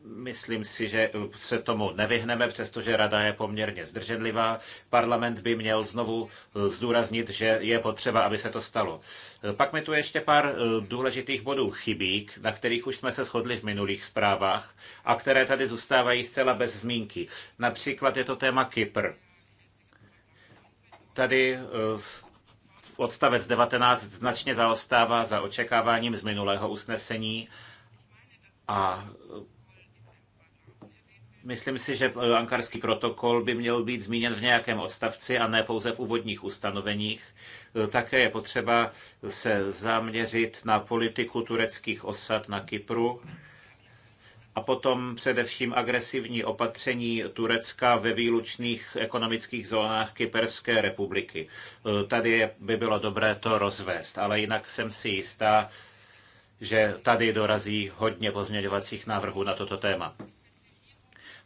[SPEAKER 5] Myslím si, že se tomu nevyhneme, přestože rada je poměrně zdrženlivá. Parlament by měl znovu zdůraznit, že je potřeba, aby se to stalo. Pak mi tu ještě pár eh, důležitých bodů chybí, na kterých už jsme se shodli v minulých zprávách a které tady zůstávají zcela bez zmínky. Například je to téma Kypr. Tady eh, odstavec 19 značně zaostává za očekáváním z minulého usnesení a Myslím si, že eh, ankarský protokol by měl být zmíněn v nějakém odstavci a ne pouze v úvodních ustanoveních. Eh, také je potřeba se zaměřit na politiku tureckých osad na Kypru a potom především agresivní opatření Turecka ve výlučných ekonomických zónách Kyperské republiky. Eh, tady by bylo dobré to rozvést, ale jinak jsem si jistá, že tady dorazí hodně pozměňovacích návrhů na toto téma.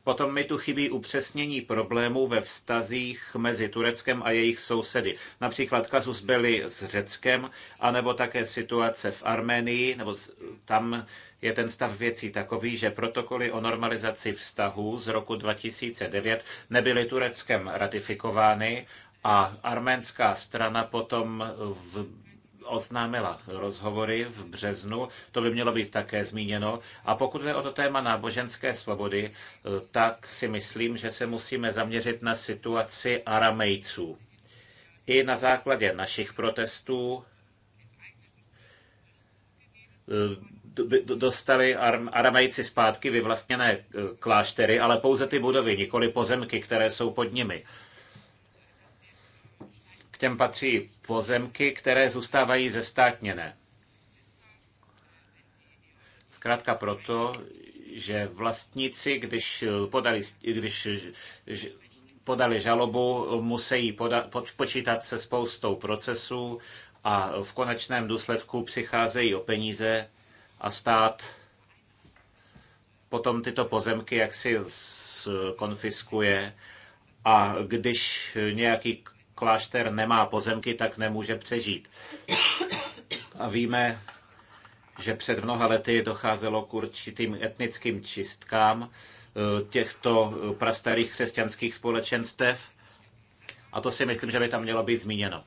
[SPEAKER 5] Potom mi tu chybí upřesnění problémů ve vztazích mezi Tureckem a jejich sousedy. Například kazus byly s Řeckem, anebo také situace v Arménii, nebo tam je ten stav věcí takový, že protokoly o normalizaci vztahů z roku 2009 nebyly Tureckem ratifikovány a arménská strana potom v oznámila rozhovory v březnu, to by mělo být také zmíněno. A pokud je o to téma náboženské svobody, eh, tak si myslím, že se musíme zaměřit na situaci aramejců. I na základě našich protestů eh, dostali aramejci zpátky vyvlastněné eh, kláštery, ale pouze ty budovy, nikoli pozemky, které jsou pod nimi. K těm patří pozemky, které zůstávají zestátněné. Zkrátka proto, že vlastníci, když podali, když podali žalobu, musí poda, počítat se spoustou procesů a v konečném důsledku přicházejí o peníze a stát potom tyto pozemky jaksi konfiskuje a když nějaký klášter nemá pozemky, tak nemůže přežít. A víme, že před mnoha lety docházelo k určitým etnickým čistkám eh, těchto eh, prastarých křesťanských společenstev. A to si myslím, že by tam mělo být zmíněno.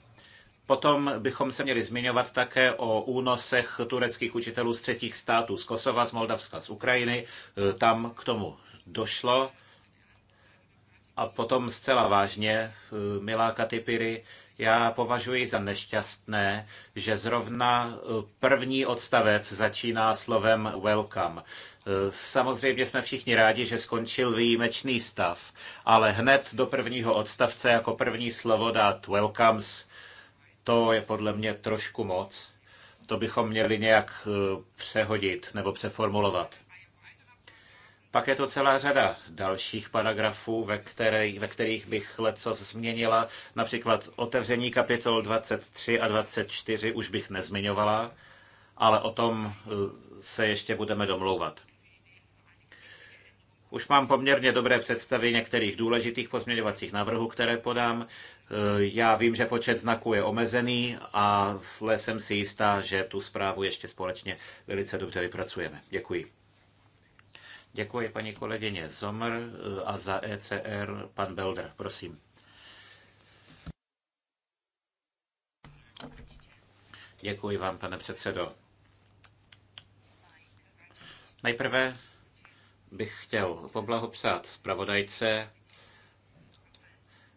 [SPEAKER 5] Potom bychom se měli zmiňovat také o únosech tureckých učitelů z třetích států, z Kosova, z Moldavska, z Ukrajiny. Eh, tam k tomu došlo. A potom zcela vážně, eh, milá Katypiry, já považuji za nešťastné, že zrovna eh, první odstavec začíná slovem welcome. Eh, samozřejmě jsme všichni rádi, že skončil výjimečný stav, ale hned do prvního odstavce jako první slovo dát welcomes, to je podle mě trošku moc. To bychom měli nějak přehodit nebo přeformulovat. Pak je to celá řada dalších paragrafů, ve, které, ve kterých bych leco změnila. Například otevření kapitol 23 a 24 už bych nezmiňovala, ale o tom e, se ještě budeme domlouvat. Už mám poměrně dobré představy některých důležitých pozměňovacích návrhů, které podám. E, já vím, že počet znaků je omezený a jsem si jistá, že tu zprávu ještě společně velice dobře vypracujeme. Děkuji. Děkuji paní kolegyně Zomr eh, a za ECR pan Belder, prosím. Děkuji vám, pane předsedo. Nejprve bych chtěl poblahopřát zpravodajce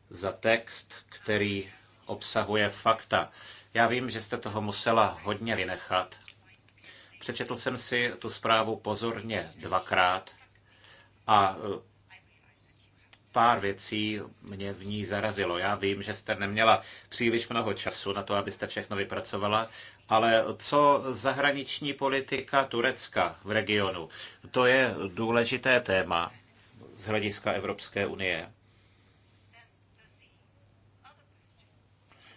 [SPEAKER 5] za text, který obsahuje fakta. Já vím, že jste toho musela hodně vynechat, Přečetl jsem si tu zprávu pozorně dvakrát a e, pár věcí mě v ní zarazilo. Já vím, že jste neměla příliš mnoho času na to, abyste všechno vypracovala, ale co zahraniční politika Turecka v regionu? To je důležité téma z hlediska Evropské unie.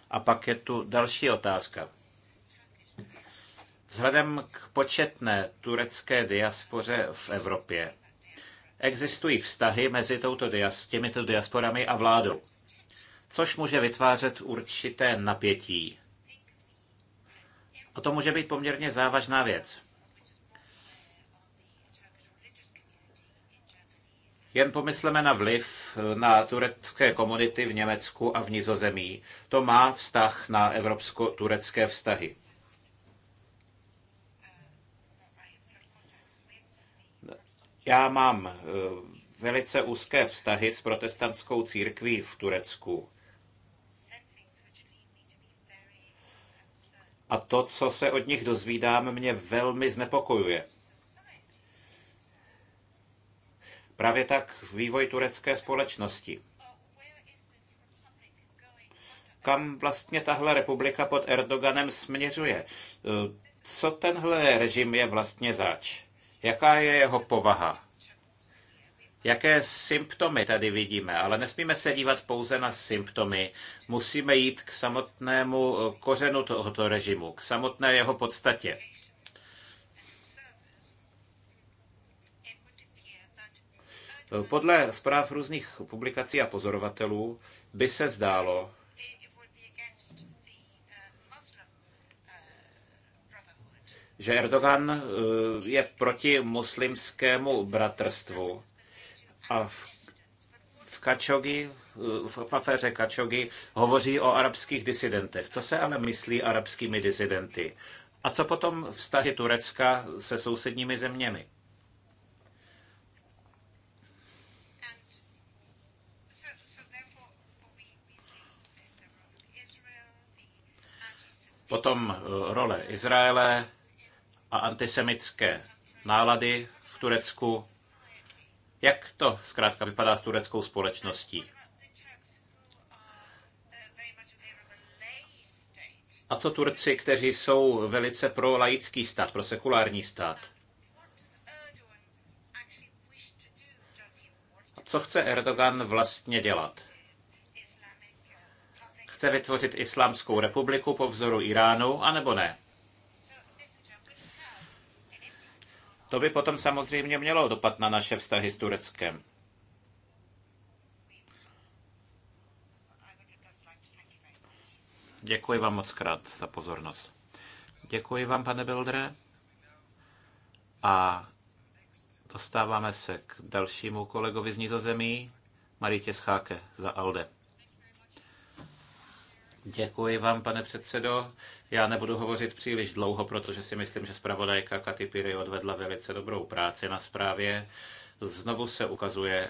[SPEAKER 5] A pak je tu další otázka. Vzhledem k početné turecké diaspoře v Evropě existují vztahy mezi touto dias- těmito diasporami a vládou, což může vytvářet určité napětí. A to může být poměrně závažná věc. Jen pomysleme na vliv na turecké komunity v Německu a v Nizozemí. To má vztah na evropsko-turecké vztahy. Já mám eh, velice úzké vztahy s protestantskou církví v Turecku. A to, co se od nich dozvídám, mě velmi znepokojuje. Právě tak vývoj turecké společnosti. Kam vlastně tahle republika pod Erdoganem směřuje? Eh, co tenhle režim je vlastně zač? Jaká je jeho povaha? Jaké symptomy tady vidíme? Ale nesmíme se dívat pouze na symptomy. Musíme jít k samotnému eh, kořenu tohoto režimu, k samotné jeho podstatě. Eh, podle zpráv různých publikací a pozorovatelů by se zdálo, že Erdogan eh, je proti muslimskému bratrstvu a v, v Kačogi, eh, v aféře Kačogi hovoří o arabských disidentech. Co se ale myslí arabskými disidenty? A co potom vztahy Turecka se sousedními zeměmi? Potom eh, role Izraele, a antisemické nálady v Turecku. Jak to zkrátka vypadá s tureckou společností? A co Turci, kteří jsou velice pro laický stát, pro sekulární stát? A co chce Erdogan vlastně dělat? Chce vytvořit Islámskou republiku po vzoru Iránu, anebo ne? To by potom samozřejmě mělo dopad na naše vztahy s Tureckem. Děkuji vám moc krát za pozornost. Děkuji vám, pane Bildre. A dostáváme se k dalšímu kolegovi z Nizozemí, Maritě Scháke za ALDE. Děkuji vám, pane předsedo. Já nebudu hovořit příliš dlouho, protože si myslím, že zpravodajka Katy Piry odvedla velice dobrou práci na zprávě. Znovu se ukazuje,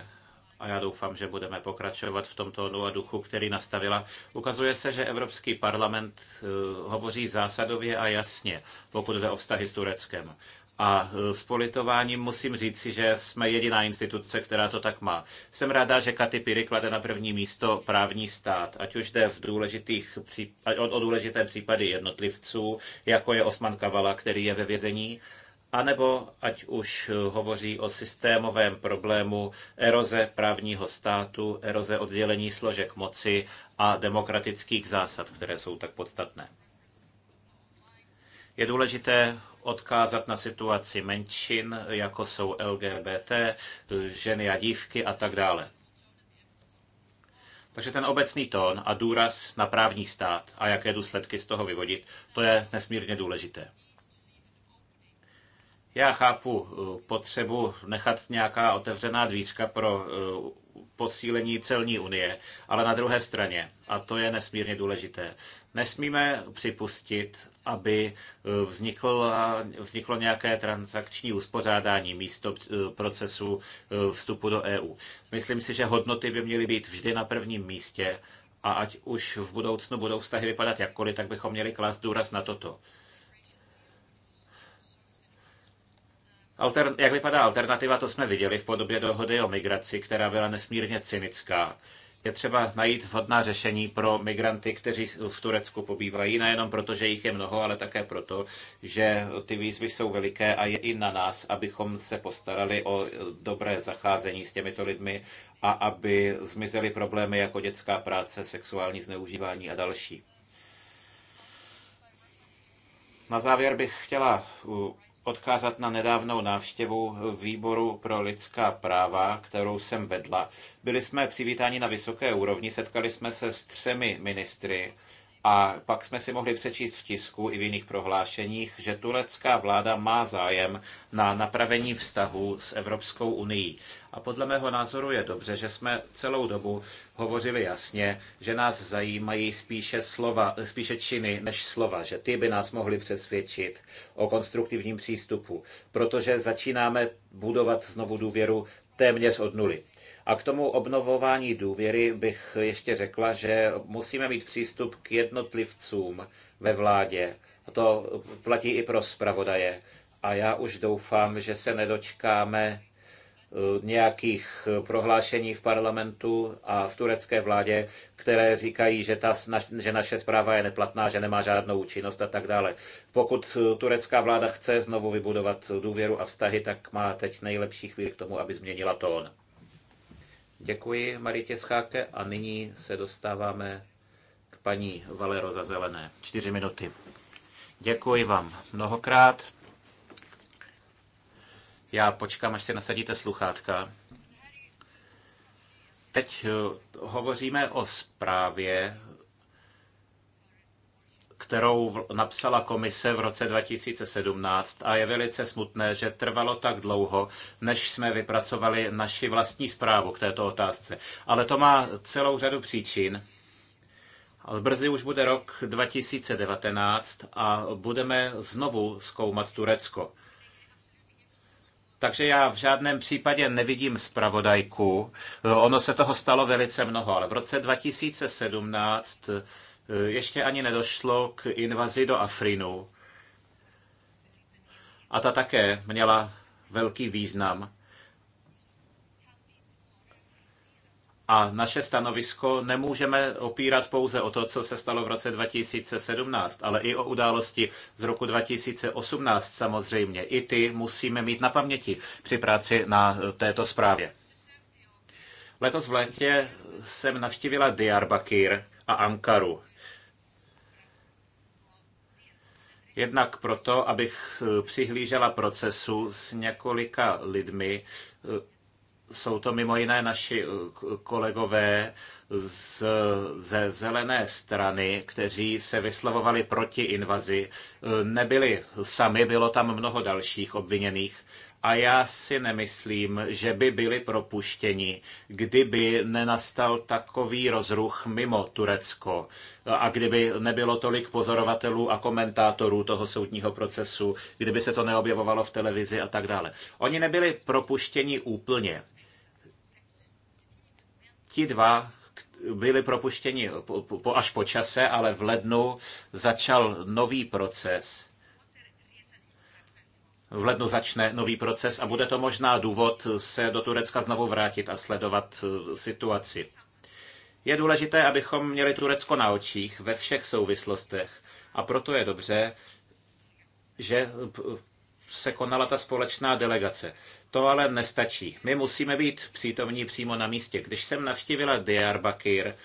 [SPEAKER 5] a já doufám, že budeme pokračovat v tom tónu a duchu, který nastavila. Ukazuje se, že Evropský parlament eh, hovoří zásadově a jasně, pokud jde o vztahy s Tureckem. A e, s politováním musím říci, že jsme jediná instituce, která to tak má. Jsem ráda, že Katy Piry klade na první místo právní stát, ať už jde v důležitých, o, o důležité případy jednotlivců, jako je Osman Kavala, který je ve vězení, anebo ať už e, hovoří o systémovém problému eroze právního státu, eroze oddělení složek moci a demokratických zásad, které jsou tak podstatné. Je důležité odkázat na situaci menšin, jako jsou LGBT, ženy a dívky a tak dále. Takže ten obecný tón a důraz na právní stát a jaké důsledky z toho vyvodit, to je nesmírně důležité. Já chápu eh, potřebu nechat nějaká otevřená dvířka pro eh, posílení celní unie, ale na druhé straně, a to je nesmírně důležité, Nesmíme připustit, aby eh, vzniklo, vzniklo nějaké transakční uspořádání místo eh, procesu eh, vstupu do EU. Myslím si, že hodnoty by měly být vždy na prvním místě a ať už v budoucnu budou vztahy vypadat jakkoliv, tak bychom měli klást důraz na toto. Altern, jak vypadá alternativa, to jsme viděli v podobě dohody o migraci, která byla nesmírně cynická je třeba najít vhodná řešení pro migranty, kteří v Turecku pobývají, nejenom proto, že jich je mnoho, ale také proto, že ty výzvy jsou veliké a je i na nás, abychom se postarali o dobré zacházení s těmito lidmi a aby zmizely problémy jako dětská práce, sexuální zneužívání a další. Na závěr bych chtěla odkázat na nedávnou návštěvu výboru pro lidská práva, kterou jsem vedla. Byli jsme přivítáni na vysoké úrovni, setkali jsme se s třemi ministry a pak jsme si mohli přečíst v tisku i v jiných prohlášeních, že turecká vláda má zájem na napravení vztahu s Evropskou unii. A podle mého názoru je dobře, že jsme celou dobu hovořili jasně, že nás zajímají spíše, slova, spíše činy než slova, že ty by nás mohly přesvědčit o konstruktivním přístupu, protože začínáme budovat znovu důvěru téměř od nuly. A k tomu obnovování důvěry bych ještě řekla, že musíme mít přístup k jednotlivcům ve vládě. A to platí i pro zpravodaje. A já už doufám, že se nedočkáme Eh, nějakých eh, prohlášení v parlamentu a v turecké vládě, které říkají, že, ta, že naše zpráva je neplatná, že nemá žádnou účinnost a tak dále. Pokud eh, turecká vláda chce znovu vybudovat důvěru a vztahy, tak má teď nejlepší chvíli k tomu, aby změnila tón. Děkuji Maritě Scháke a nyní se dostáváme k paní Valero za zelené. Čtyři minuty. Děkuji vám mnohokrát. Já počkám, až si nasadíte sluchátka. Teď eh, hovoříme o zprávě, kterou napsala komise v roce 2017 a je velice smutné, že trvalo tak dlouho, než jsme vypracovali naši vlastní zprávu k této otázce. Ale to má celou řadu příčin. Brzy už bude rok 2019 a budeme znovu zkoumat Turecko. Takže já v žádném případě nevidím zpravodajku. E, ono se toho stalo velice mnoho, ale v roce 2017 e, ještě ani nedošlo k invazi do Afrinu. A ta také měla velký význam. A naše stanovisko nemůžeme opírat pouze o to, co se stalo v roce 2017, ale i o události z roku 2018 samozřejmě. I ty musíme mít na paměti při práci na této zprávě. Letos v létě jsem navštívila Diyarbakir a Ankaru. Jednak proto, abych přihlížela procesu s několika lidmi, jsou to mimo jiné naši eh, kolegové z, ze zelené strany, kteří se vyslovovali proti invazi. Eh, nebyli sami, bylo tam mnoho dalších obviněných. A já si nemyslím, že by byli propuštěni, kdyby nenastal takový rozruch mimo Turecko a kdyby nebylo tolik pozorovatelů a komentátorů toho soudního procesu, kdyby se to neobjevovalo v televizi a tak dále. Oni nebyli propuštěni úplně. Ti dva byli propuštěni až po čase, ale v lednu začal nový proces. V lednu začne nový proces a bude to možná důvod se do Turecka znovu vrátit a sledovat eh, situaci. Je důležité, abychom měli Turecko na očích ve všech souvislostech. A proto je dobře, že se konala ta společná delegace. To ale nestačí. My musíme být přítomní přímo na místě. Když jsem navštívila Diyarbakir,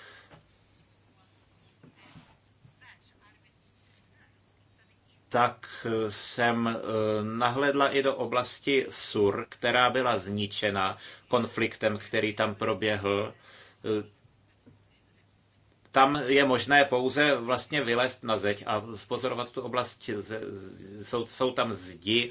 [SPEAKER 5] tak eh, jsem eh, nahledla i do oblasti Sur, která byla zničena konfliktem, který tam proběhl. Eh, tam je možné pouze vlastně vylézt na zeď a pozorovat tu oblast. Jsou, jsou tam zdi,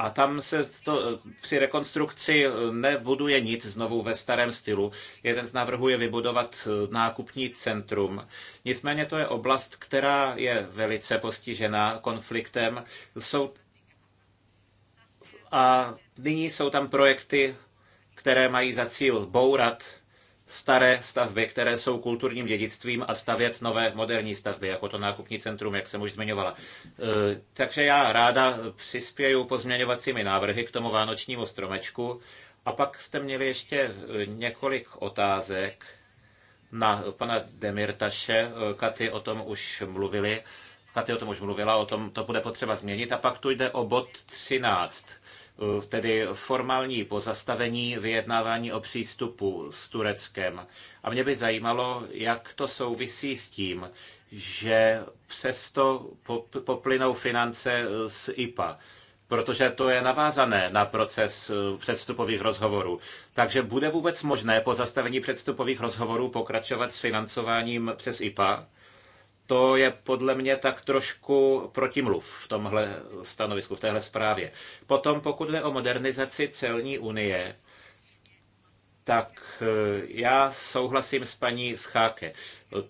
[SPEAKER 5] A tam se to, při rekonstrukci nebuduje nic znovu ve starém stylu. Jeden z návrhů je vybudovat nákupní centrum. Nicméně to je oblast, která je velice postižená konfliktem. Jsou a nyní jsou tam projekty, které mají za cíl bourat staré stavby, které jsou kulturním dědictvím a stavět nové moderní stavby, jako to nákupní centrum, jak jsem už zmiňovala. E, takže já ráda přispěju pozměňovacími návrhy k tomu vánočnímu stromečku. A pak jste měli ještě e, několik otázek na pana Demirtaše. E, Katy o tom už mluvili. Katy o tom už mluvila, o tom to bude potřeba změnit. A pak tu jde o bod 13 Eh, tedy formální pozastavení vyjednávání o přístupu s Tureckem. A mě by zajímalo, jak to souvisí s tím, že přesto poplynou finance z IPA protože to je navázané na proces eh, předstupových rozhovorů. Takže bude vůbec možné po zastavení předstupových rozhovorů pokračovat s financováním přes IPA? to je podle mě tak trošku protimluv v tomhle stanovisku, v téhle zprávě. Potom, pokud jde o modernizaci celní unie, tak eh, já souhlasím s paní Scháke.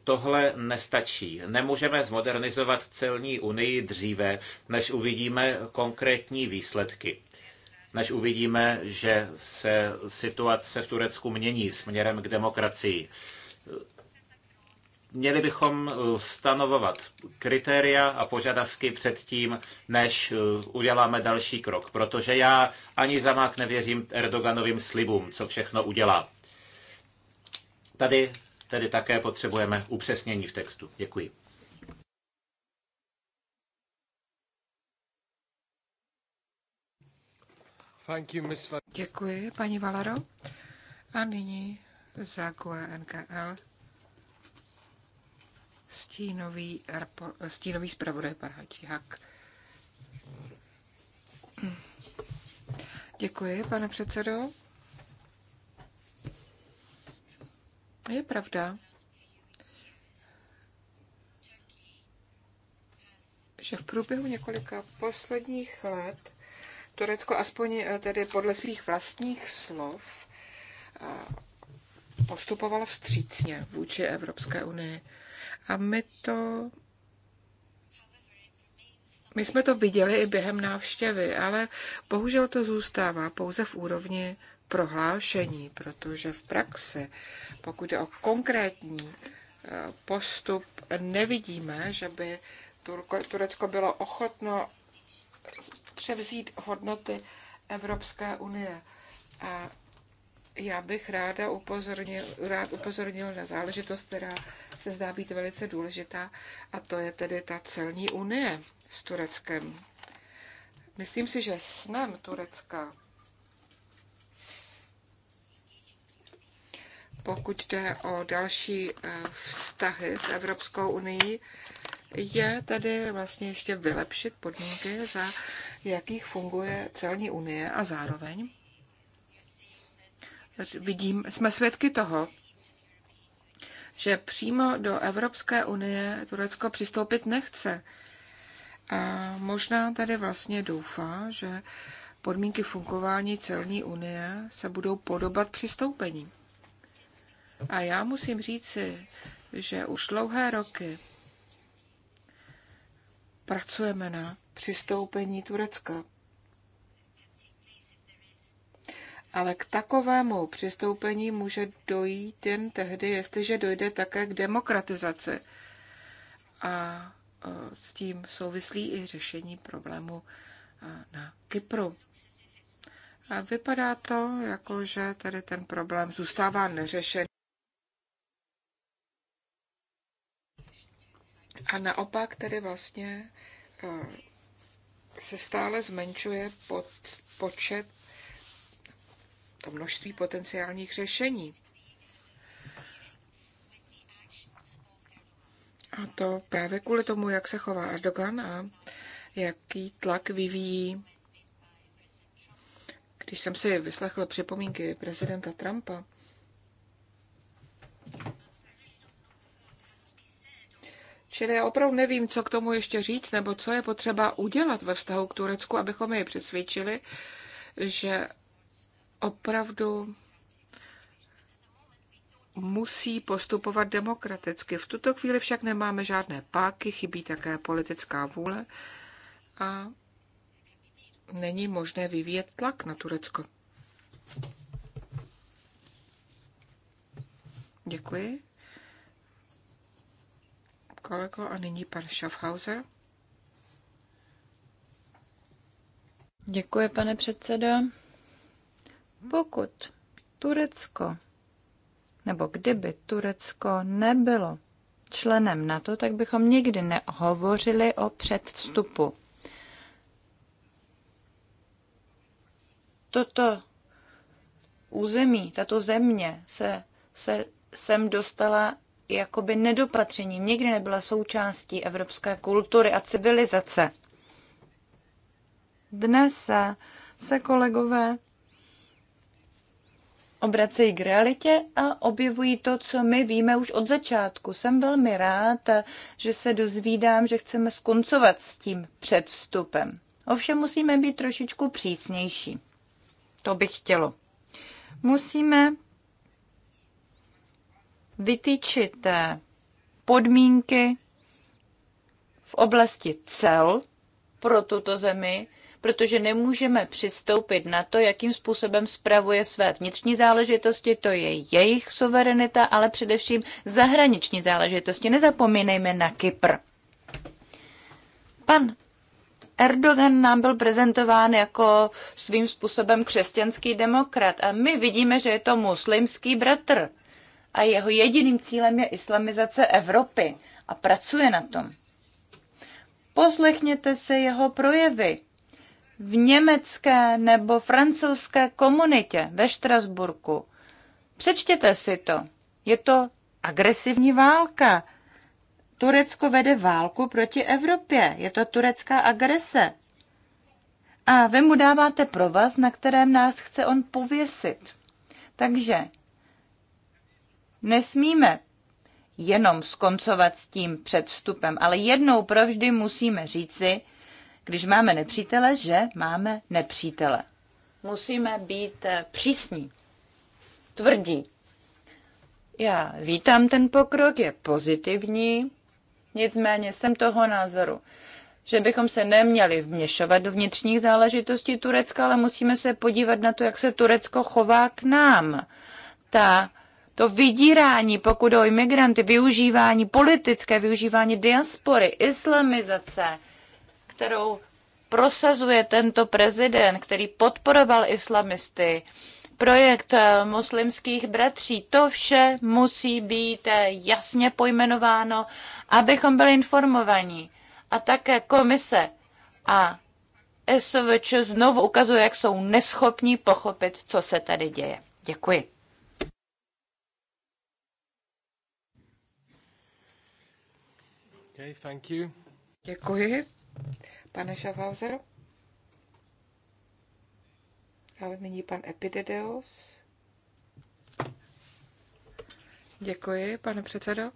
[SPEAKER 5] Tohle nestačí. Nemůžeme zmodernizovat celní unii dříve, než uvidíme konkrétní výsledky. Než uvidíme, že se situace v Turecku mění směrem k demokracii měli bychom eh, stanovovat kritéria a požadavky před tím, než eh, uděláme další krok, protože já ani zamák nevěřím Erdoganovým slibům, co všechno udělá. Tady tedy také potřebujeme upřesnění v textu. Děkuji.
[SPEAKER 2] Děkuji, paní Valaro. A nyní za GUE NKL Stínový, stínový zpravodaj Pan Hak. Děkuji, pane předsedo. Je pravda, že v průběhu několika posledních let Turecko, aspoň eh, tedy podle svých vlastních slov, eh, postupovalo vstřícně vůči Evropské unii. A my to my jsme to viděli i během návštěvy, ale bohužel to zůstává pouze v úrovni prohlášení, protože v praxi, pokud je o konkrétní eh, postup, nevidíme, že by Turecko bylo ochotno převzít hodnoty Evropské unie. A já bych ráda upozornil, rád upozornil na záležitost, která se zdá být velice důležitá, a to je tedy ta celní unie s Tureckem. Myslím si, že snem Turecka, pokud jde o další eh, vztahy s Evropskou unii, je tedy vlastně ještě vylepšit podmínky, za jakých funguje celní unie a zároveň vidím, jsme svědky toho, že přímo do Evropské unie Turecko přistoupit nechce. A možná tady vlastně doufá, že podmínky fungování celní unie se budou podobat přistoupení. A já musím říci, že už dlouhé roky pracujeme na přistoupení Turecka Ale k takovému přistoupení může dojít jen tehdy, jestliže dojde také k demokratizaci. A e, s tím souvislí i řešení problému e, na Kypru. A vypadá to, jako že tady ten problém zůstává neřešený. A naopak tedy vlastně e, se stále zmenšuje pod, počet to množství potenciálních řešení. A to právě kvůli tomu, jak se chová Erdogan a jaký tlak vyvíjí. Když jsem si vyslechl připomínky prezidenta Trumpa, Čili já opravdu nevím, co k tomu ještě říct, nebo co je potřeba udělat ve vztahu k Turecku, abychom je přesvědčili, že opravdu musí postupovat demokraticky. V tuto chvíli však nemáme žádné páky, chybí také politická vůle a není možné vyvíjet tlak na Turecko. Děkuji. Kolego a nyní pan Schaffhauser.
[SPEAKER 3] Děkuji, pane předsedo. Pokud Turecko, nebo kdyby Turecko nebylo členem NATO, tak bychom nikdy nehovořili o předvstupu. Toto území, tato země se, se sem dostala jakoby nedopatřením, nikdy nebyla součástí evropské kultury a civilizace. Dnes se kolegové obracejí k realitě a objevují to, co my víme už od začátku. Jsem velmi rád, že se dozvídám, že chceme skoncovat s tím předstupem. Ovšem musíme být trošičku přísnější. To bych chtělo. Musíme vytýčit eh, podmínky v oblasti cel pro tuto zemi, protože nemůžeme přistoupit na to, jakým způsobem spravuje své vnitřní záležitosti, to je jejich suverenita, ale především zahraniční záležitosti. Nezapomínejme na Kypr. Pan Erdogan nám byl prezentován jako svým způsobem křesťanský demokrat a my vidíme, že je to muslimský bratr a jeho jediným cílem je islamizace Evropy a pracuje na tom. Poslechněte se jeho projevy v německé nebo francouzské komunitě ve Štrasburku. Přečtěte si to. Je to agresivní válka. Turecko vede válku proti Evropě. Je to turecká agrese. A vy mu dáváte provaz, na kterém nás chce on pověsit. Takže nesmíme jenom skoncovat s tím předstupem. ale jednou provždy musíme říci, když máme nepřítele, že máme nepřítele. Musíme být eh, přísní, tvrdí. Já vítám ten pokrok, je pozitivní, nicméně jsem toho názoru, že bychom se neměli vměšovat do vnitřních záležitostí Turecka, ale musíme se podívat na to, jak se Turecko chová k nám. Ta, to vydírání, pokud o imigranty, využívání politické, využívání diaspory, islamizace, kterou prosazuje tento prezident, který podporoval islamisty, projekt eh, muslimských bratří, to vše musí být eh, jasně pojmenováno, abychom byli informovaní. A také komise a SVČ znovu ukazuje, jak jsou neschopní pochopit, co se tady děje. Děkuji.
[SPEAKER 4] Okay, thank you.
[SPEAKER 2] Děkuji. Pane Schaffhauser? Ale nyní pan Epidedeos. Děkuji, pane předsedo.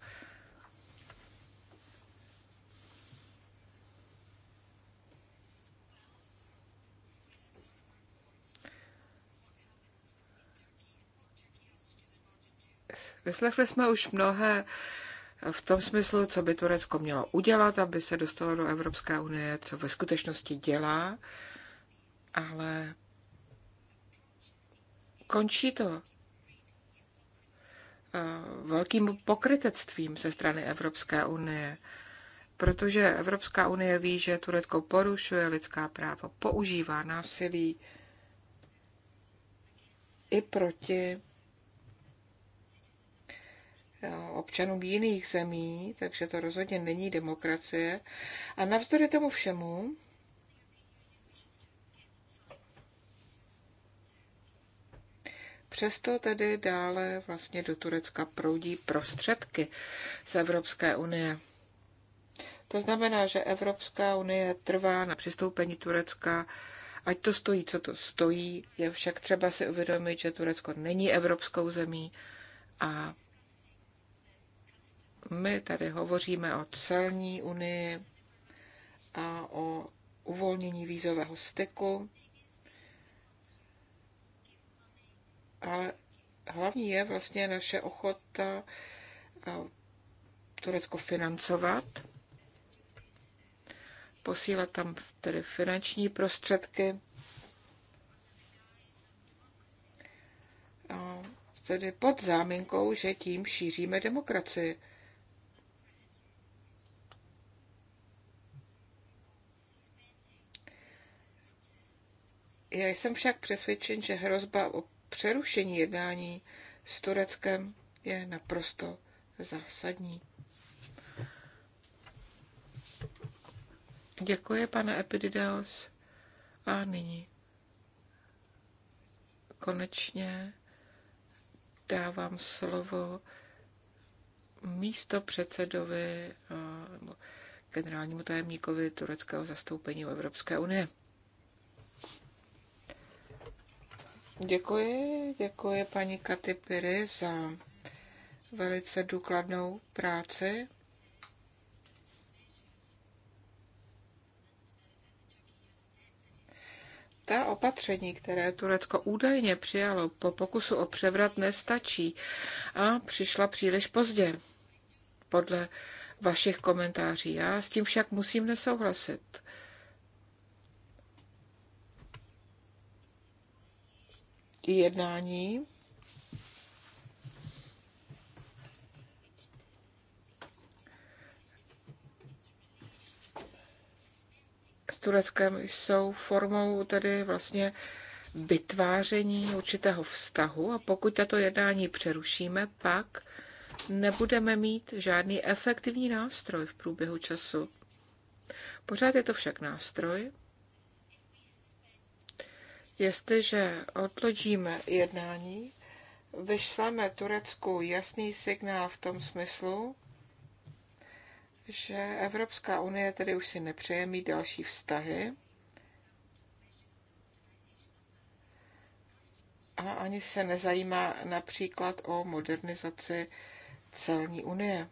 [SPEAKER 2] Vyslechli jsme už mnohé v tom smyslu, co by Turecko mělo udělat, aby se dostalo do Evropské unie, co ve skutečnosti dělá, ale končí to eh, velkým pokrytectvím ze strany Evropské unie, protože Evropská unie ví, že Turecko porušuje lidská práva, používá násilí i proti Eh, občanům jiných zemí, takže to rozhodně není demokracie. A navzdory tomu všemu, Přesto tedy dále vlastně do Turecka proudí prostředky z Evropské unie. To znamená, že Evropská unie trvá na přistoupení Turecka, ať to stojí, co to stojí, je však třeba si uvědomit, že Turecko není evropskou zemí a my tady hovoříme o celní unii a o uvolnění vízového styku, ale hlavní je vlastně naše ochota eh, Turecko financovat, posílat tam tedy finanční prostředky, tedy pod záminkou, že tím šíříme demokracii. Já jsem však přesvědčen, že hrozba o přerušení jednání s Tureckem je naprosto zásadní. Děkuji, pane Epididaos. A nyní konečně dávám slovo místo předsedovi eh, nebo generálnímu tajemníkovi tureckého zastoupení v Evropské unie. Děkuji, děkuji paní Katy Piry za velice důkladnou práci. Ta opatření, které Turecko údajně přijalo po pokusu o převrat, nestačí a přišla příliš pozdě, podle vašich komentáří. Já s tím však musím nesouhlasit. jednání. S Tureckem jsou formou tedy vlastně vytváření určitého vztahu a pokud tato jednání přerušíme, pak nebudeme mít žádný efektivní nástroj v průběhu času. Pořád je to však nástroj, Jestliže odložíme jednání, vyšleme Turecku jasný signál v tom smyslu, že Evropská unie tedy už si nepřeje mít další vztahy a ani se nezajímá například o modernizaci celní unie.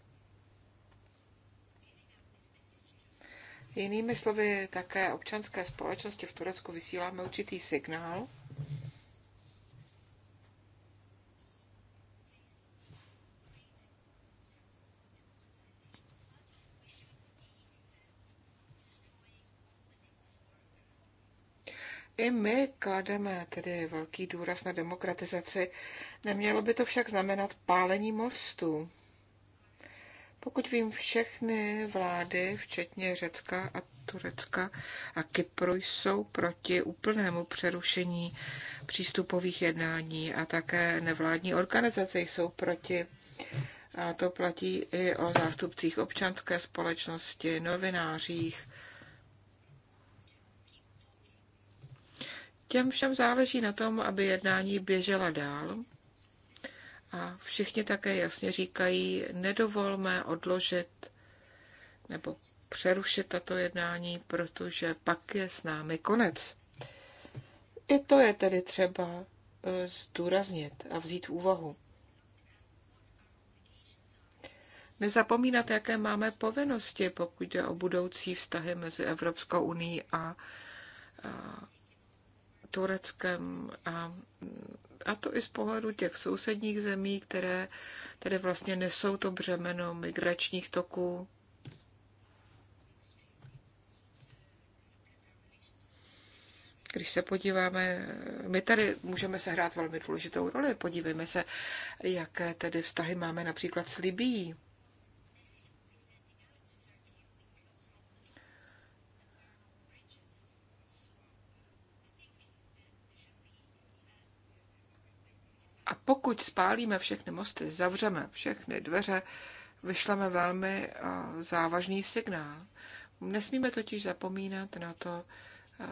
[SPEAKER 2] Jinými slovy, také občanské společnosti v Turecku vysíláme určitý signál, I my klademe tedy velký důraz na demokratizaci, nemělo by to však znamenat pálení mostů. Pokud vím, všechny vlády, včetně Řecka a Turecka a Kypru, jsou proti úplnému přerušení přístupových jednání a také nevládní organizace jsou proti. A to platí i o zástupcích občanské společnosti, novinářích. Těm všem záleží na tom, aby jednání běžela dál a všichni také jasně říkají, nedovolme odložit nebo přerušit tato jednání, protože pak je s námi konec. I to je tedy třeba eh, zdůraznit a vzít v úvahu. Nezapomínat, jaké máme povinnosti, pokud jde o budoucí vztahy mezi Evropskou unii a, a Tureckem a a to i z pohledu těch sousedních zemí, které tedy vlastně nesou to břemeno migračních toků. Když se podíváme, my tady můžeme se hrát velmi důležitou roli. Podívejme se, jaké tedy vztahy máme například s Libií. A pokud spálíme všechny mosty, zavřeme všechny dveře, vyšleme velmi eh, závažný signál. Nesmíme totiž zapomínat na to, eh,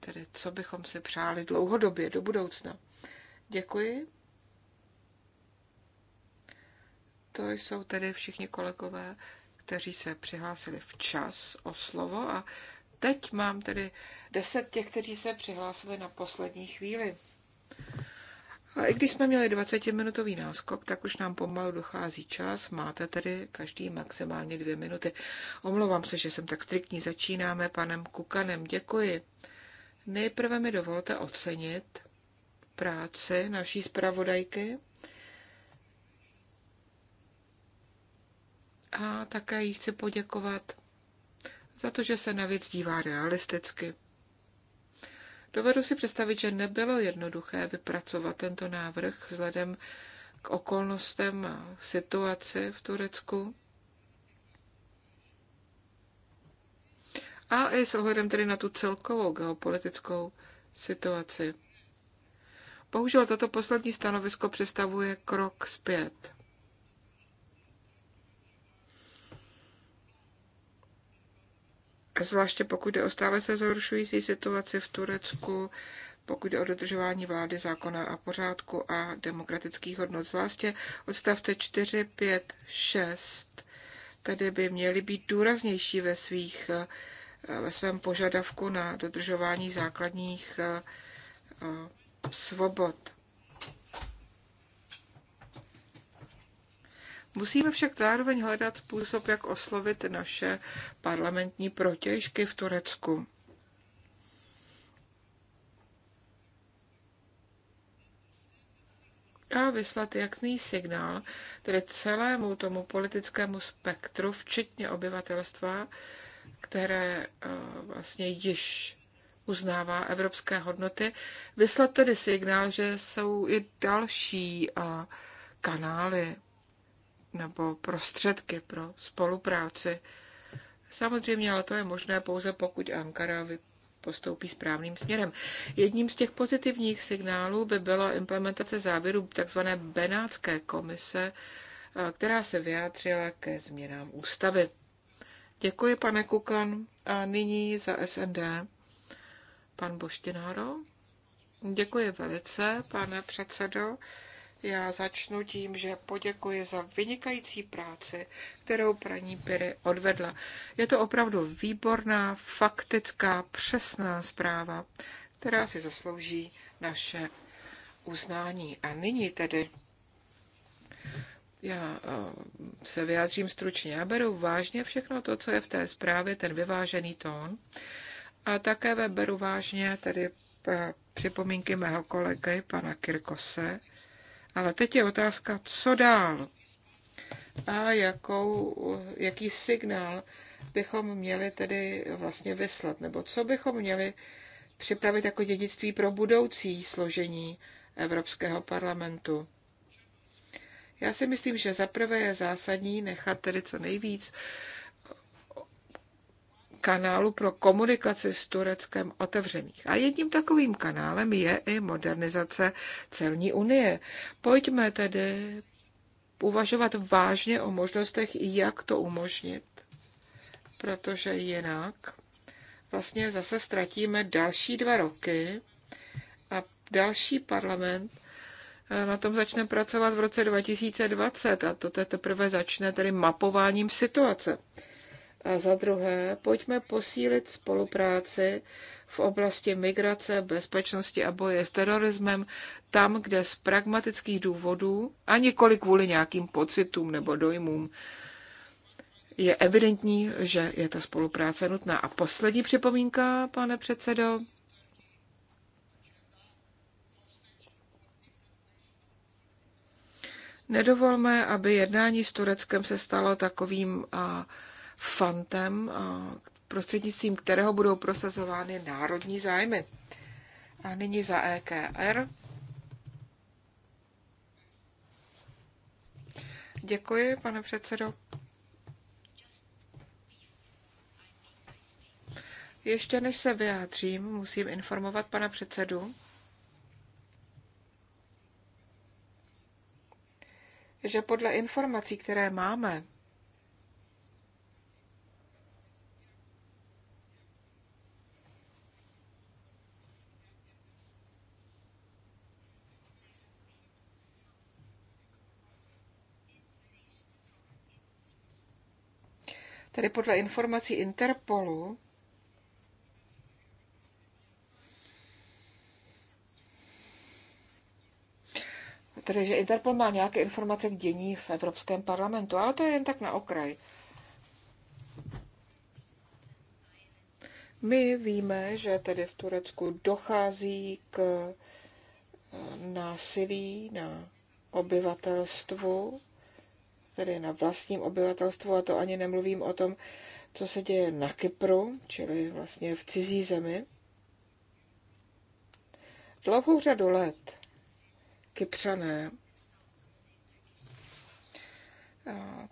[SPEAKER 2] tedy co bychom si přáli dlouhodobě do budoucna. Děkuji. To jsou tedy všichni kolegové, kteří se přihlásili včas o slovo a teď mám tedy deset těch, kteří se přihlásili na poslední chvíli. A i když jsme měli 20-minutový náskok, tak už nám pomalu dochází čas. Máte tedy každý maximálně dvě minuty. Omlouvám se, že jsem tak striktní. Začínáme panem Kukanem. Děkuji. Nejprve mi dovolte ocenit práci naší zpravodajky a také jí chci poděkovat za to, že se navíc dívá realisticky. Dovedu si představit, že nebylo jednoduché vypracovat tento návrh vzhledem k okolnostem a situaci v Turecku. A i s ohledem tedy na tu celkovou geopolitickou situaci. Bohužel toto poslední stanovisko představuje krok zpět. zvláště pokud je o stále se zhoršující situaci v Turecku, pokud je o dodržování vlády zákona a pořádku a demokratických hodnot, zvláště odstavce 4, 5, 6, tedy by měly být důraznější ve, svých, ve svém požadavku na dodržování základních eh, svobod. Musíme však zároveň hledat způsob, jak oslovit naše parlamentní protěžky v Turecku. a vyslat jasný signál, tedy celému tomu politickému spektru, včetně obyvatelstva, které eh, vlastně již uznává evropské hodnoty, vyslat tedy signál, že jsou i další eh, kanály nebo prostředky pro spolupráci. Samozřejmě, ale to je možné pouze pokud Ankara postoupí správným směrem. Jedním z těch pozitivních signálů by byla implementace závěru tzv. Benátské komise, eh, která se vyjádřila ke změnám ústavy. Děkuji, pane Kukan. A nyní za SND pan Boštináro. Děkuji velice, pane předsedo. Já začnu tím, že poděkuji za vynikající práci, kterou praní Piry odvedla. Je to opravdu výborná, faktická, přesná zpráva, která si zaslouží naše uznání. A nyní tedy já eh, se vyjádřím stručně. Já beru vážně všechno to, co je v té zprávě, ten vyvážený tón. A také beru vážně tedy eh, připomínky mého kolegy, pana Kirkose, ale teď je otázka, co dál a jakou, jaký signál bychom měli tedy vlastně vyslat, nebo co bychom měli připravit jako dědictví pro budoucí složení Evropského parlamentu. Já si myslím, že zaprvé je zásadní nechat tedy co nejvíc kanálu pro komunikaci s Tureckem otevřených. A jedním takovým kanálem je i modernizace celní unie. Pojďme tedy uvažovat vážně o možnostech, jak to umožnit, protože jinak vlastně zase ztratíme další dva roky a další parlament eh, na tom začne pracovat v roce 2020 a to teprve začne tedy mapováním situace. A za druhé, pojďme posílit spolupráci v oblasti migrace, bezpečnosti a boje s terorismem tam, kde z pragmatických důvodů a nikoli kvůli nějakým pocitům nebo dojmům je evidentní, že je ta spolupráce nutná. A poslední připomínka, pane předsedo. Nedovolme, aby jednání s Tureckem se stalo takovým uh, Fantem prostřednictvím kterého budou prosazovány národní zájmy. A nyní za EKR. Děkuji, pane předsedo. Ještě než se vyjádřím, musím informovat pana předsedu, že podle informací, které máme, Tady podle informací Interpolu Tedy, že Interpol má nějaké informace k dění v Evropském parlamentu, ale to je jen tak na okraj. My víme, že tedy v Turecku dochází k eh, násilí na obyvatelstvu tedy na vlastním obyvatelstvu, a to ani nemluvím o tom, co se děje na Kypru, čili vlastně v cizí zemi. Dlouhou řadu let Kypřané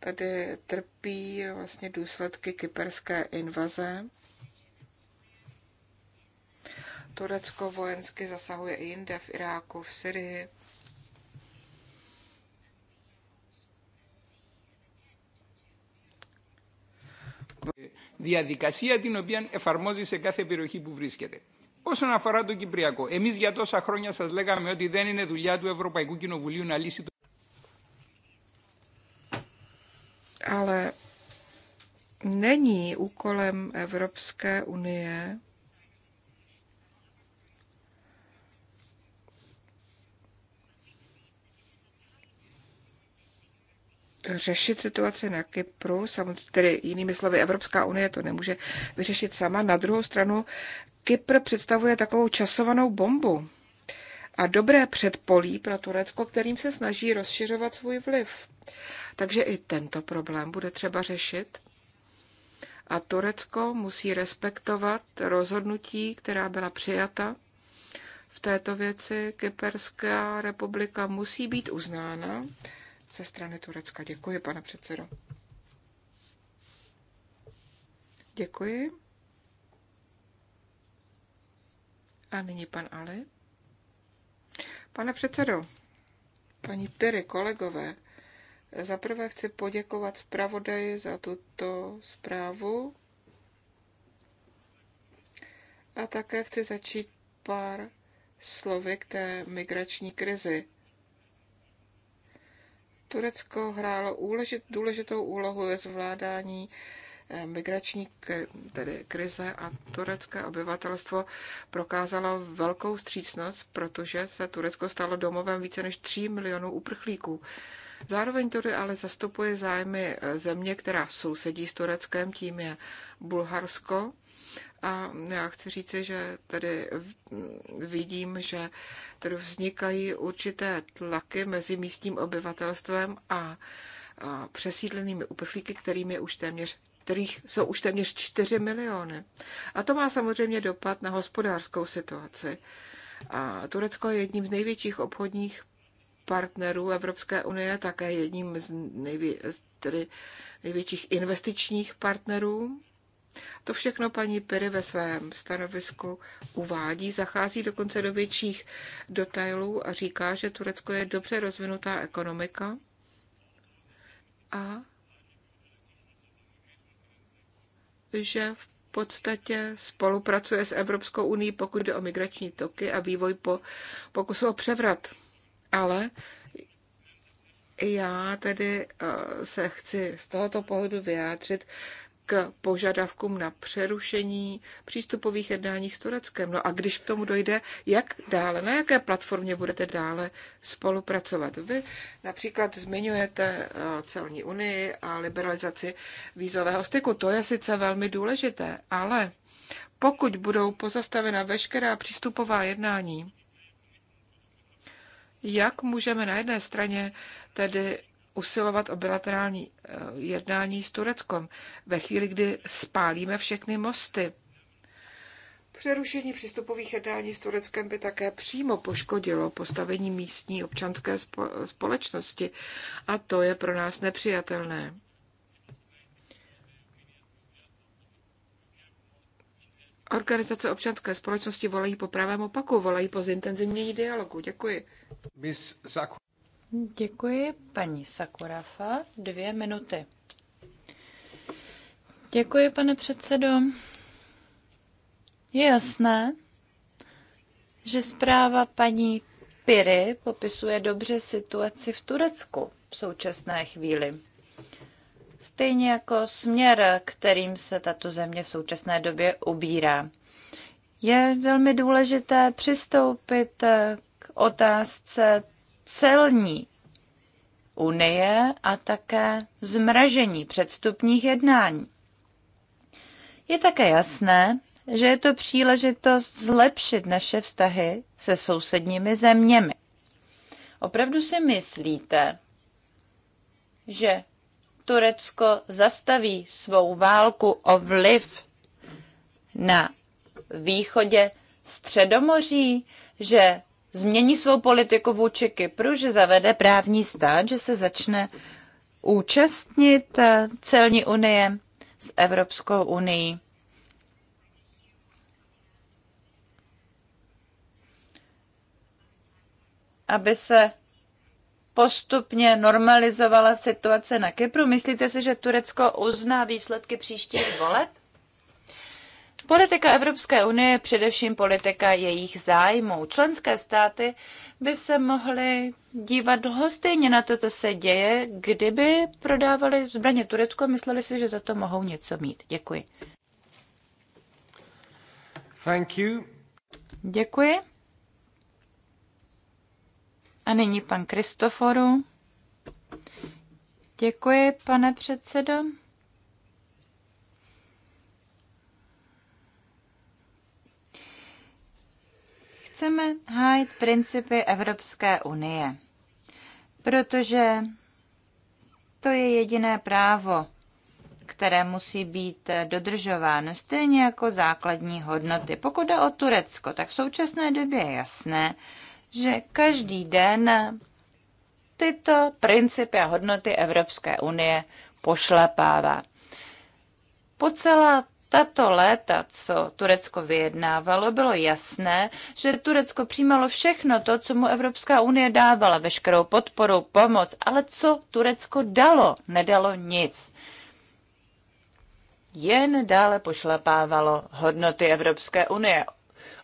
[SPEAKER 2] tady trpí vlastně důsledky kyperské invaze. Turecko vojensky zasahuje i jinde v Iráku, v Syrii.
[SPEAKER 5] Διαδικασία την οποία εφαρμόζει σε κάθε περιοχή που βρίσκεται. Όσον αφορά το Κυπριακό, εμεί για τόσα χρόνια σα λέγαμε ότι δεν είναι δουλειά του Ευρωπαϊκού Κοινοβουλίου να λύσει το.
[SPEAKER 2] Ale není úkolem Evropské unie řešit situaci na Kypru, samozřejmě, tedy jinými slovy, Evropská unie to nemůže vyřešit sama. Na druhou stranu, Kypr představuje takovou časovanou bombu a dobré předpolí pro Turecko, kterým se snaží rozšiřovat svůj vliv. Takže i tento problém bude třeba řešit. A Turecko musí respektovat rozhodnutí, která byla přijata v této věci. Kyperská republika musí být uznána ze strany Turecka. Děkuji, pane předsedo. Děkuji. A nyní pan Ali. Pane předsedo, paní Piry, kolegové, zaprvé chci poděkovat zpravodaji za tuto zprávu a také chci začít pár slovy k té migrační krizi. Turecko hrálo důležitou úlohu ve zvládání eh, migrační tedy krize a turecké obyvatelstvo prokázalo velkou střícnost, protože se Turecko stalo domovem více než 3 milionů uprchlíků. Zároveň tedy ale zastupuje zájmy eh, země, která sousedí s Tureckem, tím je Bulharsko, a já chci říci, že tady vidím, že tady vznikají určité tlaky mezi místním obyvatelstvem a přesídlenými uprchlíky, kterým je už téměř kterých jsou už téměř 4 miliony. A to má samozřejmě dopad na hospodářskou situaci. A Turecko je jedním z největších obchodních partnerů Evropské unie, také jedním z nejvě, tedy největších investičních partnerů. To všechno paní Pery ve svém stanovisku uvádí, zachází dokonce do větších detailů a říká, že Turecko je dobře rozvinutá ekonomika a že v podstatě spolupracuje s Evropskou unii, pokud jde o migrační toky a vývoj po pokusu o převrat. Ale já tedy eh, se chci z tohoto pohledu vyjádřit k požadavkům na přerušení přístupových jednání s Tureckem. No a když k tomu dojde, jak dále, na jaké platformě budete dále spolupracovat? Vy například zmiňujete eh, celní unii a liberalizaci vízového styku. To je sice velmi důležité, ale pokud budou pozastavena veškerá přístupová jednání, jak můžeme na jedné straně tedy usilovat o bilaterální eh, jednání s Tureckom ve chvíli, kdy spálíme všechny mosty. Přerušení přístupových jednání s Tureckem by také přímo poškodilo postavení místní občanské společnosti a to je pro nás nepřijatelné. Organizace občanské společnosti volají po pravém opaku, volají po zintenzivnění dialogu. Děkuji.
[SPEAKER 3] Děkuji, paní Sakurafa. Dvě minuty. Děkuji, pane předsedo. Je jasné, že zpráva paní Piry popisuje dobře situaci v Turecku v současné chvíli. Stejně jako směr, kterým se tato země v současné době ubírá. Je velmi důležité přistoupit k otázce celní unie a také zmražení předstupních jednání. Je také jasné, že je to příležitost zlepšit naše vztahy se sousedními zeměmi. Opravdu si myslíte, že Turecko zastaví svou válku o vliv na východě Středomoří, že změní svou politiku vůči Kypru, že zavede právní stát, že se začne účastnit eh, celní unie s Evropskou unii. Aby se postupně normalizovala situace na Kypru. Myslíte si, že Turecko uzná výsledky příštích voleb? Politika Evropské unie je především politika jejich zájmů. Členské státy by se mohly dívat lhostejně na to, co se děje, kdyby prodávali zbraně Turecku a mysleli si, že za to mohou něco mít. Děkuji. Thank you. Děkuji. A nyní pan Kristoforu. Děkuji, pane předsedo. Chceme hájit principy Evropské unie, protože to je jediné právo, které musí být dodržováno, stejně jako základní hodnoty. Pokud jde o Turecko, tak v současné době je jasné, že každý den tyto principy a hodnoty Evropské unie pošlapává. Po celá tato léta, co Turecko vyjednávalo, bylo jasné, že Turecko přijímalo všechno to, co mu Evropská unie dávala, veškerou podporu, pomoc, ale co Turecko dalo? Nedalo nic. Jen dále pošlapávalo hodnoty Evropské unie.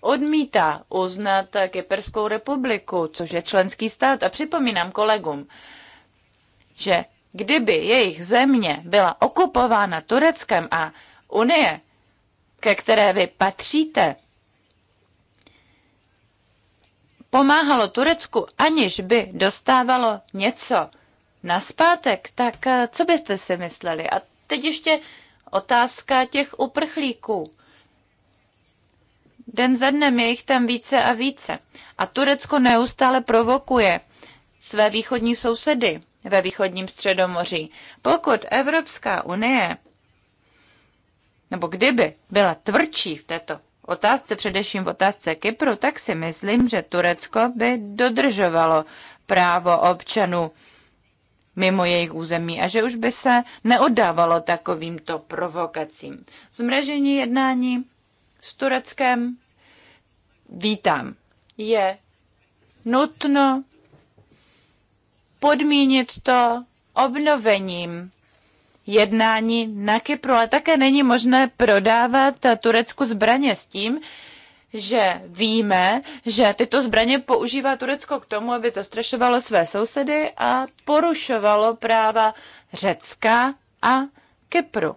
[SPEAKER 3] Odmítá uznat Kyperskou republiku, což je členský stát. A připomínám kolegům, že kdyby jejich země byla okupována Tureckem a unie, ke které vy patříte, pomáhalo Turecku, aniž by dostávalo něco naspátek, tak eh, co byste si mysleli? A teď ještě otázka těch uprchlíků. Den za dnem je jich tam více a více. A Turecko neustále provokuje své východní sousedy ve východním středomoří. Pokud Evropská unie nebo kdyby byla tvrdší v této otázce, především v otázce Kypru, tak si myslím, že Turecko by dodržovalo právo občanů mimo jejich území a že už by se neoddávalo takovýmto provokacím. Zmražení jednání s Tureckem vítám. Je nutno podmínit to obnovením jednání na Kypru, ale také není možné prodávat Turecku zbraně s tím, že víme, že tyto zbraně používá Turecko k tomu, aby zastrašovalo své sousedy a porušovalo práva Řecka a Kypru.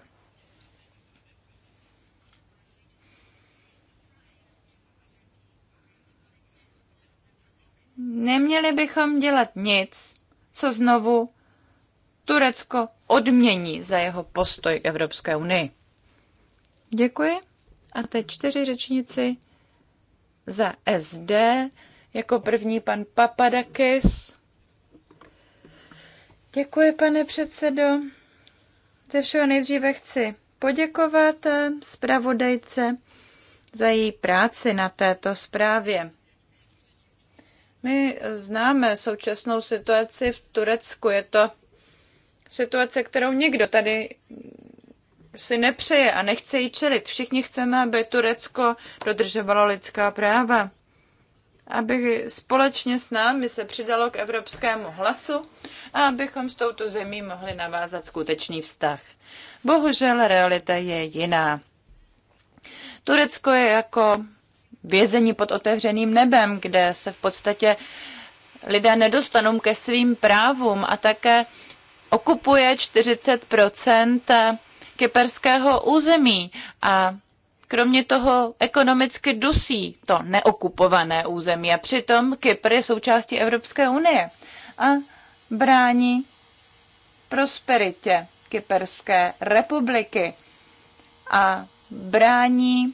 [SPEAKER 3] Neměli bychom dělat nic, co znovu Turecko odmění za jeho postoj k Evropské unii. Děkuji. A teď čtyři řečníci za SD. Jako první pan Papadakis. Děkuji, pane předsedo. Ze všeho nejdříve chci poděkovat zpravodajce za její práci na této zprávě. My známe současnou situaci v Turecku. Je to situace, kterou někdo tady si nepřeje a nechce jí čelit. Všichni chceme, aby Turecko dodržovalo lidská práva, aby společně s námi se přidalo k evropskému hlasu a abychom s touto zemí mohli navázat skutečný vztah. Bohužel realita je jiná. Turecko je jako vězení pod otevřeným nebem, kde se v podstatě lidé nedostanou ke svým právům a také okupuje 40 kyperského území a kromě toho ekonomicky dusí to neokupované území a přitom Kypr je součástí Evropské unie a brání prosperitě Kyperské republiky a brání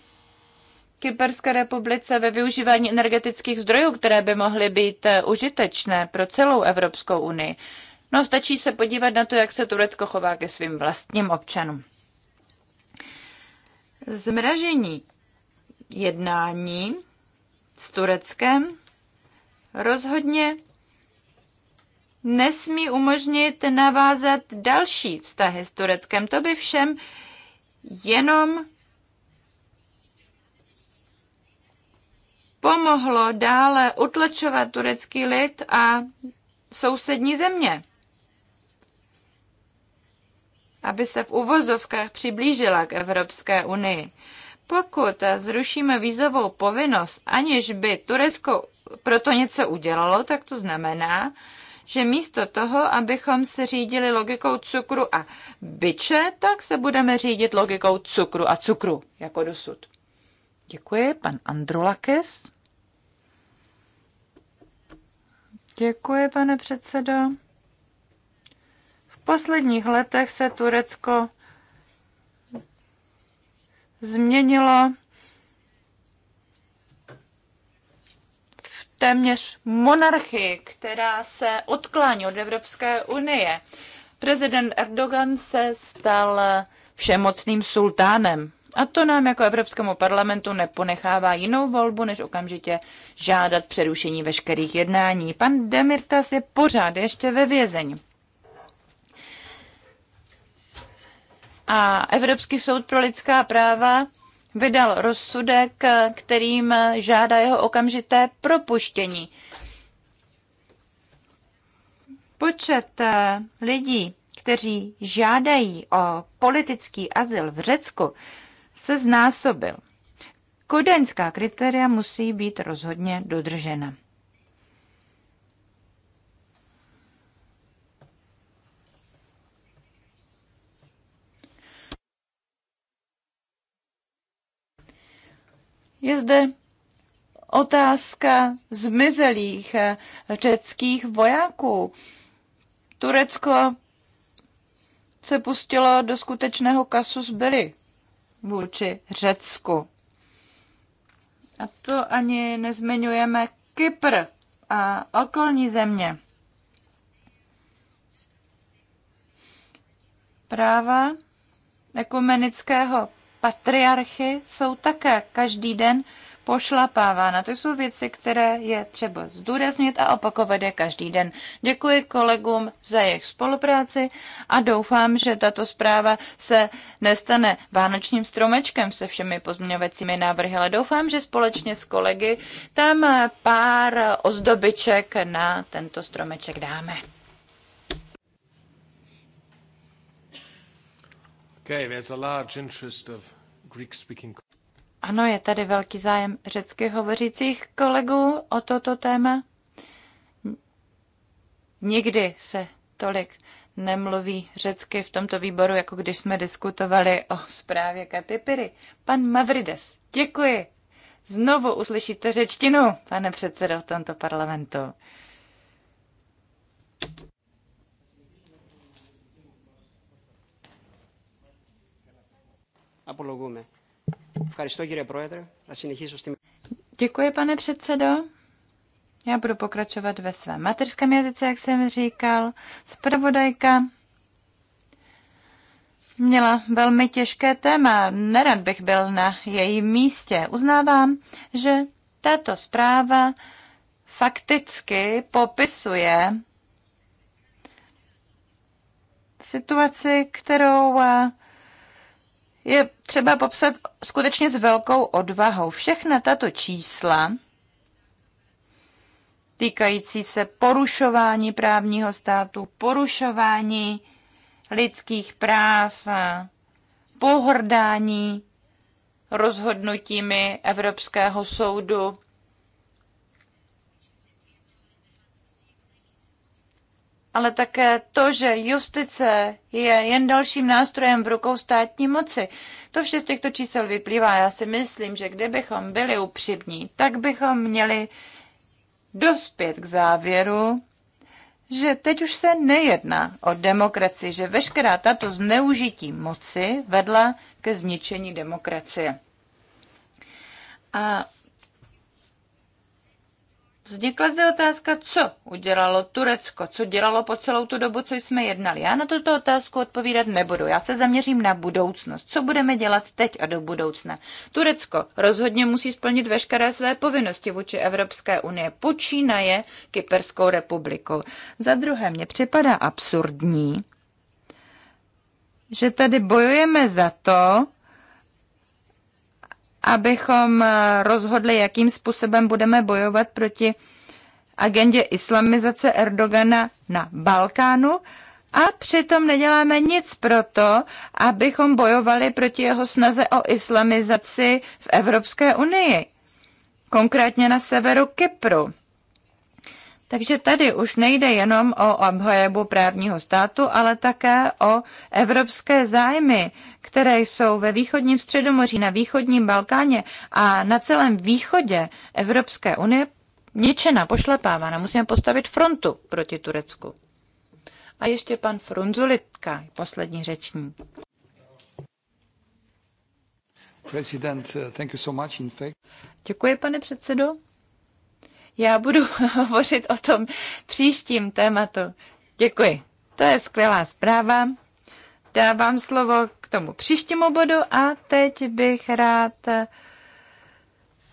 [SPEAKER 3] Kyperské republice ve využívání energetických zdrojů, které by mohly být užitečné pro celou Evropskou unii. No stačí se podívat na to, jak se Turecko chová ke svým vlastním občanům. Zmražení jednání s Tureckem rozhodně nesmí umožnit navázat další vztahy s Tureckem. To by všem jenom pomohlo dále utlačovat turecký lid a sousední země aby se v uvozovkách přiblížila k Evropské unii. Pokud zrušíme vízovou povinnost, aniž by Turecko proto něco udělalo, tak to znamená, že místo toho, abychom se řídili logikou cukru a byče, tak se budeme řídit logikou cukru a cukru, jako dosud. Děkuji, pan Andrulakis. Děkuji, pane předsedo posledních letech se Turecko změnilo v téměř monarchii, která se odklání od Evropské unie. Prezident Erdogan se stal všemocným sultánem. A to nám jako Evropskému parlamentu neponechává jinou volbu, než okamžitě žádat přerušení veškerých jednání. Pan Demirtas je pořád ještě ve vězení. A Evropský soud pro lidská práva vydal rozsudek, kterým žádá jeho okamžité propuštění. Počet eh, lidí, kteří žádají o politický azyl v Řecku, se znásobil. Kodeňská kritéria musí být rozhodně dodržena. Je zde otázka zmizelých eh, řeckých vojáků. Turecko se pustilo do skutečného kasu zbyly vůči Řecku. A to ani nezmiňujeme Kypr a okolní země. Práva ekumenického patriarchy jsou také každý den pošlapávána. To jsou věci, které je třeba zdůraznit a opakovat je každý den. Děkuji kolegům za jejich spolupráci a doufám, že tato zpráva se nestane vánočním stromečkem se všemi pozměňovacími návrhy, ale doufám, že společně s kolegy tam pár ozdobiček na tento stromeček dáme. Ano, je tady velký zájem řecky hovořících kolegů o toto téma. Nikdy se tolik nemluví řecky v tomto výboru, jako když jsme diskutovali o zprávě Katypiry. Pan Mavrides, děkuji. Znovu uslyšíte řečtinu, pane předsedo, v tomto parlamentu. απολογούμε. Děkuji, pane předsedo. Já budu pokračovat ve svém mateřském jazyce, jak jsem říkal. Spravodajka měla velmi těžké téma. Nerad bych byl na jejím místě. Uznávám, že tato zpráva fakticky popisuje situaci, kterou eh, je třeba popsat skutečně s velkou odvahou. Všechna tato čísla týkající se porušování právního státu, porušování lidských práv, pohrdání rozhodnutími Evropského soudu ale také to, že justice je jen dalším nástrojem v rukou státní moci. To vše z těchto čísel vyplývá. Já si myslím, že kdybychom byli upřímní, tak bychom měli dospět k závěru, že teď už se nejedná o demokracii, že veškerá tato zneužití moci vedla ke zničení demokracie. A Vznikla zde otázka, co udělalo Turecko, co dělalo po celou tu dobu, co jsme jednali. Já na tuto otázku odpovídat nebudu. Já se zaměřím na budoucnost. Co budeme dělat teď a do budoucna? Turecko rozhodně musí splnit veškeré své povinnosti vůči Evropské unie. Počínaje Kyperskou republikou. Za druhé, mně připadá absurdní, že tady bojujeme za to, abychom eh, rozhodli, jakým způsobem budeme bojovat proti agendě islamizace Erdogana na Balkánu a přitom neděláme nic pro to, abychom bojovali proti jeho snaze o islamizaci v Evropské unii, konkrétně na severu Kypru. Takže tady už nejde jenom o obhajebu právního státu, ale také o evropské zájmy, které jsou ve východním středomoří, na východním Balkáně a na celém východě Evropské unie ničena, pošlapávána. Musíme postavit frontu proti Turecku. A ještě pan Frunzulitka, poslední řečník. President, uh, thank you so much, in fact. Děkuji, pane předsedo. Já budu (laughs) hovořit o tom příštím tématu. Děkuji. To je skvělá zpráva dávám slovo k tomu příštímu bodu a teď bych rád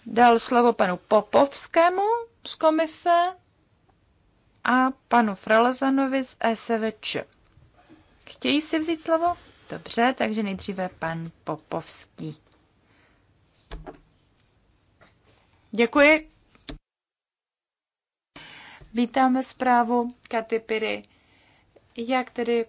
[SPEAKER 3] dal slovo panu Popovskému z komise a panu Fralozanovi z SVČ. Chtějí si vzít slovo? Dobře, takže nejdříve pan Popovský. Děkuji. Vítáme zprávu Katy Piry. Jak tedy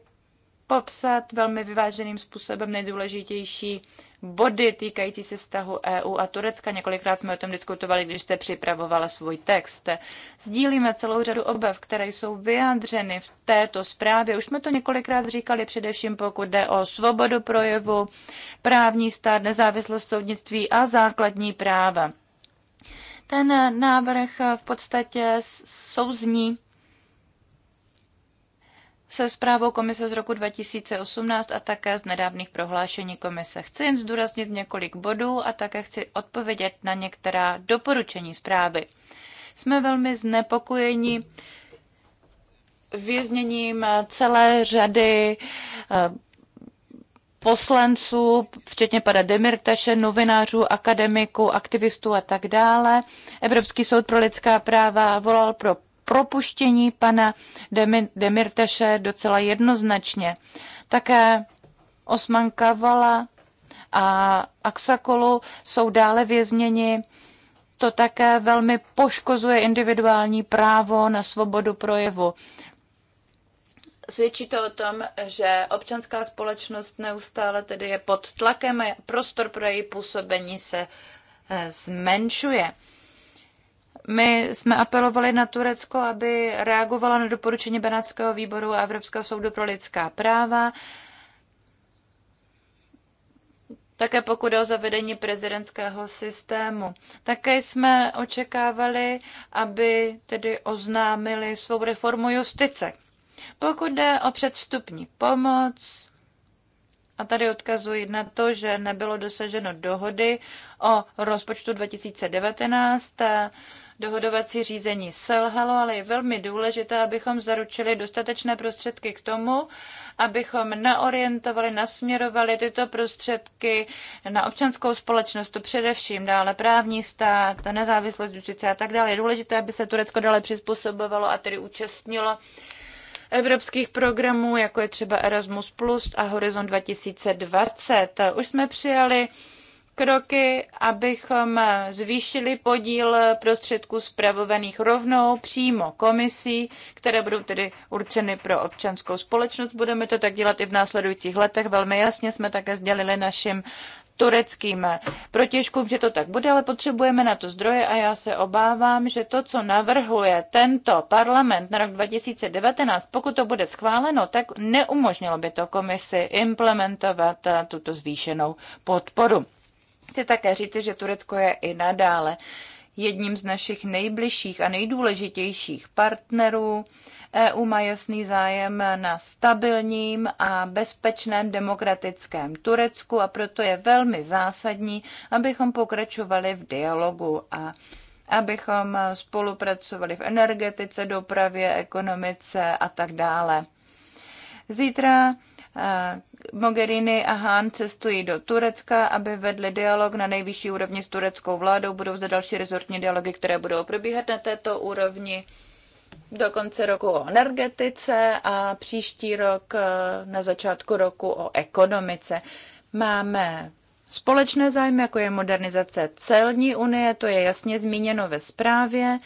[SPEAKER 3] popsat velmi vyváženým způsobem nejdůležitější body týkající se vztahu EU a Turecka. Několikrát jsme o tom diskutovali, když jste připravovala svůj text. Sdílíme celou řadu obav, které jsou vyjádřeny v této zprávě. Už jsme to několikrát říkali, především pokud jde o svobodu projevu, právní stát, nezávislost soudnictví a základní práva. Ten návrh v podstatě souzní se zprávou komise z roku 2018 a také z nedávných prohlášení komise. Chci jen zdůraznit několik bodů a také chci odpovědět na některá doporučení zprávy. Jsme velmi znepokojeni vězněním celé řady eh, poslanců, včetně pana Demirtaše, novinářů, akademiků, aktivistů a tak dále. Evropský soud pro lidská práva volal pro propuštění pana Demirteše docela jednoznačně. Také Osman Kavala a Aksakolu jsou dále vězněni. To také velmi poškozuje individuální právo na svobodu projevu. Svědčí to o tom, že občanská společnost neustále tedy je pod tlakem a prostor pro její působení se eh, zmenšuje. My jsme apelovali na Turecko, aby reagovalo na doporučení Benátského výboru a Evropského soudu pro lidská práva. Také pokud o zavedení prezidentského systému. Také jsme očekávali, aby tedy oznámili svou reformu justice. Pokud jde o předstupní pomoc, a tady odkazuji na to, že nebylo dosaženo dohody o rozpočtu 2019, dohodovací řízení selhalo, ale je velmi důležité, abychom zaručili dostatečné prostředky k tomu, abychom naorientovali, nasměrovali tyto prostředky na občanskou společnost, to především dále právní stát, nezávislost justice a tak dále. Je důležité, aby se Turecko dále přizpůsobovalo a tedy účastnilo evropských programů, jako je třeba Erasmus Plus a Horizon 2020. Už jsme přijali kroky, abychom zvýšili podíl prostředků zpravovaných rovnou přímo komisí, které budou tedy určeny pro občanskou společnost. Budeme to tak dělat i v následujících letech. Velmi jasně jsme také sdělili našim tureckým protěžkům, že to tak bude, ale potřebujeme na to zdroje a já se obávám, že to, co navrhuje tento parlament na rok 2019, pokud to bude schváleno, tak neumožnilo by to komisi implementovat tuto zvýšenou podporu. Chci také říci, že Turecko je i nadále jedním z našich nejbližších a nejdůležitějších partnerů. EU má jasný zájem na stabilním a bezpečném demokratickém Turecku a proto je velmi zásadní, abychom pokračovali v dialogu a abychom spolupracovali v energetice, dopravě, ekonomice a tak dále. Zítra Eh, Mogherini a Hahn cestují do Turecka, aby vedli dialog na nejvyšší úrovni s tureckou vládou. Budou zde další rezortní dialogy, které budou probíhat na této úrovni do konce roku o energetice a příští rok eh, na začátku roku o ekonomice. Máme společné zájmy, jako je modernizace celní unie, to je jasně zmíněno ve zprávě.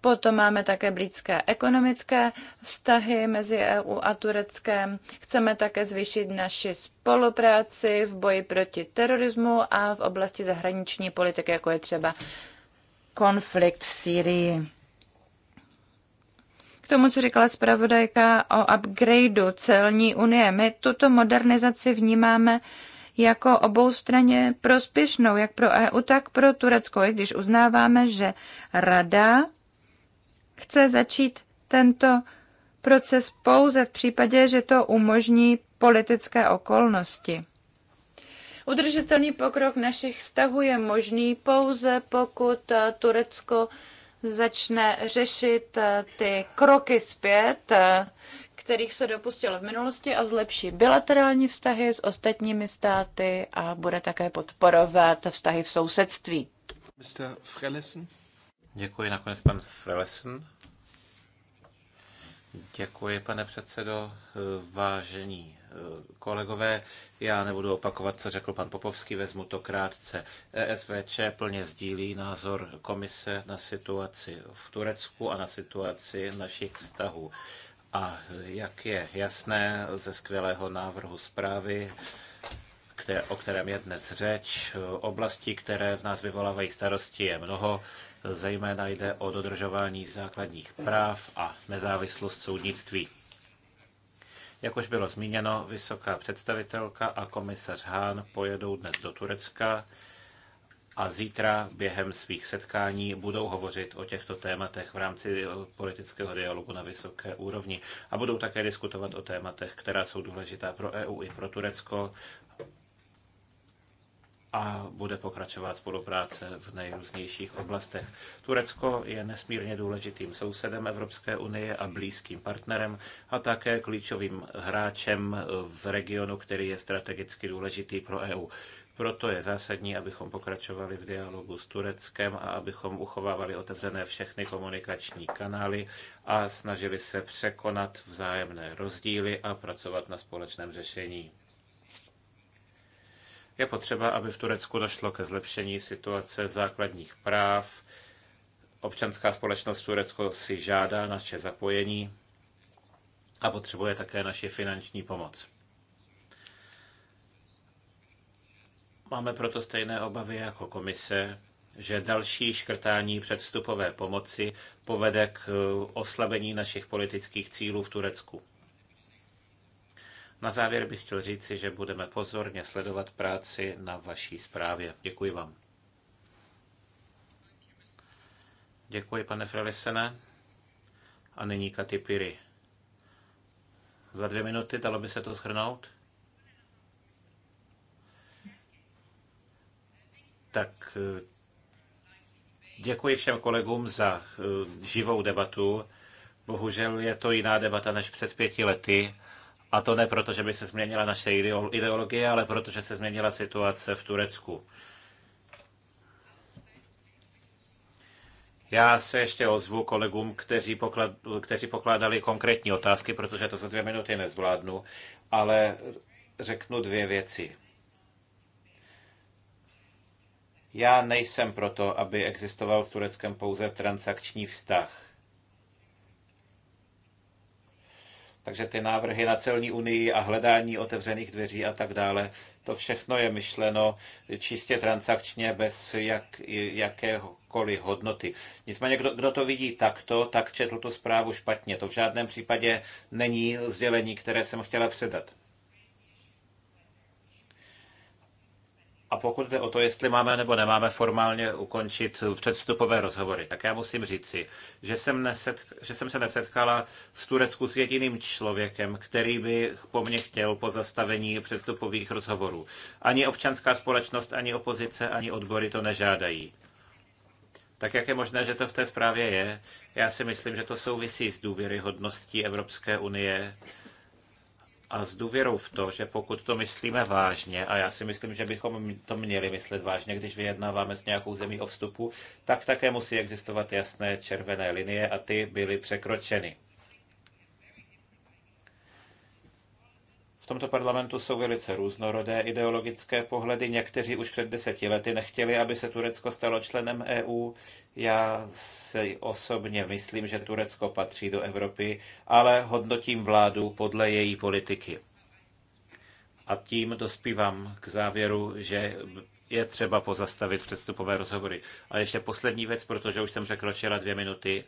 [SPEAKER 3] Potom máme také blízké ekonomické vztahy mezi EU a Tureckem. Chceme také zvýšit naši spolupráci v boji proti terorismu a v oblasti zahraniční politiky, jako je třeba konflikt v Sýrii. K tomu, co říkala zpravodajka o upgradeu celní unie, my tuto modernizaci vnímáme jako oboustranně prospěšnou, jak pro EU, tak pro Turecko, i když uznáváme, že rada chce začít tento proces pouze v případě, že to umožní politické okolnosti. Udržitelný pokrok našich vztahů je možný pouze, pokud Turecko začne řešit eh, ty kroky zpět, eh, kterých se dopustilo v minulosti a zlepší bilaterální vztahy s ostatními státy a bude také podporovat vztahy v sousedství.
[SPEAKER 5] Mr. Děkuji nakonec pan Frelesen. Děkuji, pane předsedo. Vážení eh, kolegové, já nebudu opakovat, co řekl pan Popovský, vezmu to krátce. ESVČ plně sdílí názor komise na situaci v Turecku a na situaci našich vztahů. A jak je jasné ze skvělého návrhu zprávy, o kterém je dnes řeč, eh, oblastí, které v nás vyvolávají starosti, je mnoho. Zejména jde o dodržování základních práv a nezávislost soudnictví. Jak už bylo zmíněno, vysoká představitelka a komisař Hahn pojedou dnes do Turecka a zítra během svých setkání budou hovořit o těchto tématech v rámci politického dialogu na vysoké úrovni a budou také diskutovat o tématech, která jsou důležitá pro EU i pro Turecko a bude pokračovat spolupráce v nejrůznějších oblastech. Turecko je nesmírně důležitým sousedem Evropské unie a blízkým partnerem a také klíčovým hráčem v regionu, který je strategicky důležitý pro EU. Proto je zásadní, abychom pokračovali v dialogu s Tureckem a abychom uchovávali otevřené všechny komunikační kanály a snažili se překonat vzájemné rozdíly a pracovat na společném řešení. Je potřeba, aby v Turecku došlo ke zlepšení situace základních práv. Občanská společnost Turecko si žádá naše zapojení a potřebuje také naši finanční pomoc. Máme proto stejné obavy jako komise, že další škrtání předstupové pomoci povede k eh, oslabení našich politických cílů v Turecku. Na závěr bych chtěl říci, že budeme pozorně sledovat práci na vaší zprávě. Děkuji vám. Děkuji, pane Frelisene. A nyní Katy Piri. Za dvě minuty dalo by se to shrnout? Tak eh, děkuji všem kolegům za eh, živou debatu. Bohužel je to jiná debata než před pěti lety a to ne proto, že by se změnila naše ideologie, ale proto, že se změnila situace v Turecku. Já se ještě ozvu kolegům, kteří, poklad, kteří pokládali konkrétní otázky, protože to za dvě minuty nezvládnu, ale řeknu dvě věci. Já nejsem proto, aby existoval s Tureckem pouze transakční vztah Takže ty návrhy na celní unii a hledání otevřených dveří a tak dále, to všechno je myšleno čistě transakčně, bez jak, jakéhokoliv hodnoty. Nicméně, kdo, kdo to vidí takto, tak četl tu zprávu špatně. To v žádném případě není sdělení, které jsem chtěla předat. A pokud jde o to, jestli máme nebo nemáme formálně ukončit předstupové rozhovory, tak já musím říci, že jsem, nesetk- že jsem se nesetkala s Turecku s jediným člověkem, který by po mně chtěl po zastavení předstupových rozhovorů. Ani občanská společnost, ani opozice, ani odbory to nežádají. Tak jak je možné, že to v té zprávě je? Já si myslím, že to souvisí s důvěryhodností Evropské unie a s důvěrou v to, že pokud to myslíme vážně, a já si myslím, že bychom to měli myslet vážně, když vyjednáváme s nějakou zemí o vstupu, tak také musí existovat jasné červené linie a ty byly překročeny. tomto parlamentu jsou velice různorodé ideologické pohledy. Někteří už před deseti lety nechtěli, aby se Turecko stalo členem EU. Já si osobně myslím, že Turecko patří do Evropy, ale hodnotím vládu podle její politiky. A tím dospívám k závěru, že je třeba pozastavit předstupové rozhovory. A ještě poslední věc, protože už jsem překročila dvě minuty.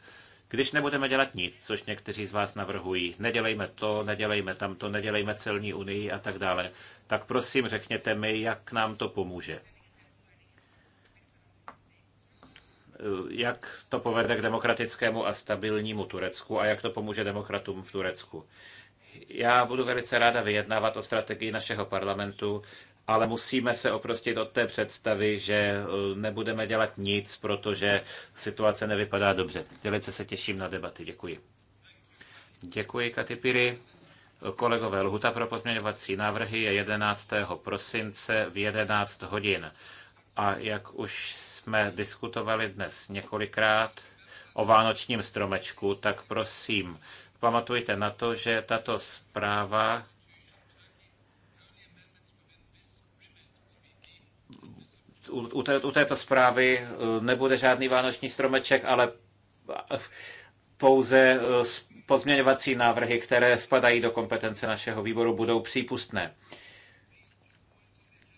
[SPEAKER 5] Když nebudeme dělat nic, což někteří z vás navrhují, nedělejme to, nedělejme tamto, nedělejme celní unii a tak dále, tak prosím řekněte mi, jak nám to pomůže. Jak to povede k demokratickému a stabilnímu Turecku a jak to pomůže demokratům v Turecku. Já budu velice ráda vyjednávat o strategii našeho parlamentu ale musíme se oprostit od té představy, že eh, nebudeme dělat nic, protože situace nevypadá dobře. Velice se těším na debaty. Děkuji. Děkuji, Katypiry. Kolegové, lhuta pro pozměňovací návrhy je 11. prosince v 11 hodin. A jak už jsme diskutovali dnes několikrát o vánočním stromečku, tak prosím, pamatujte na to, že tato zpráva u, té, u této zprávy eh, nebude žádný vánoční stromeček, ale pouze eh, pozměňovací návrhy, které spadají do kompetence našeho výboru, budou přípustné.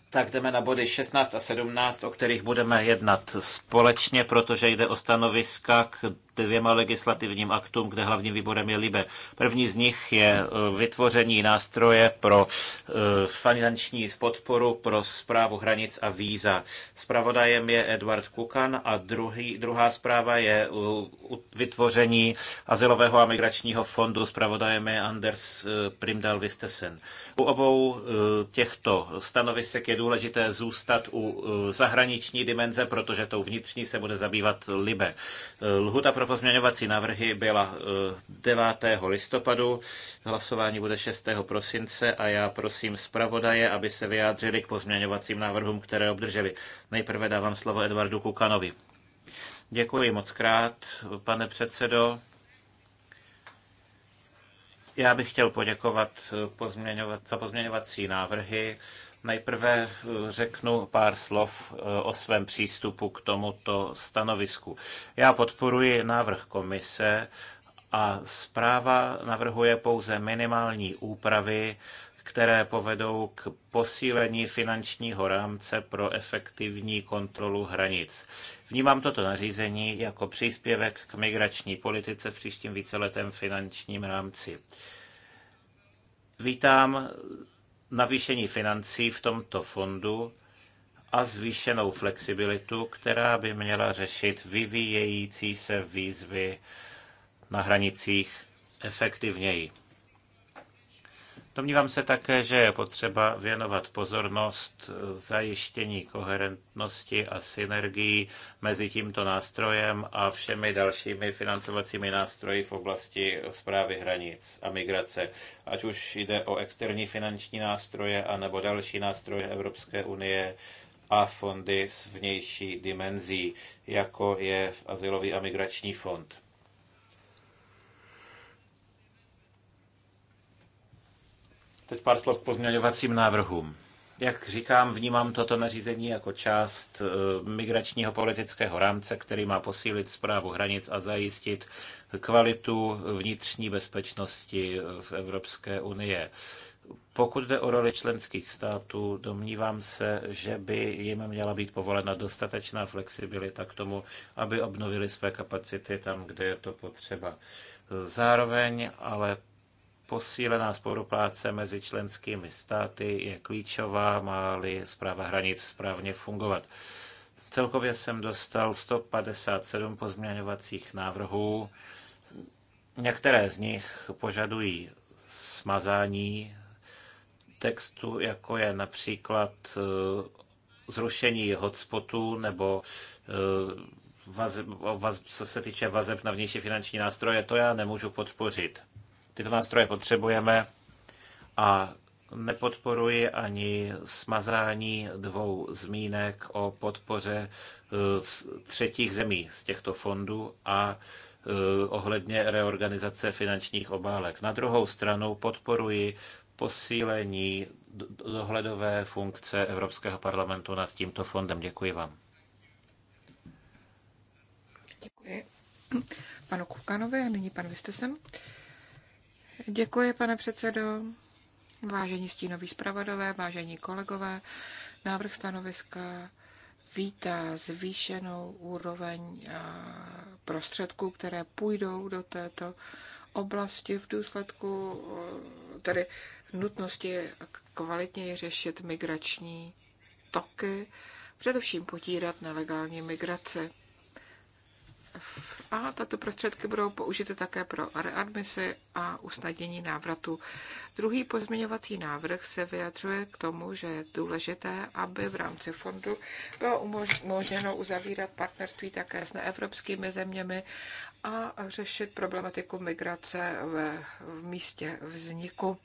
[SPEAKER 5] Tak jdeme na body 16 a 17, o kterých budeme jednat společně, protože jde o stanoviska k dvěma legislativním aktům, kde hlavním výborem je LIBE. První z nich je eh, vytvoření nástroje pro eh, finanční podporu pro zprávu hranic a víza. Spravodajem je Edward Kukan a druhý, druhá zpráva je eh, vytvoření azylového a migračního fondu. Spravodajem je Anders Primdal Vistesen. U obou těchto stanovisek je důležité zůstat u zahraniční dimenze, protože tou vnitřní se bude zabývat LIBE. Lhuta pro pro pozměňovací návrhy byla 9. Eh, listopadu, hlasování bude 6. prosince a já prosím zpravodaje, aby se vyjádřili k pozměňovacím návrhům, které obdrželi. Nejprve dávám slovo Edvardu Kukanovi. Děkuji moc krát, pane předsedo. Já bych chtěl poděkovat eh, pozměňovat, za pozměňovací návrhy. Nejprve eh, řeknu pár slov eh, o svém přístupu k tomuto stanovisku. Já podporuji návrh komise a zpráva navrhuje pouze minimální úpravy, které povedou k posílení finančního rámce pro efektivní kontrolu hranic. Vnímám toto nařízení jako příspěvek k migrační politice v příštím víceletém finančním rámci. Vítám navýšení financí v tomto fondu a zvýšenou flexibilitu, která by měla řešit vyvíjející se výzvy na hranicích efektivněji. Domnívám se také, že je potřeba věnovat pozornost zajištění koherentnosti a synergií mezi tímto nástrojem a všemi dalšími financovacími nástroji v oblasti zprávy hranic a migrace. Ať už jde o externí finanční nástroje, anebo další nástroje Evropské unie a fondy s vnější dimenzí, jako je Azylový a migrační fond. Teď pár slov k pozměňovacím návrhům. Jak říkám, vnímám toto nařízení jako část eh, migračního politického rámce, který má posílit zprávu hranic a zajistit kvalitu vnitřní bezpečnosti eh, v Evropské unie. Pokud jde o roli členských států, domnívám se, že by jim měla být povolena dostatečná flexibilita k tomu, aby obnovili své kapacity tam, kde je to potřeba. Zároveň ale Posílená spolupráce mezi členskými státy je klíčová, má-li zpráva hranic správně fungovat. Celkově jsem dostal 157 pozměňovacích návrhů. Některé z nich požadují smazání textu, jako je například eh, zrušení hotspotů nebo vazeb, eh, vazeb, co se týče vazeb na vnější finanční nástroje, to já nemůžu podpořit. Tyto nástroje potřebujeme a nepodporuji ani smazání dvou zmínek o podpoře eh, třetích zemí z těchto fondů a eh, ohledně reorganizace finančních obálek. Na druhou stranu podporuji posílení dohledové funkce Evropského parlamentu nad tímto fondem. Děkuji vám.
[SPEAKER 2] Děkuji panu Kukanovi a nyní pan Vistesen. Děkuji, pane předsedo. Vážení stínoví zpravodové, vážení kolegové, návrh stanoviska vítá zvýšenou úroveň prostředků, které půjdou do této oblasti v důsledku tedy nutnosti kvalitněji řešit migrační toky, především potírat nelegální migraci. A tato prostředky budou použity také pro readmisi a usnadnění návratu. Druhý pozměňovací návrh se vyjadřuje k tomu, že je důležité, aby v rámci fondu bylo umožněno uzavírat partnerství také s neevropskými zeměmi a řešit problematiku migrace v, v místě vzniku,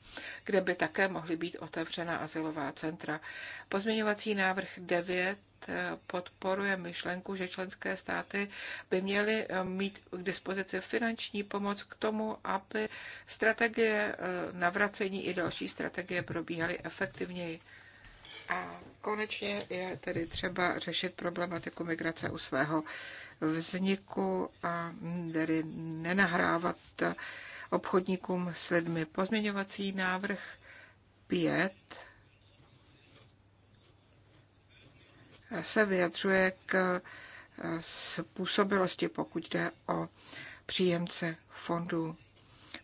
[SPEAKER 2] kde by také mohly být otevřena asilová centra. Pozměňovací návrh 9 Eh, podporuje myšlenku, že členské státy by měly eh, mít k dispozici finanční pomoc k tomu, aby strategie eh, navracení i další strategie probíhaly efektivněji. A konečně je tedy třeba řešit problematiku migrace u svého vzniku a tedy nenahrávat obchodníkům s lidmi. Pozměňovací návrh 5 se vyjadřuje k eh, způsobilosti, pokud jde o příjemce fondů.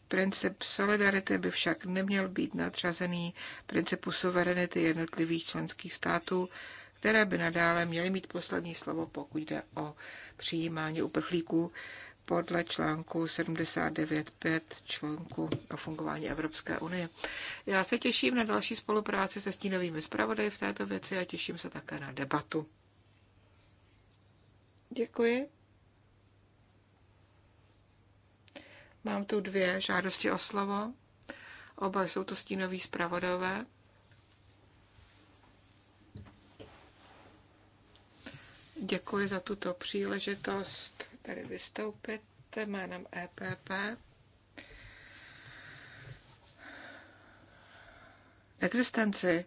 [SPEAKER 2] Princip solidarity by však neměl být nadřazený principu suverenity jednotlivých členských států, které by nadále měly mít poslední slovo, pokud jde o přijímání uprchlíků podle článku 79.5 článku o fungování Evropské unie. Já se těším na další spolupráci se stínovými zpravodaji v této věci a těším se také na debatu. Děkuji. Mám tu dvě žádosti o slovo. Oba jsou to stínoví zpravodové. Děkuji za tuto příležitost tady vystoupit jménem EPP. Existenci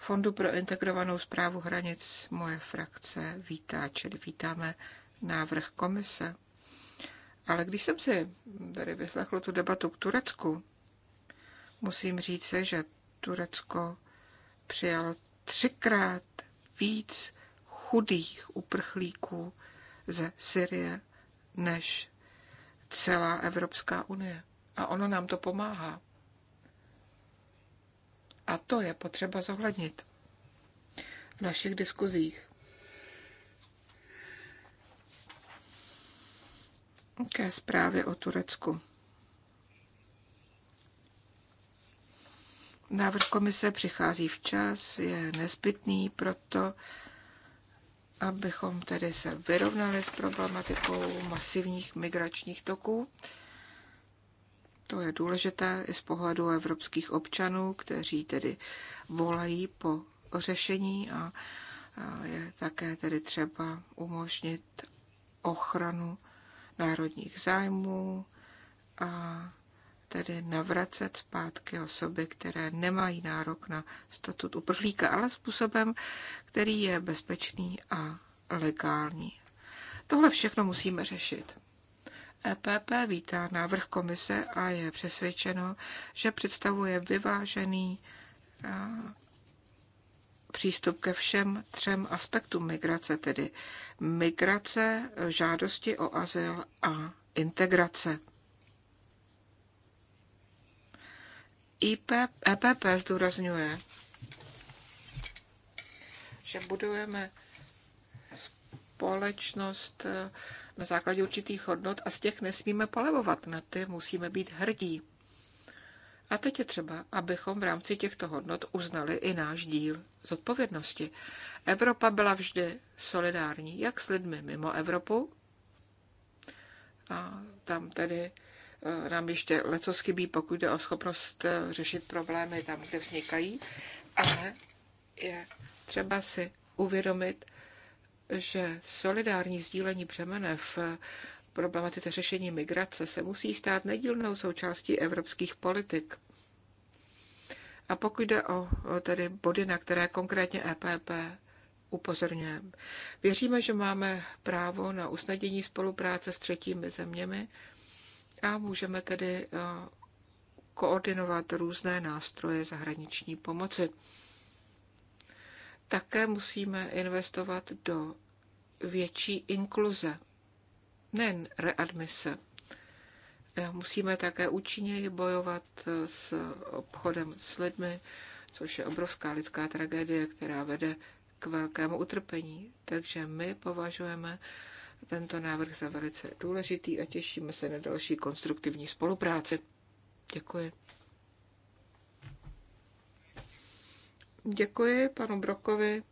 [SPEAKER 2] Fondu pro integrovanou zprávu hranic moje frakce vítá, čili vítáme návrh komise. Ale když jsem si tady vyslechl tu debatu k Turecku, musím říct, že Turecko přijalo třikrát víc chudých uprchlíků ze Syrie než celá Evropská unie. A ono nám to pomáhá. A to je potřeba zohlednit v našich diskuzích. Ke zprávě o Turecku. Návrh komise přichází včas, je nezbytný proto, abychom tedy se vyrovnali s problematikou masivních migračních toků. To je důležité i z pohledu evropských občanů, kteří tedy volají po řešení a je také tedy třeba umožnit ochranu národních zájmů a tedy navracet zpátky osoby, které nemají nárok na statut uprchlíka, ale způsobem, který je bezpečný a legální. Tohle všechno musíme řešit. EPP vítá návrh komise a je přesvědčeno, že představuje vyvážený přístup ke všem třem aspektům migrace, tedy migrace, žádosti o azyl a integrace. IP, EPP zdůrazňuje, že budujeme společnost eh, na základě určitých hodnot a z těch nesmíme polevovat. Na ty musíme být hrdí. A teď je třeba, abychom v rámci těchto hodnot uznali i náš díl zodpovědnosti. Evropa byla vždy solidární, jak s lidmi mimo Evropu, a tam tedy Eh, nám ještě leco chybí, pokud jde o schopnost eh, řešit problémy tam, kde vznikají, ale je třeba si uvědomit, že solidární sdílení břemene v eh, problematice řešení migrace se musí stát nedílnou součástí evropských politik. A pokud jde o, tedy body, na které konkrétně EPP upozorňujeme, věříme, že máme právo na usnadění spolupráce s třetími zeměmi, a můžeme tedy eh, koordinovat různé nástroje zahraniční pomoci. Také musíme investovat do větší inkluze, nejen readmise. Eh, musíme také účinněji bojovat eh, s obchodem s lidmi, což je obrovská lidská tragédie, která vede k velkému utrpení. Takže my považujeme tento návrh za velice důležitý a těšíme se na další konstruktivní spolupráci. Děkuji. Děkuji panu Brokovi.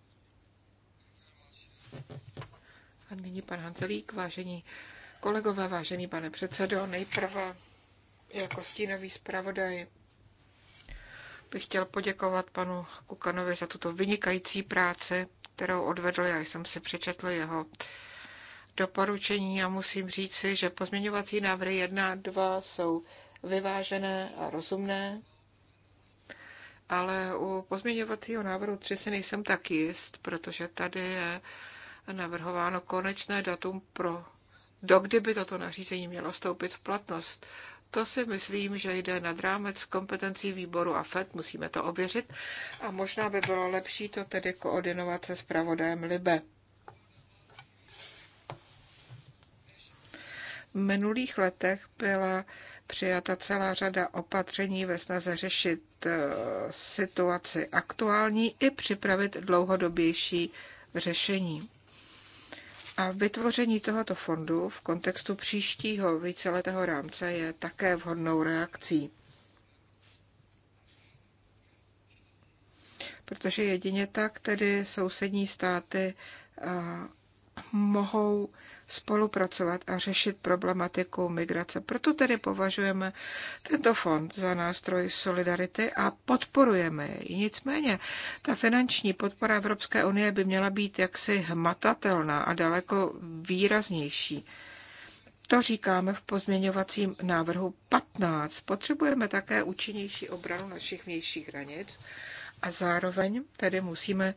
[SPEAKER 2] A nyní pan Hanzelík, vážení kolegové, vážený pane předsedo, nejprve jako stínový zpravodaj bych chtěl poděkovat panu Kukanovi za tuto vynikající práci, kterou odvedl. Já jsem si přečetl jeho doporučení a musím říci, že pozměňovací návrhy 1 a 2 jsou vyvážené a rozumné, ale u pozměňovacího návrhu 3 si nejsem tak jist, protože tady je navrhováno konečné datum pro dokdy by toto nařízení mělo vstoupit v platnost. To si myslím, že jde nad rámec kompetencí výboru a FED, musíme to ověřit a možná by bylo lepší to tedy koordinovat se zpravodajem LIBE. minulých letech byla přijata celá řada opatření ve snaze řešit eh, situaci aktuální i připravit dlouhodobější řešení. A vytvoření tohoto fondu v kontextu příštího víceletého rámce je také vhodnou reakcí. Protože jedině tak tedy sousední státy eh, mohou spolupracovat a řešit problematiku migrace. Proto tedy považujeme tento fond za nástroj solidarity a podporujeme jej. Nicméně ta finanční podpora Evropské unie by měla být jaksi hmatatelná a daleko výraznější. To říkáme v pozměňovacím návrhu 15. Potřebujeme také účinnější obranu našich vnějších hranic a zároveň tedy musíme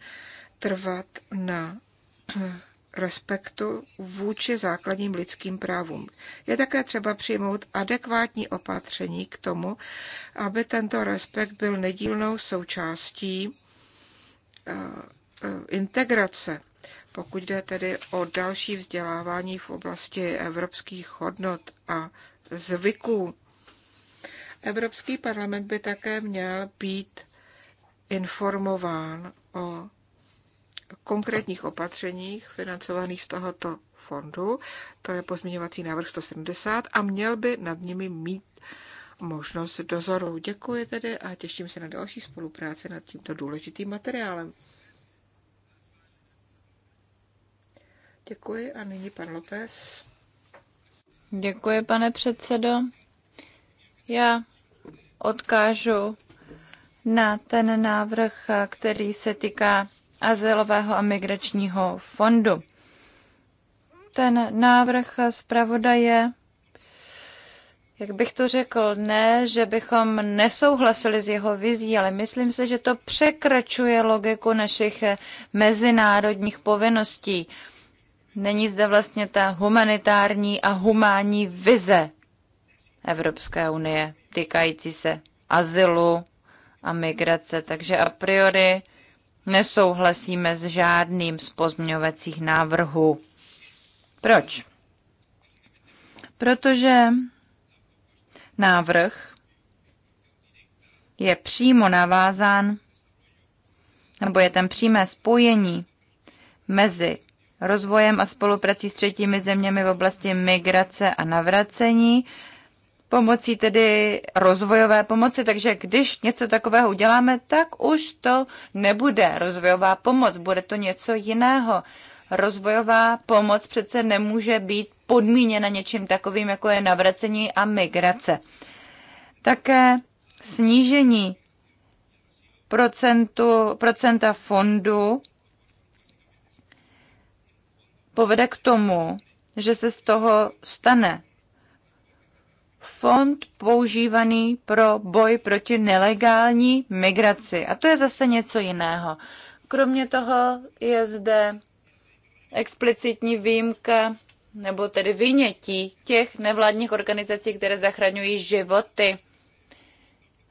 [SPEAKER 2] trvat na respektu vůči základním lidským právům. Je také třeba přijmout adekvátní opatření k tomu, aby tento respekt byl nedílnou součástí eh, eh, integrace, pokud jde tedy o další vzdělávání v oblasti evropských hodnot a zvyků. Evropský parlament by také měl být informován o konkrétních opatřeních financovaných z tohoto fondu, to je pozměňovací návrh 170, a měl by nad nimi mít možnost dozoru. Děkuji tedy a těším se na další spolupráci nad tímto důležitým materiálem. Děkuji a nyní pan
[SPEAKER 3] López. Děkuji, pane předsedo. Já odkážu na ten návrh, který se týká azylového a migračního fondu. Ten návrh zpravodaje, jak bych to řekl, ne, že bychom nesouhlasili s jeho vizí, ale myslím se, že to překračuje logiku našich mezinárodních povinností. Není zde vlastně ta humanitární a humánní vize Evropské unie týkající se azylu a migrace. Takže a priori Nesouhlasíme s žádným z pozměňovacích návrhů. Proč? Protože návrh je přímo navázán, nebo je tam přímé spojení mezi rozvojem a spoluprací s třetími zeměmi v oblasti migrace a navracení pomocí tedy rozvojové pomoci, takže když něco takového uděláme, tak už to nebude rozvojová pomoc, bude to něco jiného. Rozvojová pomoc přece nemůže být podmíněna něčím takovým, jako je navracení a migrace. Také snížení procentu, procenta fondu povede k tomu, že se z toho stane fond používaný pro boj proti nelegální migraci. A to je zase něco jiného. Kromě toho je zde explicitní výjimka nebo tedy vynětí těch nevládních organizací, které zachraňují životy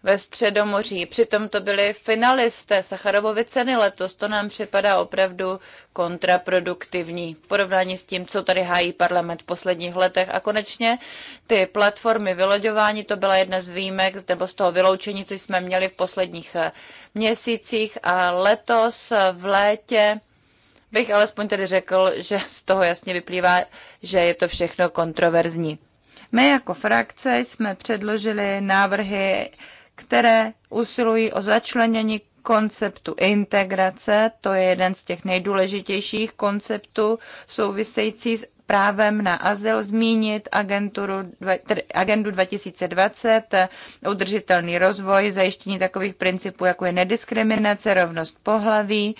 [SPEAKER 3] ve Středomoří. Přitom to byli finalisté Sacharovovy ceny letos. To nám připadá opravdu kontraproduktivní v porovnání s tím, co tady hájí parlament v posledních letech. A konečně ty platformy vyloďování, to byla jedna z výjimek, nebo z toho vyloučení, co jsme měli v posledních eh, měsících. A letos eh, v létě bych alespoň tedy řekl, že (laughs) z toho jasně vyplývá, že je to všechno kontroverzní. My jako frakce jsme předložili návrhy které usilují o začlenění konceptu integrace, to je jeden z těch nejdůležitějších konceptů související s právem na azyl zmínit agenturu, agendu 2020, udržitelný rozvoj, zajištění takových principů, jako je nediskriminace, rovnost pohlaví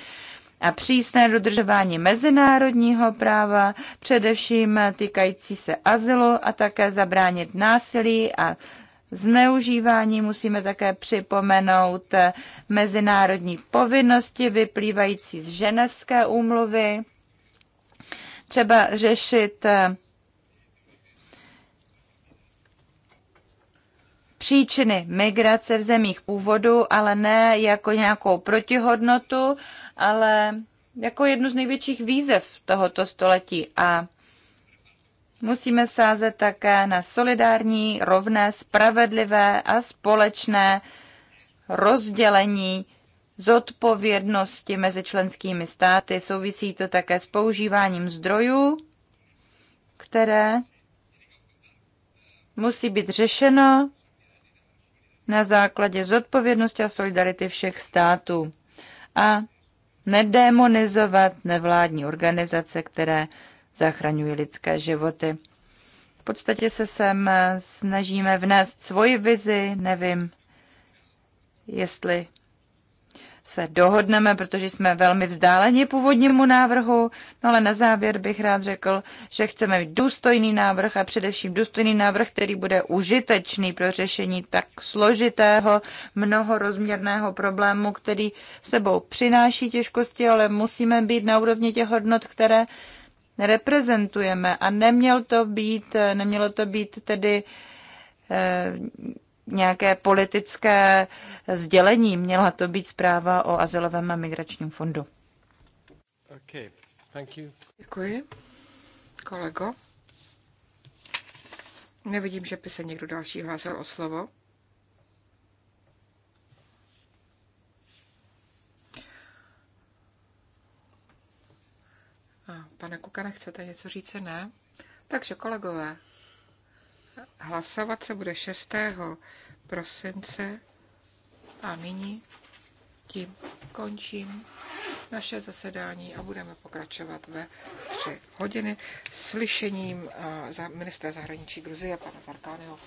[SPEAKER 3] a přísné dodržování mezinárodního práva, především týkající se azylu a také zabránit násilí a zneužívání. Musíme také připomenout eh, mezinárodní povinnosti vyplývající z ženevské úmluvy. Třeba řešit eh, příčiny migrace v zemích původu, ale ne jako nějakou protihodnotu, ale jako jednu z největších výzev tohoto století. A Musíme sázet také na solidární, rovné, spravedlivé a společné rozdělení zodpovědnosti mezi členskými státy. Souvisí to také s používáním zdrojů, které musí být řešeno na základě zodpovědnosti a solidarity všech států a nedémonizovat nevládní organizace, které zachraňují lidské životy. V podstatě se sem snažíme vnést svoji vizi, nevím, jestli se dohodneme, protože jsme velmi vzdáleni původnímu návrhu, no ale na závěr bych rád řekl, že chceme mít důstojný návrh a především důstojný návrh, který bude užitečný pro řešení tak složitého, mnohorozměrného problému, který sebou přináší těžkosti, ale musíme být na úrovni těch hodnot, které reprezentujeme a neměl to být, nemělo to být tedy eh, nějaké politické sdělení, měla to být zpráva o azylovém a migračním fondu. Okay. Thank you. Děkuji,
[SPEAKER 2] kolego. Nevidím, že by se někdo další hlásil o slovo. Pane Kukane, chcete něco říct? Ne? Takže kolegové, hlasovat se bude 6. prosince a nyní tím končím naše zasedání a budeme pokračovat ve tři hodiny slyšením eh, ministra zahraničí Gruzie, pana Zarkányho.